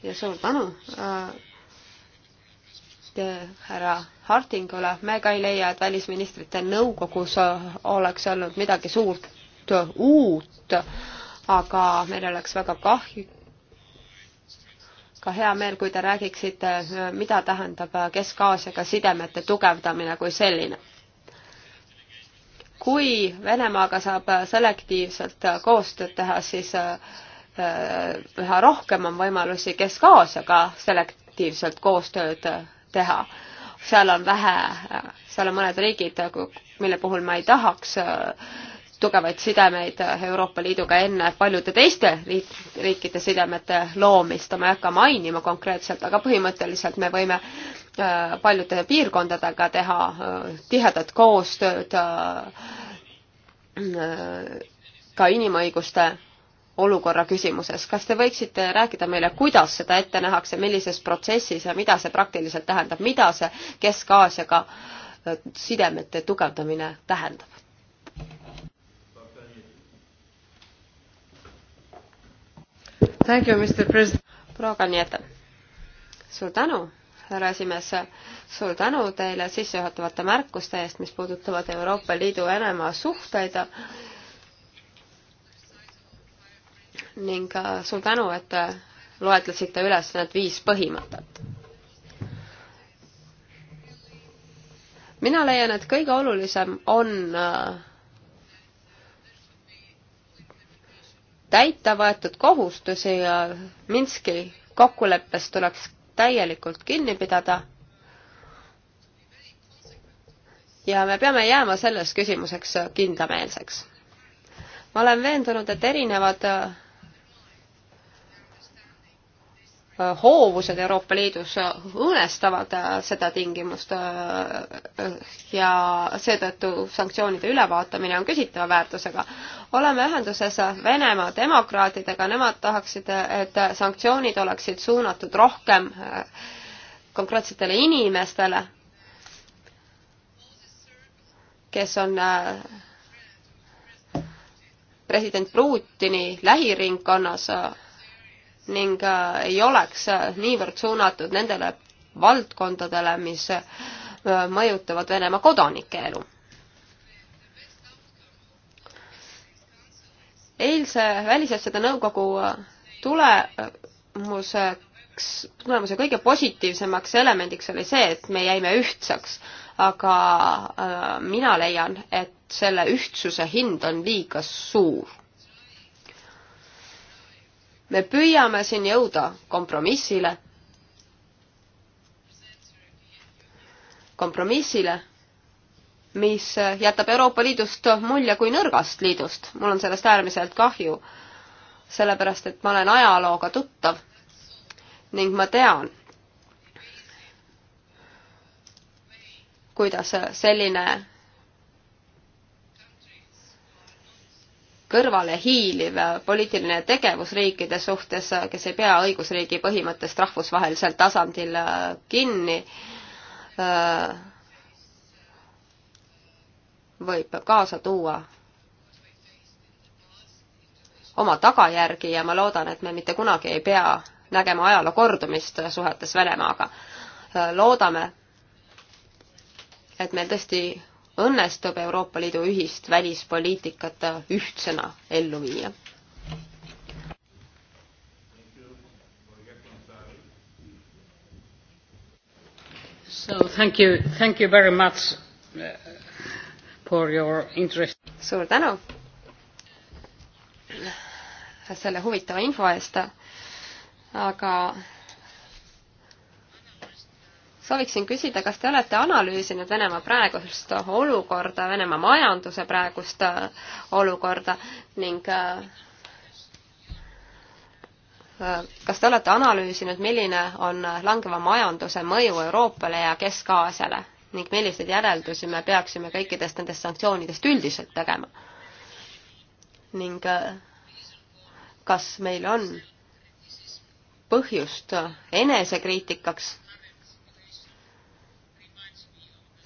ja suur tänu uh, Eh, härra Hartingule, me ka ei leia, et välisministrite nõukogus eh, oleks olnud midagi suurt eh, uut, aga meil oleks väga kahju, ka hea meel, kui te räägiksite, mida tähendab Kesk-Aasiaga sidemete tugevdamine kui selline. kui Venemaaga saab selektiivselt koostööd teha, siis üha rohkem on võimalusi Kesk-Aasiaga selektiivselt koostööd teha. seal on vähe, seal on mõned riigid, mille puhul ma ei tahaks äh, tugevaid sidemeid Euroopa Liiduga enne paljude teiste riikide sidemete loomist, ma ei hakka mainima konkreetselt, aga põhimõtteliselt me võime äh, paljude piirkondadega teha äh, tihedat koostööd ka inimõiguste olukorra küsimuses. kas te võiksite rääkida meile, kuidas seda ette nähakse, millises protsessis ja mida see praktiliselt tähendab, mida see Kesk-Aasiaga äh, sidemete tugevdamine tähendab? proua Kalniete, suur tänu, härra esimees, suur tänu teile sissejuhatavate märkuste eest, mis puudutavad Euroopa Liidu Venemaa suhteid ning äh, suur tänu, et äh, loetlesite üles need viis põhimõtet. mina leian, et kõige olulisem on äh, täita võetud kohustusi ja Minski kokkuleppest tuleks täielikult kinni pidada. ja me peame jääma selles küsimuseks kindlameelseks ma olen veendunud, et erinevad äh, hoovused Euroopa Liidus õõnestavad äh, seda tingimust äh, ja seetõttu sanktsioonide ülevaatamine on küsitava väärtusega. oleme ühenduses Venemaa demokraatidega, nemad tahaksid, et sanktsioonid oleksid suunatud rohkem konkreetsetele inimestele, kes on president Putini lähiringkonnas äh, ning äh, ei oleks äh, niivõrd suunatud nendele valdkondadele, mis mõjutavad Venemaa kodanike elu. eilse Välisasjade Nõukogu tulemuseks, tulemuse kõige positiivsemaks elemendiks oli see, et me jäime ühtsaks aga äh, mina leian, et selle ühtsuse hind on liiga suur. me püüame siin jõuda kompromissile. kompromissile, mis jätab Euroopa Liidust mulje kui nõrgast liidust. mul on sellest äärmiselt kahju, sellepärast et ma olen ajalooga tuttav ning ma tean, kuidas selline kõrvalehiiliv poliitiline tegevus riikide suhtes, kes ei pea õigusriigi põhimõttest rahvusvahelisel tasandil äh, kinni, äh, võib kaasa tuua oma tagajärgi ja ma loodan, et me mitte kunagi ei pea nägema ajaloo kordumist suhetes Venemaaga. Äh, loodame, et meil tõesti õnnestub Euroopa Liidu ühist välispoliitikat ühtsena ellu viia. So thank you, thank you very much uh, for your interest. suur tänu selle huvitava info eest, aga sooviksin küsida, kas te olete analüüsinud Venemaa praegust olukorda, Venemaa majanduse praegust äh, olukorda ning äh, äh, kas te olete analüüsinud, milline on langeva majanduse mõju Euroopale ja Kesk-Aasiale ning milliseid järeldusi me peaksime kõikidest nendest sanktsioonidest üldiselt tegema? ning kas meil on põhjust enesekriitikaks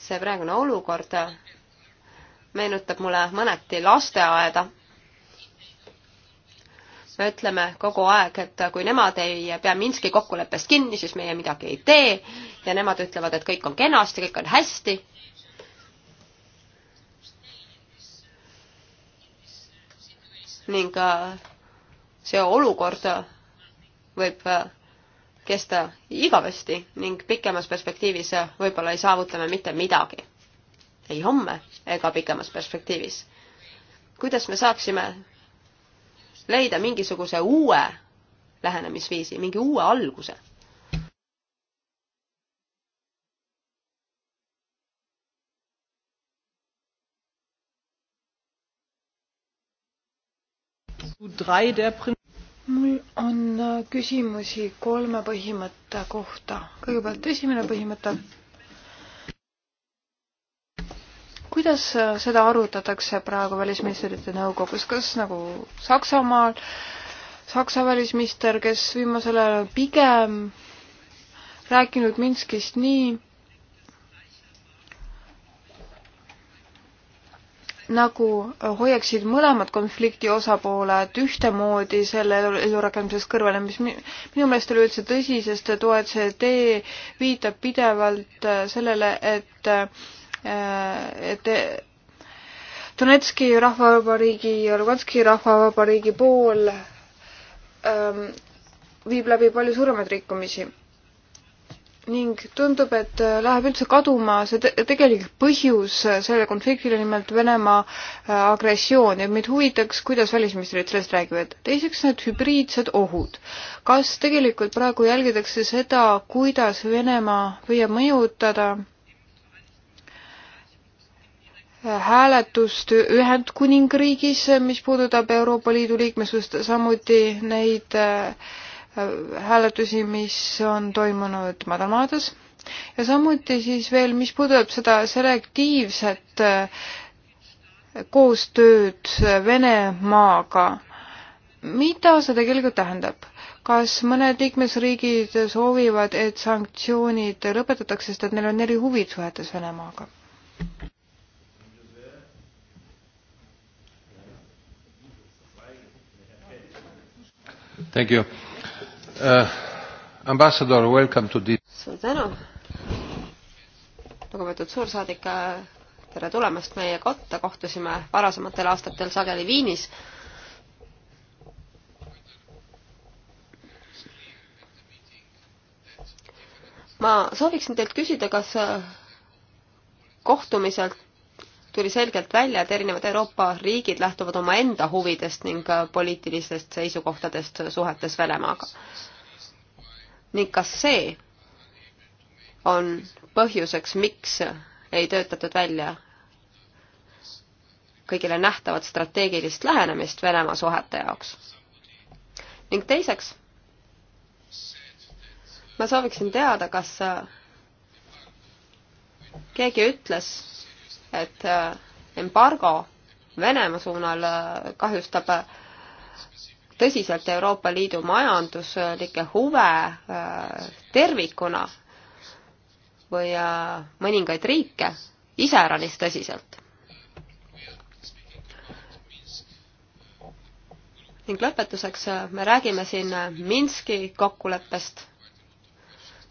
see praegune olukord meenutab mulle mõneti lasteaeda. me ütleme kogu aeg, et kui nemad ei pea Minski kokkuleppest kinni, siis meie midagi ei tee ja nemad ütlevad, et kõik on kenasti, kõik on hästi. ning äh, see olukord võib äh, kesta igavesti ning pikemas perspektiivis võib-olla ei saavuta me mitte midagi. ei homme ega pikemas perspektiivis. kuidas me saaksime leida mingisuguse uue lähenemisviisi, mingi uue alguse? drei der mul on äh, küsimusi kolme põhimõtte kohta. kõigepealt esimene põhimõte. kuidas äh, seda arutatakse praegu välisministrite nõukogus, kas nagu Saksamaal, Saksa välisminister, kes viimasel ajal on pigem rääkinud Minskist nii, nagu hoiaksid mõlemad konflikti osapooled ühtemoodi selle elu rakendamisest kõrvale, mis minu meelest oli üldse tõsi, sest et OECD viitab pidevalt äh, sellele, äh, et, et Donetski rahvavabariigi ja Luganski rahvavabariigi pool ähm, viib läbi palju suuremaid rikkumisi ning tundub, et äh, läheb üldse kaduma see te tegelik põhjus äh, sellele konfliktile, nimelt Venemaa äh, agressioon ja mind huvitaks, kuidas välisministrid sellest räägivad. teiseks need hübriidsed ohud. kas tegelikult praegu jälgitakse seda, kuidas Venemaa püüab mõjutada hääletust Ühendkuningriigis, mis puudutab Euroopa Liidu liikmesust, samuti neid äh, hääletusi, mis on toimunud madalmaades ja samuti siis veel, mis puudutab seda selektiivset äh, koostööd Venemaaga. mida see tegelikult tähendab? kas mõned liikmesriigid soovivad, et sanktsioonid lõpetatakse, sest et neil on eri huvid suhetes Venemaaga? Thank you uh,. Ambassador, welcome to this. suur tänu. lugupeetud suursaadik, tere tulemast meie kotta, kohtusime varasematel aastatel sageli Viinis ma sooviksin teilt küsida, kas kohtumiselt tuli selgelt välja, et erinevad Euroopa riigid lähtuvad omaenda huvidest ning äh, poliitilistest seisukohtadest suhetes Venemaaga. ning kas see on põhjuseks, miks ei töötatud välja kõigile nähtavat strateegilist lähenemist Venemaa suhete jaoks? ning teiseks, ma sooviksin teada, kas äh, keegi ütles et äh, embargo Venemaa suunal äh, kahjustab äh, tõsiselt Euroopa Liidu majanduslikke huve tervikuna või mõningaid riike iseäranis tõsiselt. ning lõpetuseks me räägime siin Minski kokkuleppest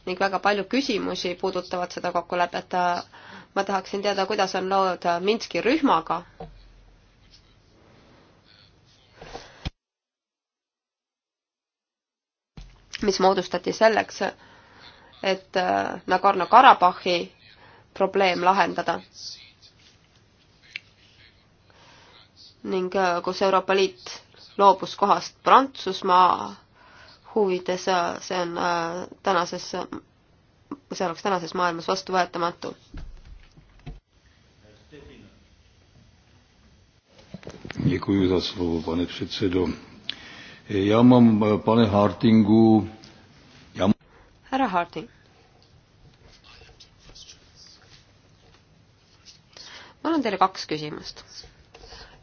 ning väga palju küsimusi puudutavad seda kokkulepet ma tahaksin teada, kuidas on lood Minski rühmaga. mis moodustati selleks, et äh, Nagorno-Karabahhi probleem lahendada. ning äh, kus Euroopa Liit loobus kohast Prantsusmaa huvides, äh, see on tänases, see oleks tänases maailmas vastuvõetamatu. Děkuji za slovo, pane předsedo. Já mám, pane Hartingu, já mám... Härra Harting. mul on teile kaks küsimust.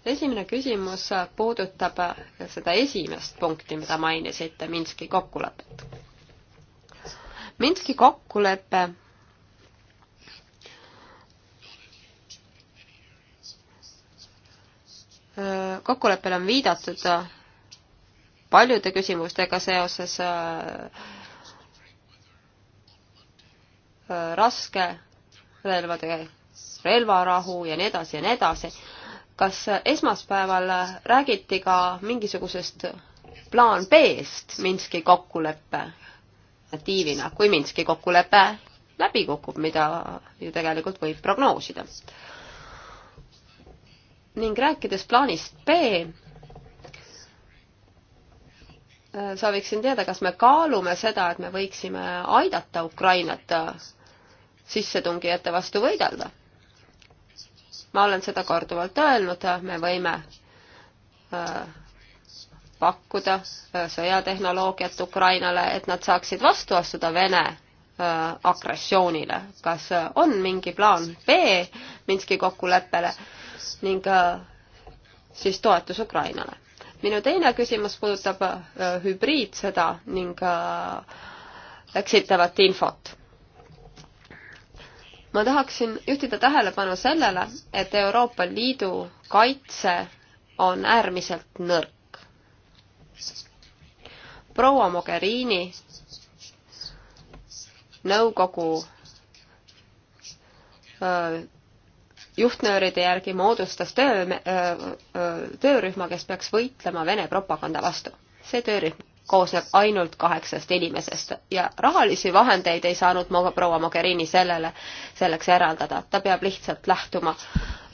esimene küsimus puudutab seda esimest punkti, mida mainisite, Minski kokkulepet. Minski kokkulepe kokkuleppele on viidatud paljude küsimustega seoses äh, raske relvade, relvarahu ja nii edasi ja nii edasi. kas esmaspäeval räägiti ka mingisugusest plaan B-st Minski kokkuleppe natiivina, kui Minski kokkulepe läbi kukub, mida ju tegelikult võib prognoosida? ning rääkides plaanist B, sooviksin teada, kas me kaalume seda, et me võiksime aidata Ukrainat sissetungijate vastu võidelda. ma olen seda korduvalt öelnud, me võime äh, pakkuda äh, sõjatehnoloogiat Ukrainale, et nad saaksid vastu astuda Vene äh, agressioonile. kas on mingi plaan B Minski kokkuleppele ning äh, siis toetus Ukrainale. minu teine küsimus puudutab äh, hübriidsõda ning äh, eksitavat infot. ma tahaksin juhtida tähelepanu sellele, et Euroopa Liidu kaitse on äärmiselt nõrk. proua Mogherini nõukogu öö, juhtnööride järgi moodustas töö, äh, äh, töörühma, kes peaks võitlema Vene propaganda vastu. see töörühm koosneb ainult kaheksast inimesest ja rahalisi vahendeid ei saanud proua Mogherini sellele, selleks eraldada, ta peab lihtsalt lähtuma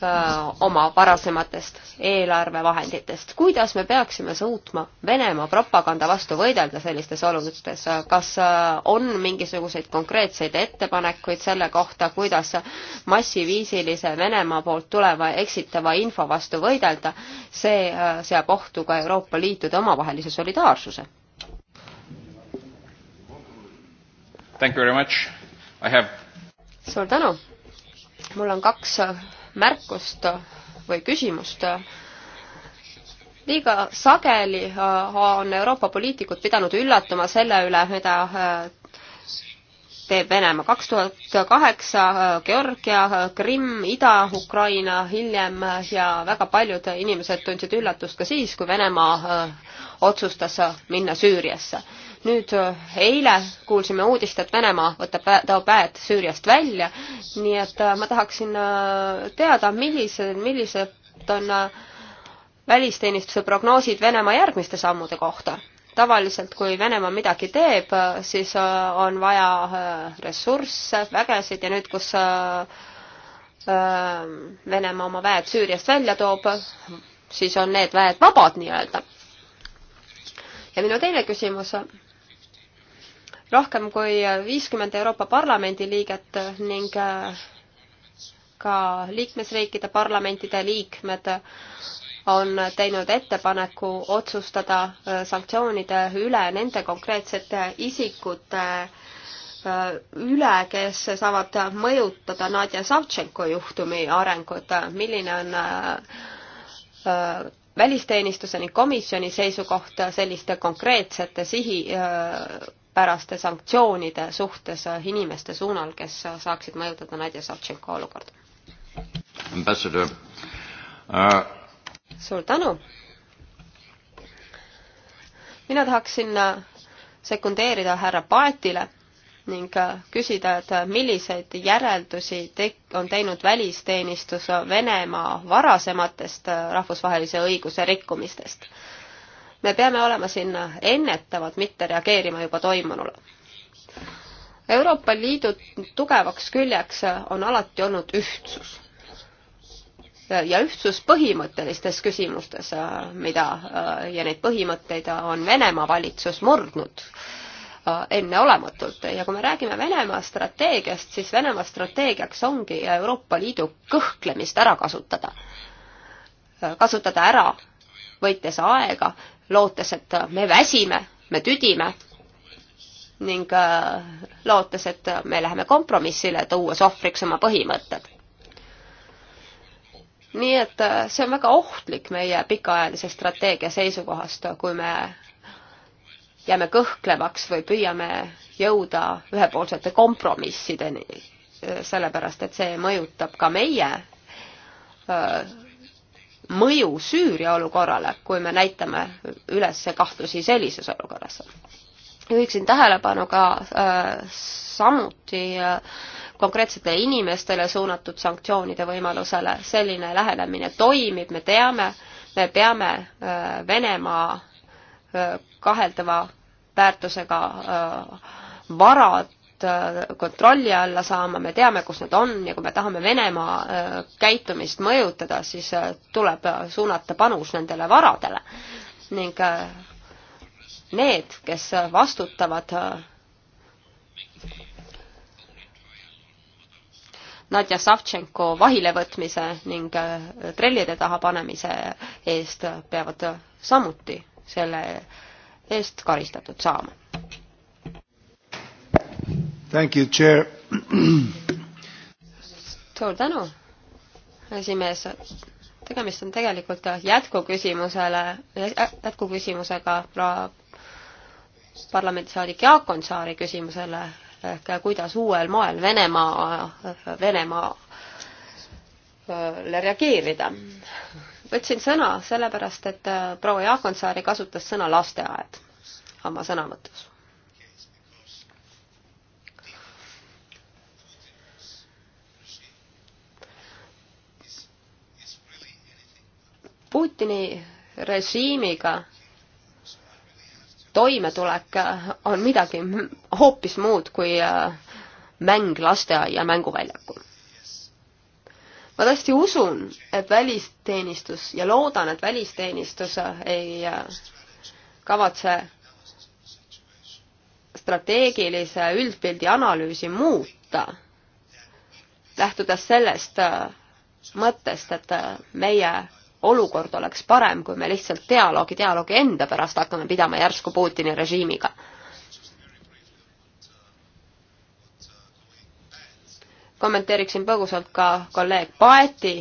Äh, oma varasematest eelarvevahenditest. kuidas me peaksime suutma Venemaa propaganda vastu võidelda sellistes oludes, kas äh, on mingisuguseid konkreetseid ettepanekuid selle kohta, kuidas massiviisilise Venemaa poolt tuleva eksitava info vastu võidelda, see äh, seab ohtu ka Euroopa Liitude omavahelise solidaarsuse. Thank you very much. I have suur tänu. mul on kaks märkust või küsimust. liiga sageli äh, on Euroopa poliitikud pidanud üllatuma selle üle, mida äh, teeb Venemaa. kaks tuhat kaheksa äh, Georgia, Krimm, Ida-Ukraina hiljem ja väga paljud inimesed tundsid üllatust ka siis, kui Venemaa otsustas minna Süüriasse nüüd äh, eile kuulsime uudist, et Venemaa võtab, toob väed Süüriast välja, nii et äh, ma tahaksin äh, teada, millised, millised on välisteenistuse prognoosid Venemaa järgmiste sammude kohta tavaliselt, kui Venemaa midagi teeb, siis on vaja ressursse, vägesid ja nüüd, kus Venemaa oma väed Süüriast välja toob, siis on need väed vabad nii-öelda. ja minu teine küsimus on, rohkem kui viiskümmend Euroopa Parlamendi liiget ning äh, ka liikmesriikide parlamentide liikmed on teinud ettepaneku otsustada äh, sanktsioonide üle nende konkreetsete isikute äh, üle, kes saavad mõjutada Nadja Savtšenko juhtumi arengut, milline on välisteenistuse ning komisjoni seisukoht selliste konkreetsete sihi päraste sanktsioonide suhtes inimeste suunal, kes saaksid mõjutada Nadja Savtšenko olukorda. Ambassador uh.... suur tänu. mina tahaksin uh, sekundeerida härra Paetile ning uh, küsida, et uh, milliseid järeldusi te-, on teinud välisteenistus Venemaa varasematest rahvusvahelise õiguse rikkumistest me peame olema siin ennetavad, mitte reageerima juba toimunule. Euroopa Liidu tugevaks küljeks on alati olnud ühtsus. ja ühtsus põhimõttelistes küsimustes, mida ja neid põhimõtteid on Venemaa valitsus murdnud enneolematult ja kui me räägime Venemaa strateegiast, siis Venemaa strateegiaks ongi Euroopa Liidu kõhklemist ära kasutada. kasutada ära, võites aega lootes, et me väsime, me tüdime ning äh, lootes, et me läheme kompromissile, tuues ohvriks oma põhimõtted. nii et äh, see on väga ohtlik meie pikaajalise strateegia seisukohast, kui me jääme kõhklevaks või püüame jõuda ühepoolsete kompromissideni, äh, sellepärast et see mõjutab ka meie mõju Süüria olukorrale, kui me näitame üles kahtlusi sellises olukorras. juhiksin tähelepanu ka äh, samuti äh, konkreetsetele inimestele suunatud sanktsioonide võimalusele, selline lähenemine toimib, me teame, me peame äh, Venemaa äh, kaheldava väärtusega äh, varad Äh, kontrolli alla saama, me teame, kus nad on ja kui me tahame Venemaa äh, käitumist mõjutada, siis äh, tuleb suunata panus nendele varadele. ning need, kes vastutavad Nadja Savtšenko vahilevõtmise ning trellide taha panemise eest peavad samuti selle eest karistatud saama Thank you, chair. suur tänu, esimees. tegemist on tegelikult jätkuküsimusele, jätkuküsimusega parlamendisaadik Jaak Onsaari küsimusele ehk kuidas uuel moel Venemaa, Venemaale reageerida. võtsin sõna sellepärast, et proua Jaakonsaari kasutas sõna lasteaed oma sõnavõtus Putini režiimiga toimetulek on midagi hoopis muud kui äh, mäng lasteaia mänguväljakul. ma tõesti usun, et välisteenistus ja loodan, et välisteenistus ei äh, kavatse strateegilise üldpildi analüüsi muuta, lähtudes sellest äh, mõttest, et meie olukord oleks parem, kui me lihtsalt dialoogi, dialoogi enda pärast hakkame pidama järsku Putini režiimiga. kommenteeriksin põgusalt ka kolleeg Paeti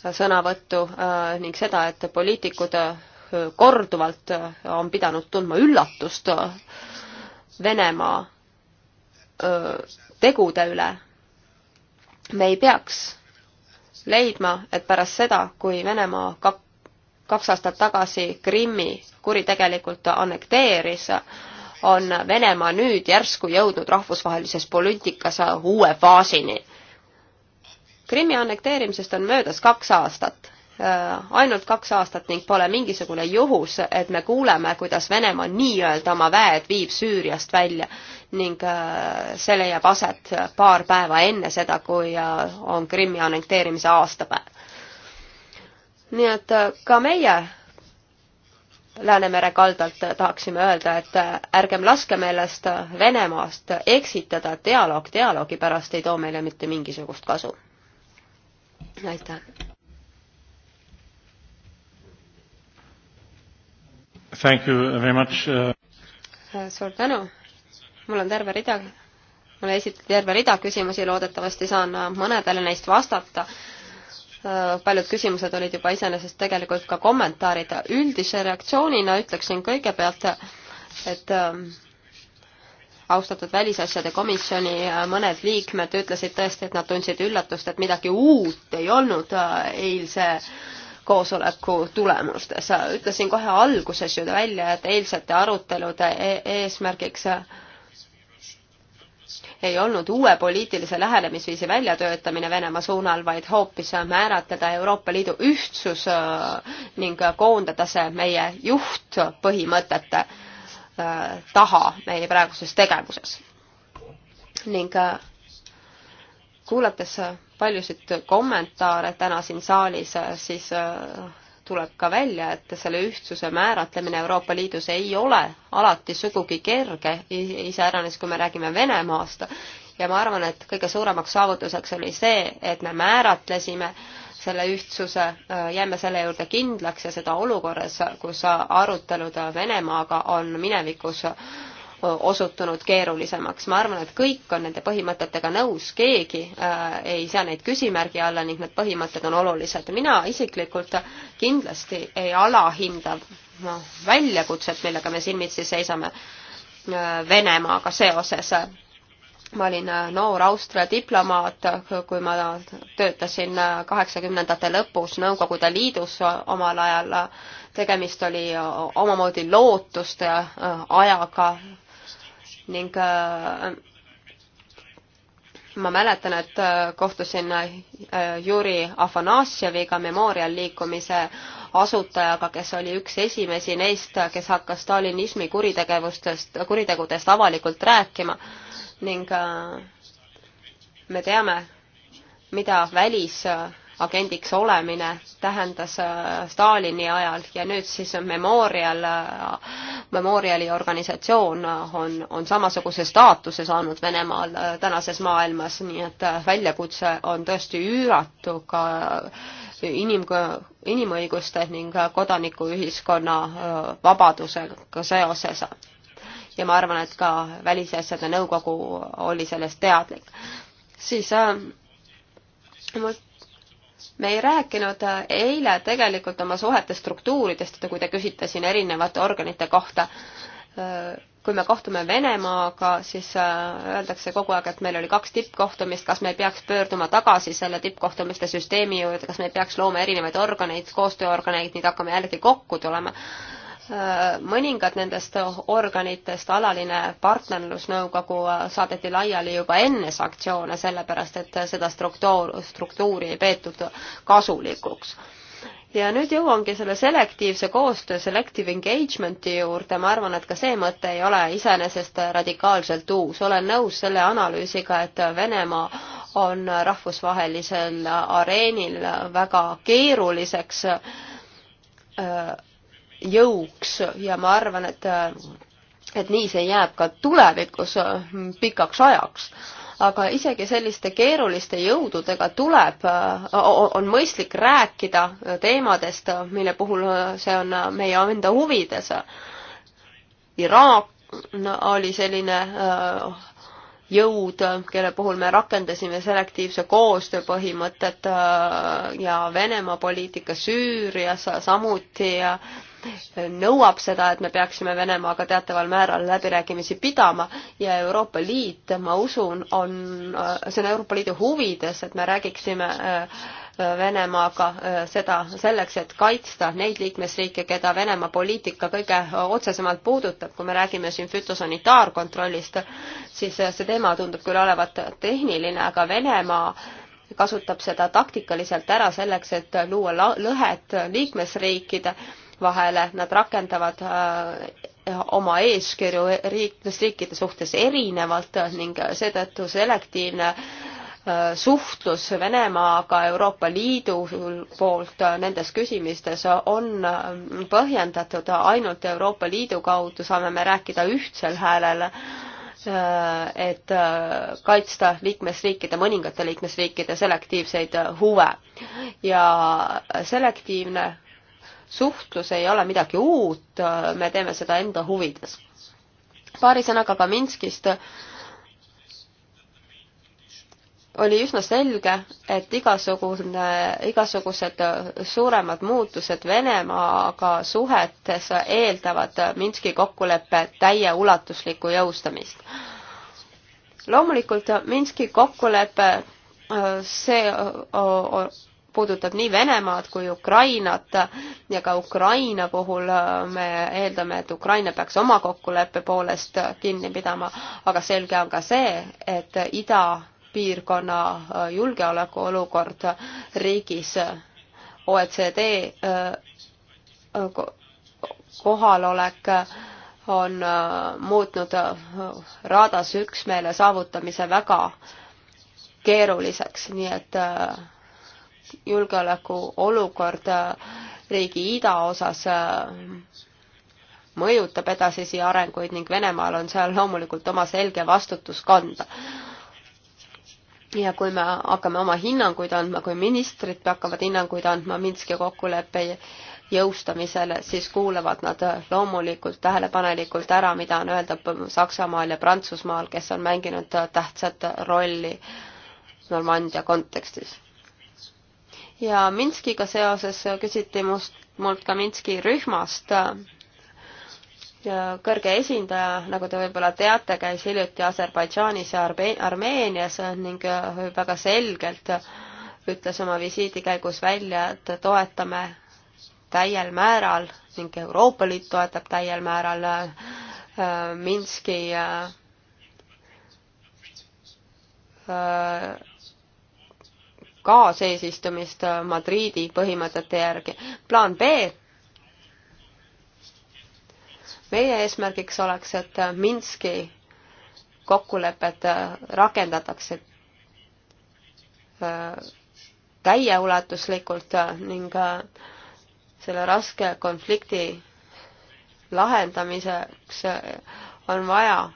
sõnavõttu äh, ning seda, et poliitikud äh, korduvalt äh, on pidanud tundma üllatust Venemaa tegude üle. me ei peaks leidma, et pärast seda, kui Venemaa kap-, kaks aastat tagasi Krimmi kuritegelikult annekteeris, on Venemaa nüüd järsku jõudnud rahvusvahelises poliitikas uue faasini. Krimmi annekteerimisest on möödas kaks aastat, äh, ainult kaks aastat ning pole mingisugune juhus, et me kuuleme, kuidas Venemaa nii-öelda oma väed viib Süüriast välja ning äh, selle jääb aset paar päeva enne seda, kui äh, on Krimmi annekteerimise aastapäev. nii et äh, ka meie Läänemere kaldalt tahaksime öelda, et ärgem laskem ennast Venemaast eksitada, dialoog dialoogi pärast ei too meile mitte mingisugust kasu. aitäh! Thank you very much. Uh suur tänu mul on terve rida, mulle esitati terve rida küsimusi, loodetavasti saan äh, mõnedele neist vastata. Äh, paljud küsimused olid juba iseenesest tegelikult ka kommentaarid. üldise reaktsioonina ütleksin kõigepealt, et ähm, austatud välisasjade komisjoni äh, mõned liikmed ütlesid tõesti, et nad tundsid üllatust, et midagi uut ei olnud eilse koosoleku tulemustes. ütlesin kohe alguses ju välja, et eilsete arutelude e-, eesmärgiks ei olnud uue poliitilise lähenemisviisi väljatöötamine Venemaa suunal, vaid hoopis määratleda Euroopa Liidu ühtsus äh, ning koondada see meie juhtpõhimõtete äh, taha meie praeguses tegevuses. ning äh, kuulates paljusid kommentaare täna siin saalis, siis tuleb ka välja, et selle ühtsuse määratlemine Euroopa Liidus ei ole alati sugugi kerge, iseäranis kui me räägime Venemaast. ja ma arvan, et kõige suuremaks saavutuseks oli see, et me määratlesime selle ühtsuse, jääme selle juurde kindlaks ja seda olukorras, kus arutelud Venemaaga on minevikus äh, osutunud keerulisemaks. ma arvan, et kõik on nende põhimõtetega nõus, keegi äh, ei sea neid küsimärgi alla ning need põhimõtted on olulised. mina isiklikult kindlasti ei alahinda no, väljakutset, millega me silmitsi seisame äh, Venemaaga seoses ma olin äh, noor Austria diplomaat, kui ma töötasin äh, kaheksakümnendate lõpus Nõukogude Liidus omal ajal. tegemist oli äh, omamoodi lootuste ajaga ning äh, ma mäletan, et äh, kohtusin äh, Juri Afanasjeviga, Memorial liikumise asutajaga, kes oli üks esimesi neist, kes hakkas stalinismi kuritegevustest, kuritegudest avalikult rääkima ning me teame, mida välis agendiks olemine tähendas äh, Stalini ajal ja nüüd siis Memorial, äh, Memoriali organisatsioon on, on samasuguse staatuse saanud Venemaal äh, tänases maailmas, nii et väljakutse on tõesti üüratu ka inim-, inimõiguste ning kodanikuühiskonna vabadusega seoses ja ma arvan, et ka Välisasjade Nõukogu oli sellest teadlik. siis äh, mul me ei rääkinud äh, eile tegelikult oma suhete struktuuridest, kui te küsite siin erinevate organite kohta. Äh, kui me kohtume Venemaaga, siis äh, öeldakse kogu aeg, et meil oli kaks tippkohtumist, kas me ei peaks pöörduma tagasi selle tippkohtumiste süsteemi juurde, kas me ei peaks looma erinevaid organeid, koostööorganeid, nüüd hakkame jällegi kokku tulema Äh, mõningad nendest organitest, alaline partnerlusnõukogu äh, saadeti laiali juba enne sanktsioone, sellepärast et äh, seda struktuur, struktuuri ei peetud kasulikuks. ja nüüd jõuangi selle selektiivse koostöö, selective engagement'i juurde, ma arvan, et ka see mõte ei ole iseenesest radikaalselt uus, olen nõus selle analüüsiga, et Venemaa on rahvusvahelisel areenil väga keeruliseks öö, jõuks ja ma arvan, et et nii see jääb ka tulevikus pikaks ajaks. aga isegi selliste keeruliste jõududega tuleb, on mõistlik rääkida teemadest, mille puhul see on meie enda huvides. Iraak oli selline äh, jõud, kelle puhul me rakendasime selektiivse koostöö põhimõtet äh, ja Venemaa poliitika Süürias samuti ja nõuab seda, et me peaksime Venemaaga teataval määral läbirääkimisi pidama ja Euroopa Liit, ma usun, on, see on Euroopa Liidu huvides, et me räägiksime äh, Venemaaga äh, seda selleks, et kaitsta neid liikmesriike, keda Venemaa poliitika kõige otsesemalt puudutab. kui me räägime siin fütosanitaarkontrollist, siis äh, see teema tundub küll olevat tehniline, aga Venemaa kasutab seda taktikaliselt ära selleks, et luua lõhet liikmesriikide vahele, nad rakendavad äh, oma eeskirju liikmesriikide suhtes erinevalt ning seetõttu selektiivne äh, suhtlus Venemaaga Euroopa Liidu poolt nendes küsimistes on äh, põhjendatud ainult Euroopa Liidu kaudu, saame me rääkida ühtsel häälel, et kaitsta liikmesriikide, mõningate liikmesriikide selektiivseid huve. ja selektiivne suhtlus ei ole midagi uut, me teeme seda enda huvides. paari sõnaga ka Minskist oli üsna selge, et igasugune, igasugused suuremad muutused Venemaaga suhetes eeldavad Minski kokkuleppe täieulatuslikku jõustamist. loomulikult Minski kokkulepe, see puudutab nii Venemaad kui Ukrainat ja ka Ukraina puhul äh, me eeldame, et Ukraina peaks oma kokkuleppe poolest kinni pidama, aga selge on ka see, et idapiirkonna äh, julgeolekuolukord riigis OECD äh, kohalolek on muutnud raadas üksmeele saavutamise väga keeruliseks, nii et äh, julgeolekuolukord äh, riigi idaosas äh, mõjutab edasisi arenguid ning Venemaal on seal loomulikult oma selge vastutus kanda. ja kui me hakkame oma hinnanguid andma, kui ministrid hakkavad hinnanguid andma Minski kokkuleppe jõustamisele, siis kuulavad nad loomulikult tähelepanelikult ära, mida on öelda Saksamaal ja Prantsusmaal, kes on mänginud tähtsat rolli Normandia kontekstis ja Minskiga seoses küsiti must, mult ka Minski rühmast. kõrge esindaja, nagu te võib-olla teate, käis hiljuti Aserbaidžaanis ja Armeenias ning väga selgelt ütles oma visiidi käigus välja, et toetame täiel määral ning Euroopa Liit toetab täiel määral äh, Minski äh, kaaseesistumist äh, Madriidi põhimõtete järgi. plaan B. meie eesmärgiks oleks, et äh, Minski kokkulepet äh, rakendatakse täieulatuslikult ning selle raske konflikti lahendamiseks on vaja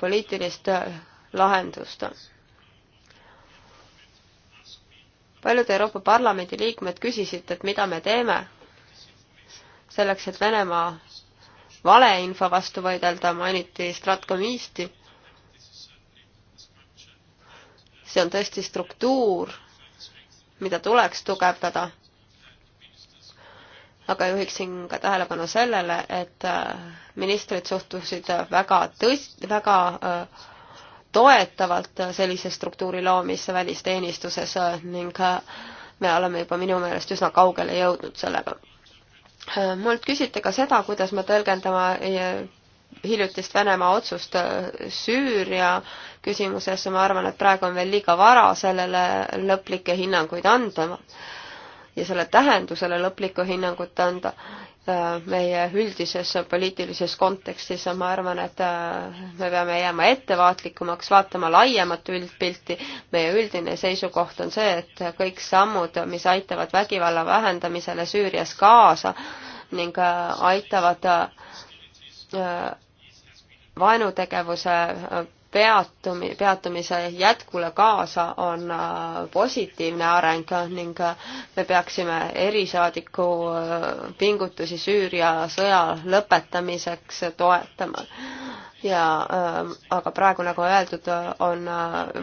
poliitilist lahendust paljud Euroopa Parlamendi liikmed küsisid, et mida me teeme selleks, et Venemaa valeinfo vastu võidelda, mainiti Stratkomisti. see on tõesti struktuur, mida tuleks tugevdada. aga juhiksin ka tähelepanu sellele, et äh, ministrid suhtusid väga tõs-, väga äh, toetavalt sellise struktuuri loomisse välisteenistuses äh, ning äh, me oleme juba minu meelest üsna kaugele jõudnud sellega. Äh, mult küsiti ka seda, kuidas me tõlgendame hiljutist Venemaa otsust Süüria küsimuses ja ma arvan, et praegu on veel liiga vara sellele lõplikke hinnanguid anda ja selle tähendusele lõplikku hinnangut anda meie üldises poliitilises kontekstis ja ma arvan, et äh, me peame jääma ettevaatlikumaks, vaatama laiemat üldpilti. meie üldine seisukoht on see, et kõik sammud, mis aitavad vägivalla vähendamisele Süürias kaasa ning äh, aitavad äh, vaenutegevuse peatumi, peatumise jätkule kaasa on äh, positiivne areng ning äh, me peaksime erisaadiku äh, pingutusi Süüria sõja lõpetamiseks toetama. ja ähm, aga praegu, nagu öeldud, on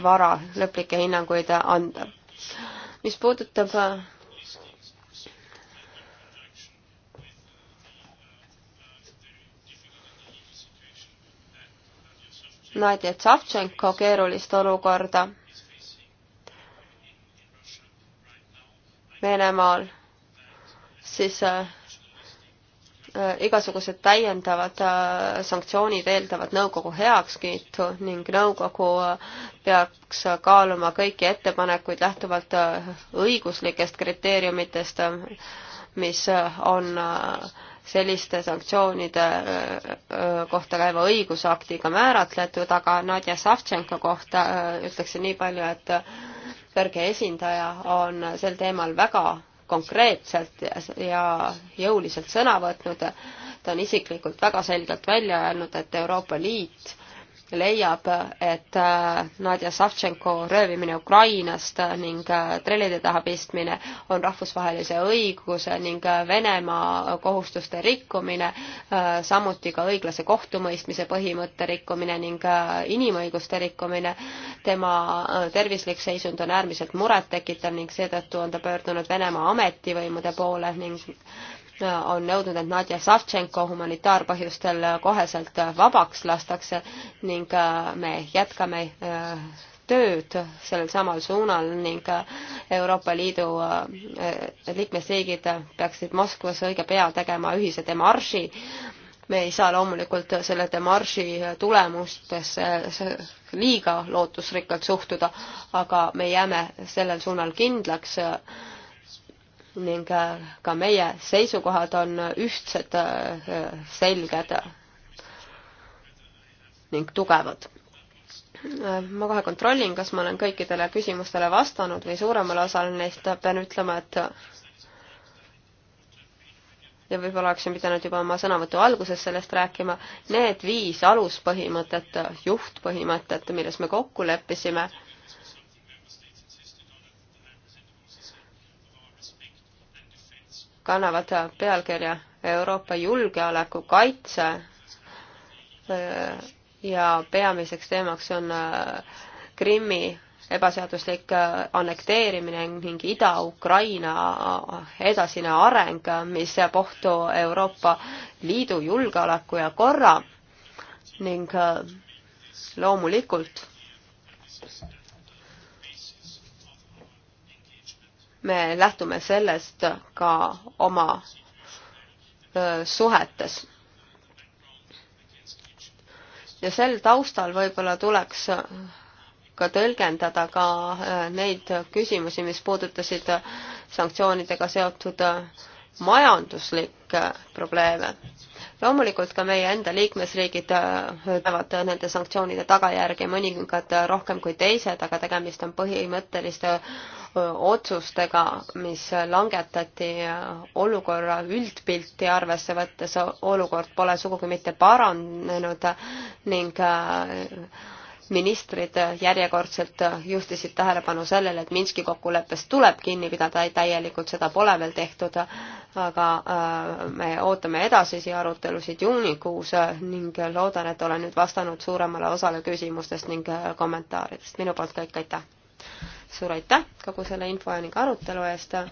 vara lõplikke hinnanguid anda. mis puudutab Nadja Tsavtšenko keerulist olukorda Venemaal, siis äh, äh igasugused täiendavad äh, sanktsioonid eeldavad nõukogu heakskiitu ning nõukogu äh, peaks kaaluma kõiki ettepanekuid lähtuvalt õiguslikest kriteeriumitest, mis on selliste sanktsioonide kohta käiva õigusaktiga määratletud, aga Nadja Savtšenko kohta ütleksin nii palju, et kõrge esindaja on sel teemal väga konkreetselt ja jõuliselt sõna võtnud. ta on isiklikult väga selgelt välja öelnud, et Euroopa Liit leiab, et äh, Nadja Savtšenko röövimine Ukrainast ning äh, trellide taha pistmine on rahvusvahelise õiguse ning äh, Venemaa kohustuste rikkumine, samuti ka õiglase kohtumõistmise põhimõtte rikkumine ning inimõiguste rikkumine. tema tervislik seisund on äärmiselt murettekitav ning seetõttu on ta pöördunud Venemaa ametivõimude poole ning Äh, on nõudnud, et Nadja Savtšenko humanitaarpõhjustel äh, koheselt äh, vabaks lastakse ning me jätkame tööd sellel samal suunal ning Euroopa Liidu liikmesriigid peaksid Moskvas õige pea tegema ühise demarši. me ei saa loomulikult selle demarši tulemustesse liiga lootusrikkalt suhtuda, aga me jääme sellel suunal kindlaks ning äh, ka meie seisukohad on ühtsed, äh, selged ning tugevad. Äh, ma kohe kontrollin, kas ma olen kõikidele küsimustele vastanud või suuremale osale neist pean ütlema, et ja võib-olla oleksin pidanud juba oma sõnavõtu alguses sellest rääkima, need viis aluspõhimõtet, juhtpõhimõtet, milles me kokku leppisime kannavad pealkirja Euroopa julgeoleku kaitse äh, ja peamiseks teemaks on äh, Krimmi ebaseaduslik äh, annekteerimine ning Ida-Ukraina edasine areng, mis seab ohtu Euroopa Liidu julgeoleku ja korra ning loomulikult me lähtume sellest ka oma suhetes. ja sel taustal võib-olla tuleks ka tõlgendada ka neid küsimusi, mis puudutasid sanktsioonidega seotud majanduslikke probleeme. loomulikult ka meie enda liikmesriigid näevad nende sanktsioonide tagajärgi mõningad rohkem kui teised, aga tegemist on põhimõtteliste otsustega, mis langetati olukorra üldpilti arvesse võttes, olukord pole sugugi mitte paranenud ning äh, ministrid järjekordselt juhtisid tähelepanu sellele, et Minski kokkuleppest tuleb kinni pidada täielikult, seda pole veel tehtud, aga äh, me ootame edasisi arutelusid juunikuus ning loodan, et olen nüüd vastanud suuremale osale küsimustest ning äh, kommentaaridest. minu poolt kõik, aitäh! suur aitäh kogu selle info ning arutelu eest. Äh,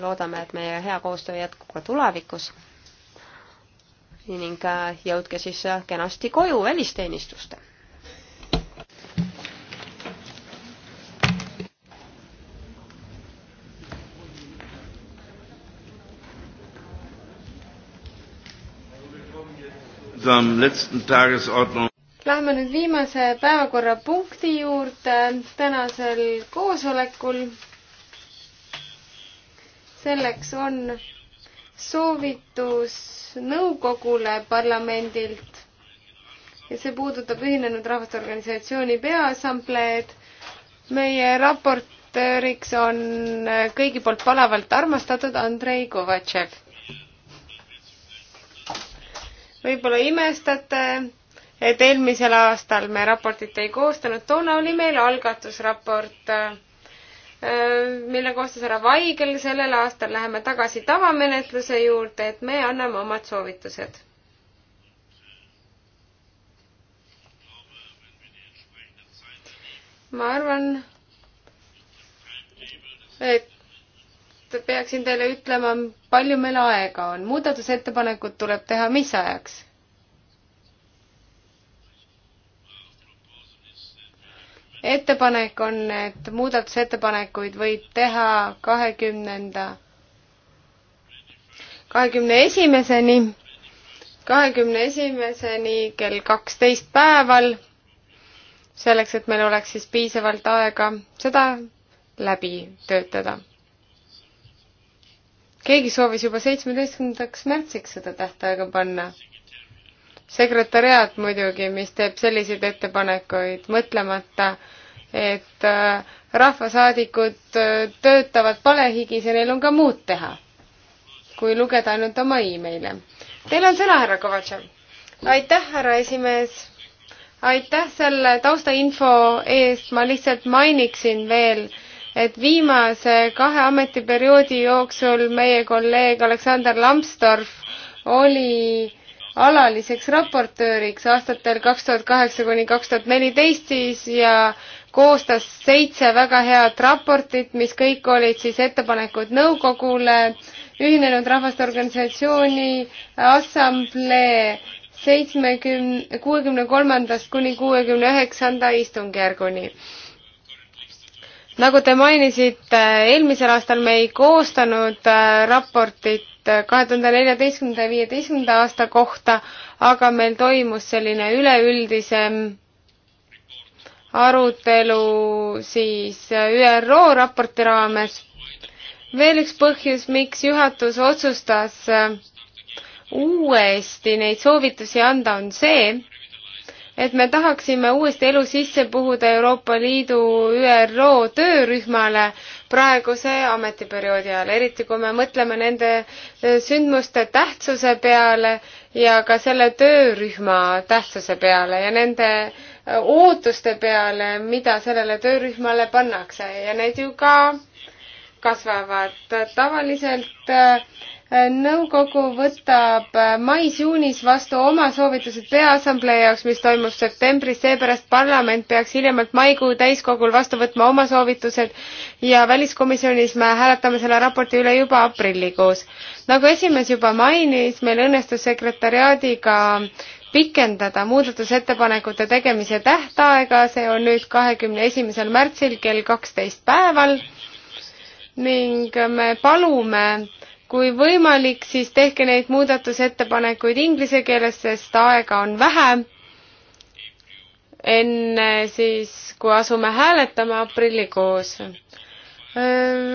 loodame, et meie hea koostöö jätkub ka tulevikus. ning äh, jõudke siis äh, kenasti koju välisteenistuste unserem letzten Tagesordnung Läheme nüüd viimase päevakorrapunkti juurde tänasel koosolekul. selleks on soovitus nõukogule parlamendilt ja see puudutab Ühinenud Rahvaste Organisatsiooni Peaassambleed. meie raportööriks on kõigi poolt palavalt armastatud Andrei Kovatšev. võib-olla imestate et eelmisel aastal me raportit ei koostanud, toona oli meil algatusraport, äh, mille koostas härra Vaigel, sellel aastal läheme tagasi tavamenetluse juurde, et me anname omad soovitused. ma arvan, et peaksin teile ütlema, palju meil aega on. muudatusettepanekud tuleb teha mis ajaks? ettepanek on, et muudatusettepanekuid võib teha kahekümnenda, kahekümne esimeseni, kahekümne esimeseni kell kaksteist päeval, selleks, et meil oleks siis piisavalt aega seda läbi töötada. keegi soovis juba seitsmeteistkümnendaks märtsiks seda tähtaega panna sekretäriaat muidugi, mis teeb selliseid ettepanekuid, mõtlemata, et äh, rahvasaadikud äh, töötavad palehigis ja neil on ka muud teha, kui lugeda ainult oma emaile. Teil on sõna, härra Kovatšev. aitäh, härra esimees. aitäh selle taustainfo eest, ma lihtsalt mainiksin veel, et viimase kahe ametiperioodi jooksul meie kolleeg Aleksander Lambsdorff oli alaliseks raportööriks aastatel kaks tuhat kaheksa kuni kaks tuhat neliteist siis ja koostas seitse väga head raportit, mis kõik olid siis ettepanekud nõukogule, Ühinenud Rahvaste Organisatsiooni Assamblee seitsmekümne, kuuekümne kolmandast kuni kuuekümne üheksanda istungjärguni nagu te mainisite, eelmisel aastal me ei koostanud äh, raportit kahe tuhande neljateistkümnenda ja viieteistkümnenda aasta kohta, aga meil toimus selline üleüldisem arutelu siis ÜRO raporti raames. veel üks põhjus, miks juhatus otsustas uuesti neid soovitusi anda, on see, et me tahaksime uuesti elu sisse puhuda Euroopa Liidu ÜRO töörühmale, praeguse ametiperioodi ajal, eriti kui me mõtleme nende e, sündmuste tähtsuse peale ja ka selle töörühma tähtsuse peale ja nende e, ootuste peale, mida sellele töörühmale pannakse ja need ju ka kasvavad. tavaliselt e, Äh, nõukogu võtab äh, mais-juunis vastu oma soovitused Peaassamblee jaoks, mis toimub septembris, seepärast parlament peaks hiljemalt maikuu täiskogul vastu võtma oma soovitused ja väliskomisjonis me hääletame selle raporti üle juba aprillikuus. nagu esimees juba mainis, meil õnnestus sekretäriaadiga pikendada muudatusettepanekute tegemise tähtaega, see on nüüd kahekümne esimesel märtsil kell kaksteist päeval ning me palume kui võimalik, siis tehke neid muudatusettepanekuid inglise keeles, sest aega on vähe. enne siis, kui asume hääletama aprillikuus.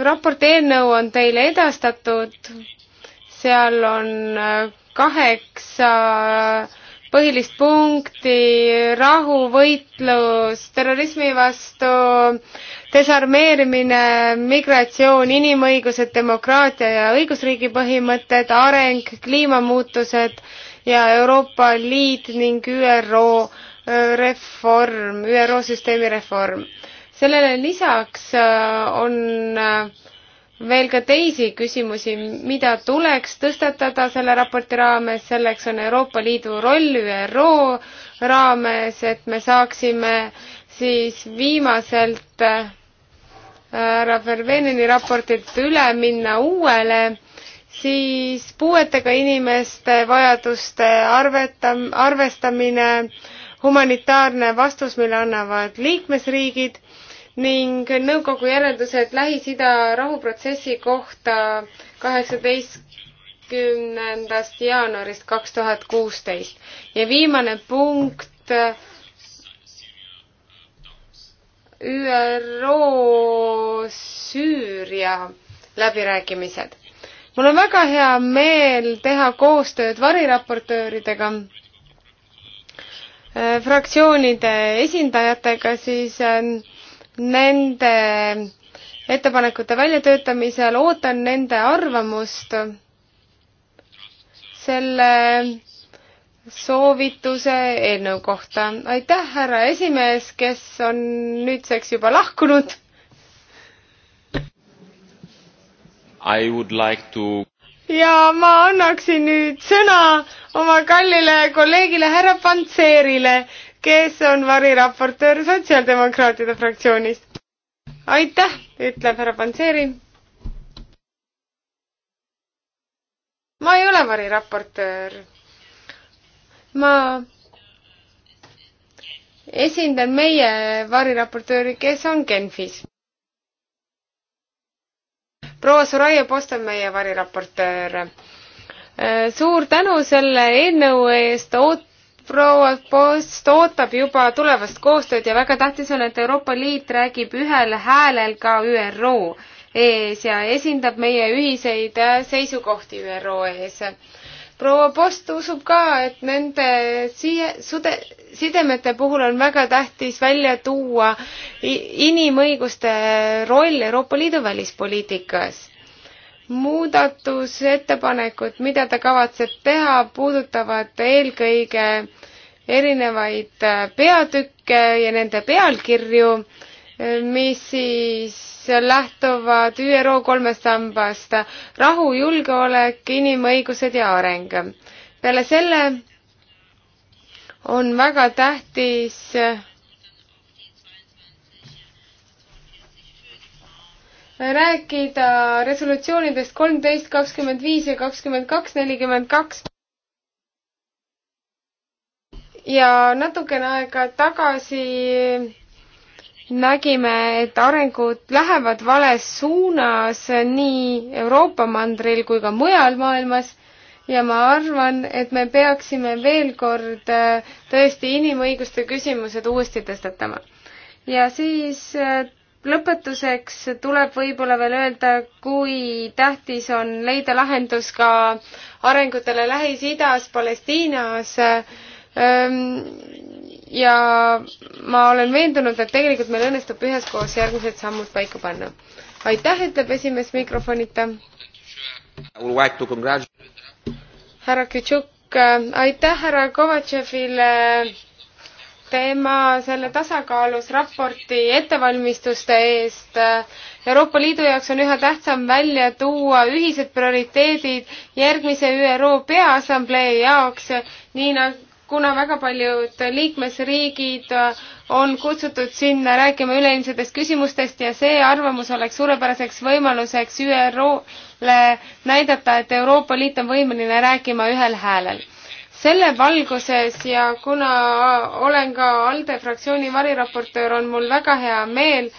raporti eelnõu on teile edastatud, seal on kaheksa põhilist punkti, rahuvõitlus, terrorismi vastu, desarmeerimine, migratsioon, inimõigused, demokraatia ja õigusriigi põhimõtted, areng, kliimamuutused ja Euroopa Liit ning ÜRO äh, reform, ÜRO süsteemi reform. sellele lisaks äh, on äh, veel ka teisi küsimusi, mida tuleks tõstatada selle raporti raames, selleks on Euroopa Liidu roll ÜRO raames, et me saaksime siis viimaselt äh, härra Vervenini raportilt üle minna uuele, siis puuetega inimeste vajaduste arveta-, arvestamine, humanitaarne vastus, mille annavad liikmesriigid ning nõukogu järeldused Lähis-Ida rahuprotsessi kohta kaheksateistkümnendast jaanuarist kaks tuhat kuusteist. ja viimane punkt ÜRO Süüria läbirääkimised. mul on väga hea meel teha koostööd variraportööridega, äh, fraktsioonide esindajatega siis äh, nende ettepanekute väljatöötamisel, ootan nende arvamust selle soovituse eelnõu kohta. aitäh, härra esimees, kes on nüüdseks juba lahkunud. I would like to ja ma annaksin nüüd sõna oma kallile kolleegile härra Pantseerile, kes on variraportöör Sotsiaaldemokraatide fraktsioonist. aitäh, ütleb härra Panseri. ma ei ole variraportöör. ma esindan meie variraportööri, kes on Genfis. proua Soraya Post on meie variraportöör. suur tänu selle eelnõu eest, oot-, proua Post ootab juba tulevast koostööd ja väga tähtis on, et Euroopa Liit räägib ühel häälel ka ÜRO ees ja esindab meie ühiseid seisukohti ÜRO ees. proua Post usub ka, et nende siia, sude, sidemete puhul on väga tähtis välja tuua inimõiguste roll Euroopa Liidu välispoliitikas muudatusettepanekud, mida ta kavatseb teha, puudutavad eelkõige erinevaid äh, peatükke ja nende pealkirju, mis siis lähtuvad ÜRO kolmest sambast rahu, julgeolek, inimõigused ja areng. peale selle on väga tähtis rääkida resolutsioonidest kolmteist, kakskümmend viis ja kakskümmend kaks, nelikümmend kaks. ja natukene aega tagasi nägime, et arengud lähevad vales suunas nii Euroopa mandril kui ka mujal maailmas ja ma arvan, et me peaksime veel kord äh, tõesti inimõiguste küsimused uuesti tõstatama. ja siis äh, lõpetuseks tuleb võib-olla veel öelda, kui tähtis on leida lahendus ka arengutele Lähis-Idas, Palestiinas. Ehm, ja ma olen veendunud, et tegelikult meil õnnestub üheskoos järgmised sammud paika panna. aitäh, ütleb esimees mikrofonita. härra Kütšuk, äh, aitäh härra Kovatševile tema selle tasakaalus raporti ettevalmistuste eest. Euroopa Liidu jaoks on üha tähtsam välja tuua ühised prioriteedid järgmise ÜRO Peaassamblee jaoks, nii nagu kuna väga paljud liikmesriigid on kutsutud sinna rääkima üleilmsetest küsimustest ja see arvamus oleks suurepäraseks võimaluseks ÜRO-le näidata, et Euroopa Liit on võimeline rääkima ühel häälel selle valguses ja kuna olen ka ALDE fraktsiooni variraportöör, on mul väga hea meel,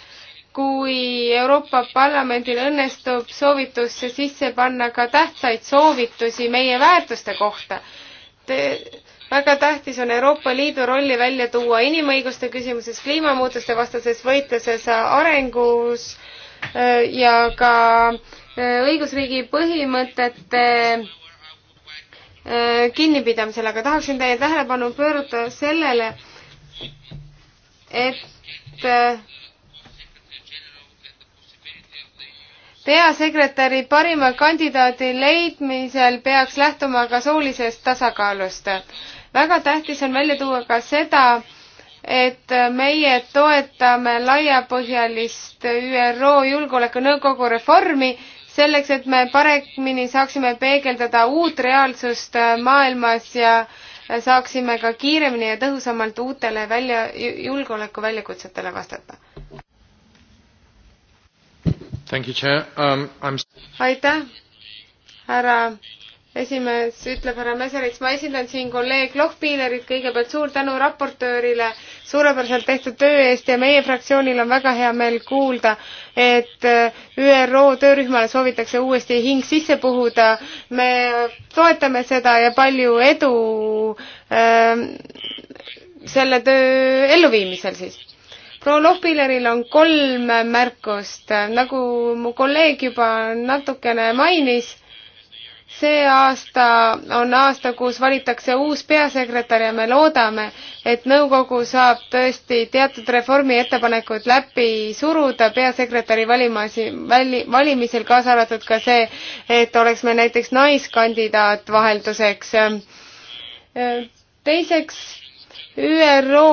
kui Euroopa Parlamendil õnnestub soovitusse sisse panna ka tähtsaid soovitusi meie väärtuste kohta. väga tähtis on Euroopa Liidu rolli välja tuua inimõiguste küsimuses, kliimamuutuste vastases võitluses, arengus äh, ja ka äh, õigusriigi põhimõtete Äh, kinnipidamisel, aga tahaksin teie tähelepanu pöörata sellele, et äh, peasekretäri parima kandidaadi leidmisel peaks lähtuma ka soolisest tasakaalust. väga tähtis on välja tuua ka seda, et meie toetame laiapõhjalist ÜRO Julgeolekunõukogu reformi selleks, et me paremini saaksime peegeldada uut reaalsust äh, maailmas ja äh, saaksime ka kiiremini ja tõhusamalt uutele välja, julgeoleku väljakutsetele vastata. Um, aitäh, härra esimees ütleb härra Meseriks, ma esindan siin kolleeg Lohpiilerit, kõigepealt suur tänu raportöörile suurepäraselt tehtud töö eest ja meie fraktsioonil on väga hea meel kuulda, et äh, ÜRO töörühmale soovitakse uuesti hing sisse puhuda. me toetame seda ja palju edu äh, selle töö elluviimisel siis proua Lohpilleril on kolm märkust, nagu mu kolleeg juba natukene mainis see aasta on aasta, kus valitakse uus peasekretär ja me loodame, et nõukogu saab tõesti teatud reformi ettepanekud läbi suruda peasekretäri valimasi, väli, valimisel, kaasa arvatud ka see, et oleks meil näiteks naiskandidaat vahelduseks. teiseks, ÜRO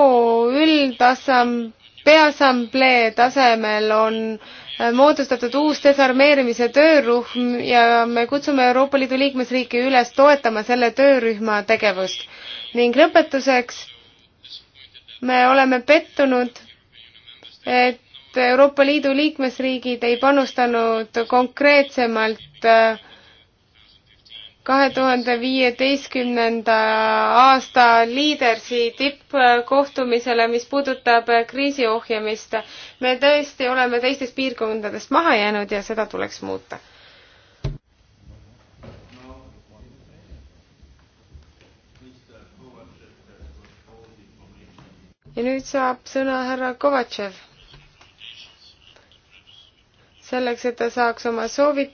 üldassam-, peaassamblee tasemel on äh, moodustatud uus desarmeerimise töörühm ja me kutsume Euroopa Liidu liikmesriike üles toetama selle töörühma tegevust. ning lõpetuseks, me oleme pettunud, et Euroopa Liidu liikmesriigid ei panustanud konkreetsemalt äh, kahe tuhande viieteistkümnenda aasta Leadersi tippkohtumisele, mis puudutab kriisi ohjamist. me tõesti oleme teistest piirkondadest maha jäänud ja seda tuleks muuta. ja nüüd saab sõna härra Kovatšev selleks, et ta saaks oma soovid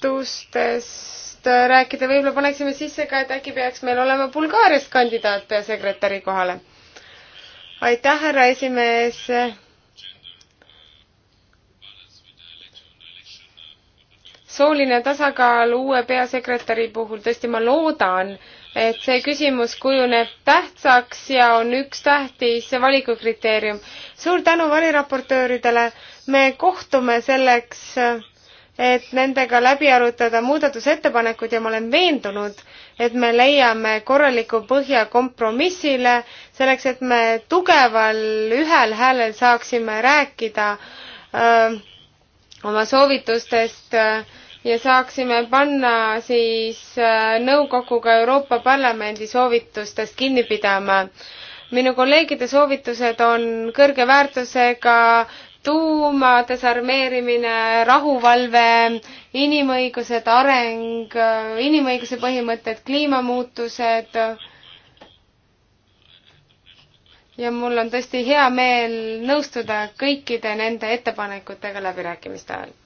toetustest rääkida, võib-olla paneksime sisse ka, et äkki peaks meil olema Bulgaariast kandidaat peasekretäri kohale. aitäh, härra esimees. sooline tasakaal uue peasekretäri puhul, tõesti, ma loodan, et see küsimus kujuneb tähtsaks ja on üks tähtis valikukriteerium. suur tänu variraportööridele, me kohtume selleks et nendega läbi arutada muudatusettepanekud ja ma olen veendunud, et me leiame korraliku põhja kompromissile, selleks et me tugeval ühel häälel saaksime rääkida öö, äh, oma soovitustest öö, äh, ja saaksime panna siis äh, nõukoguga Euroopa Parlamendi soovitustest kinni pidama. minu kolleegide soovitused on kõrge väärtusega, tuuma desarmeerimine, rahuvalve, inimõigused, areng, inimõiguse põhimõtted, kliimamuutused. ja mul on tõesti hea meel nõustuda kõikide nende ettepanekutega läbirääkimiste ajal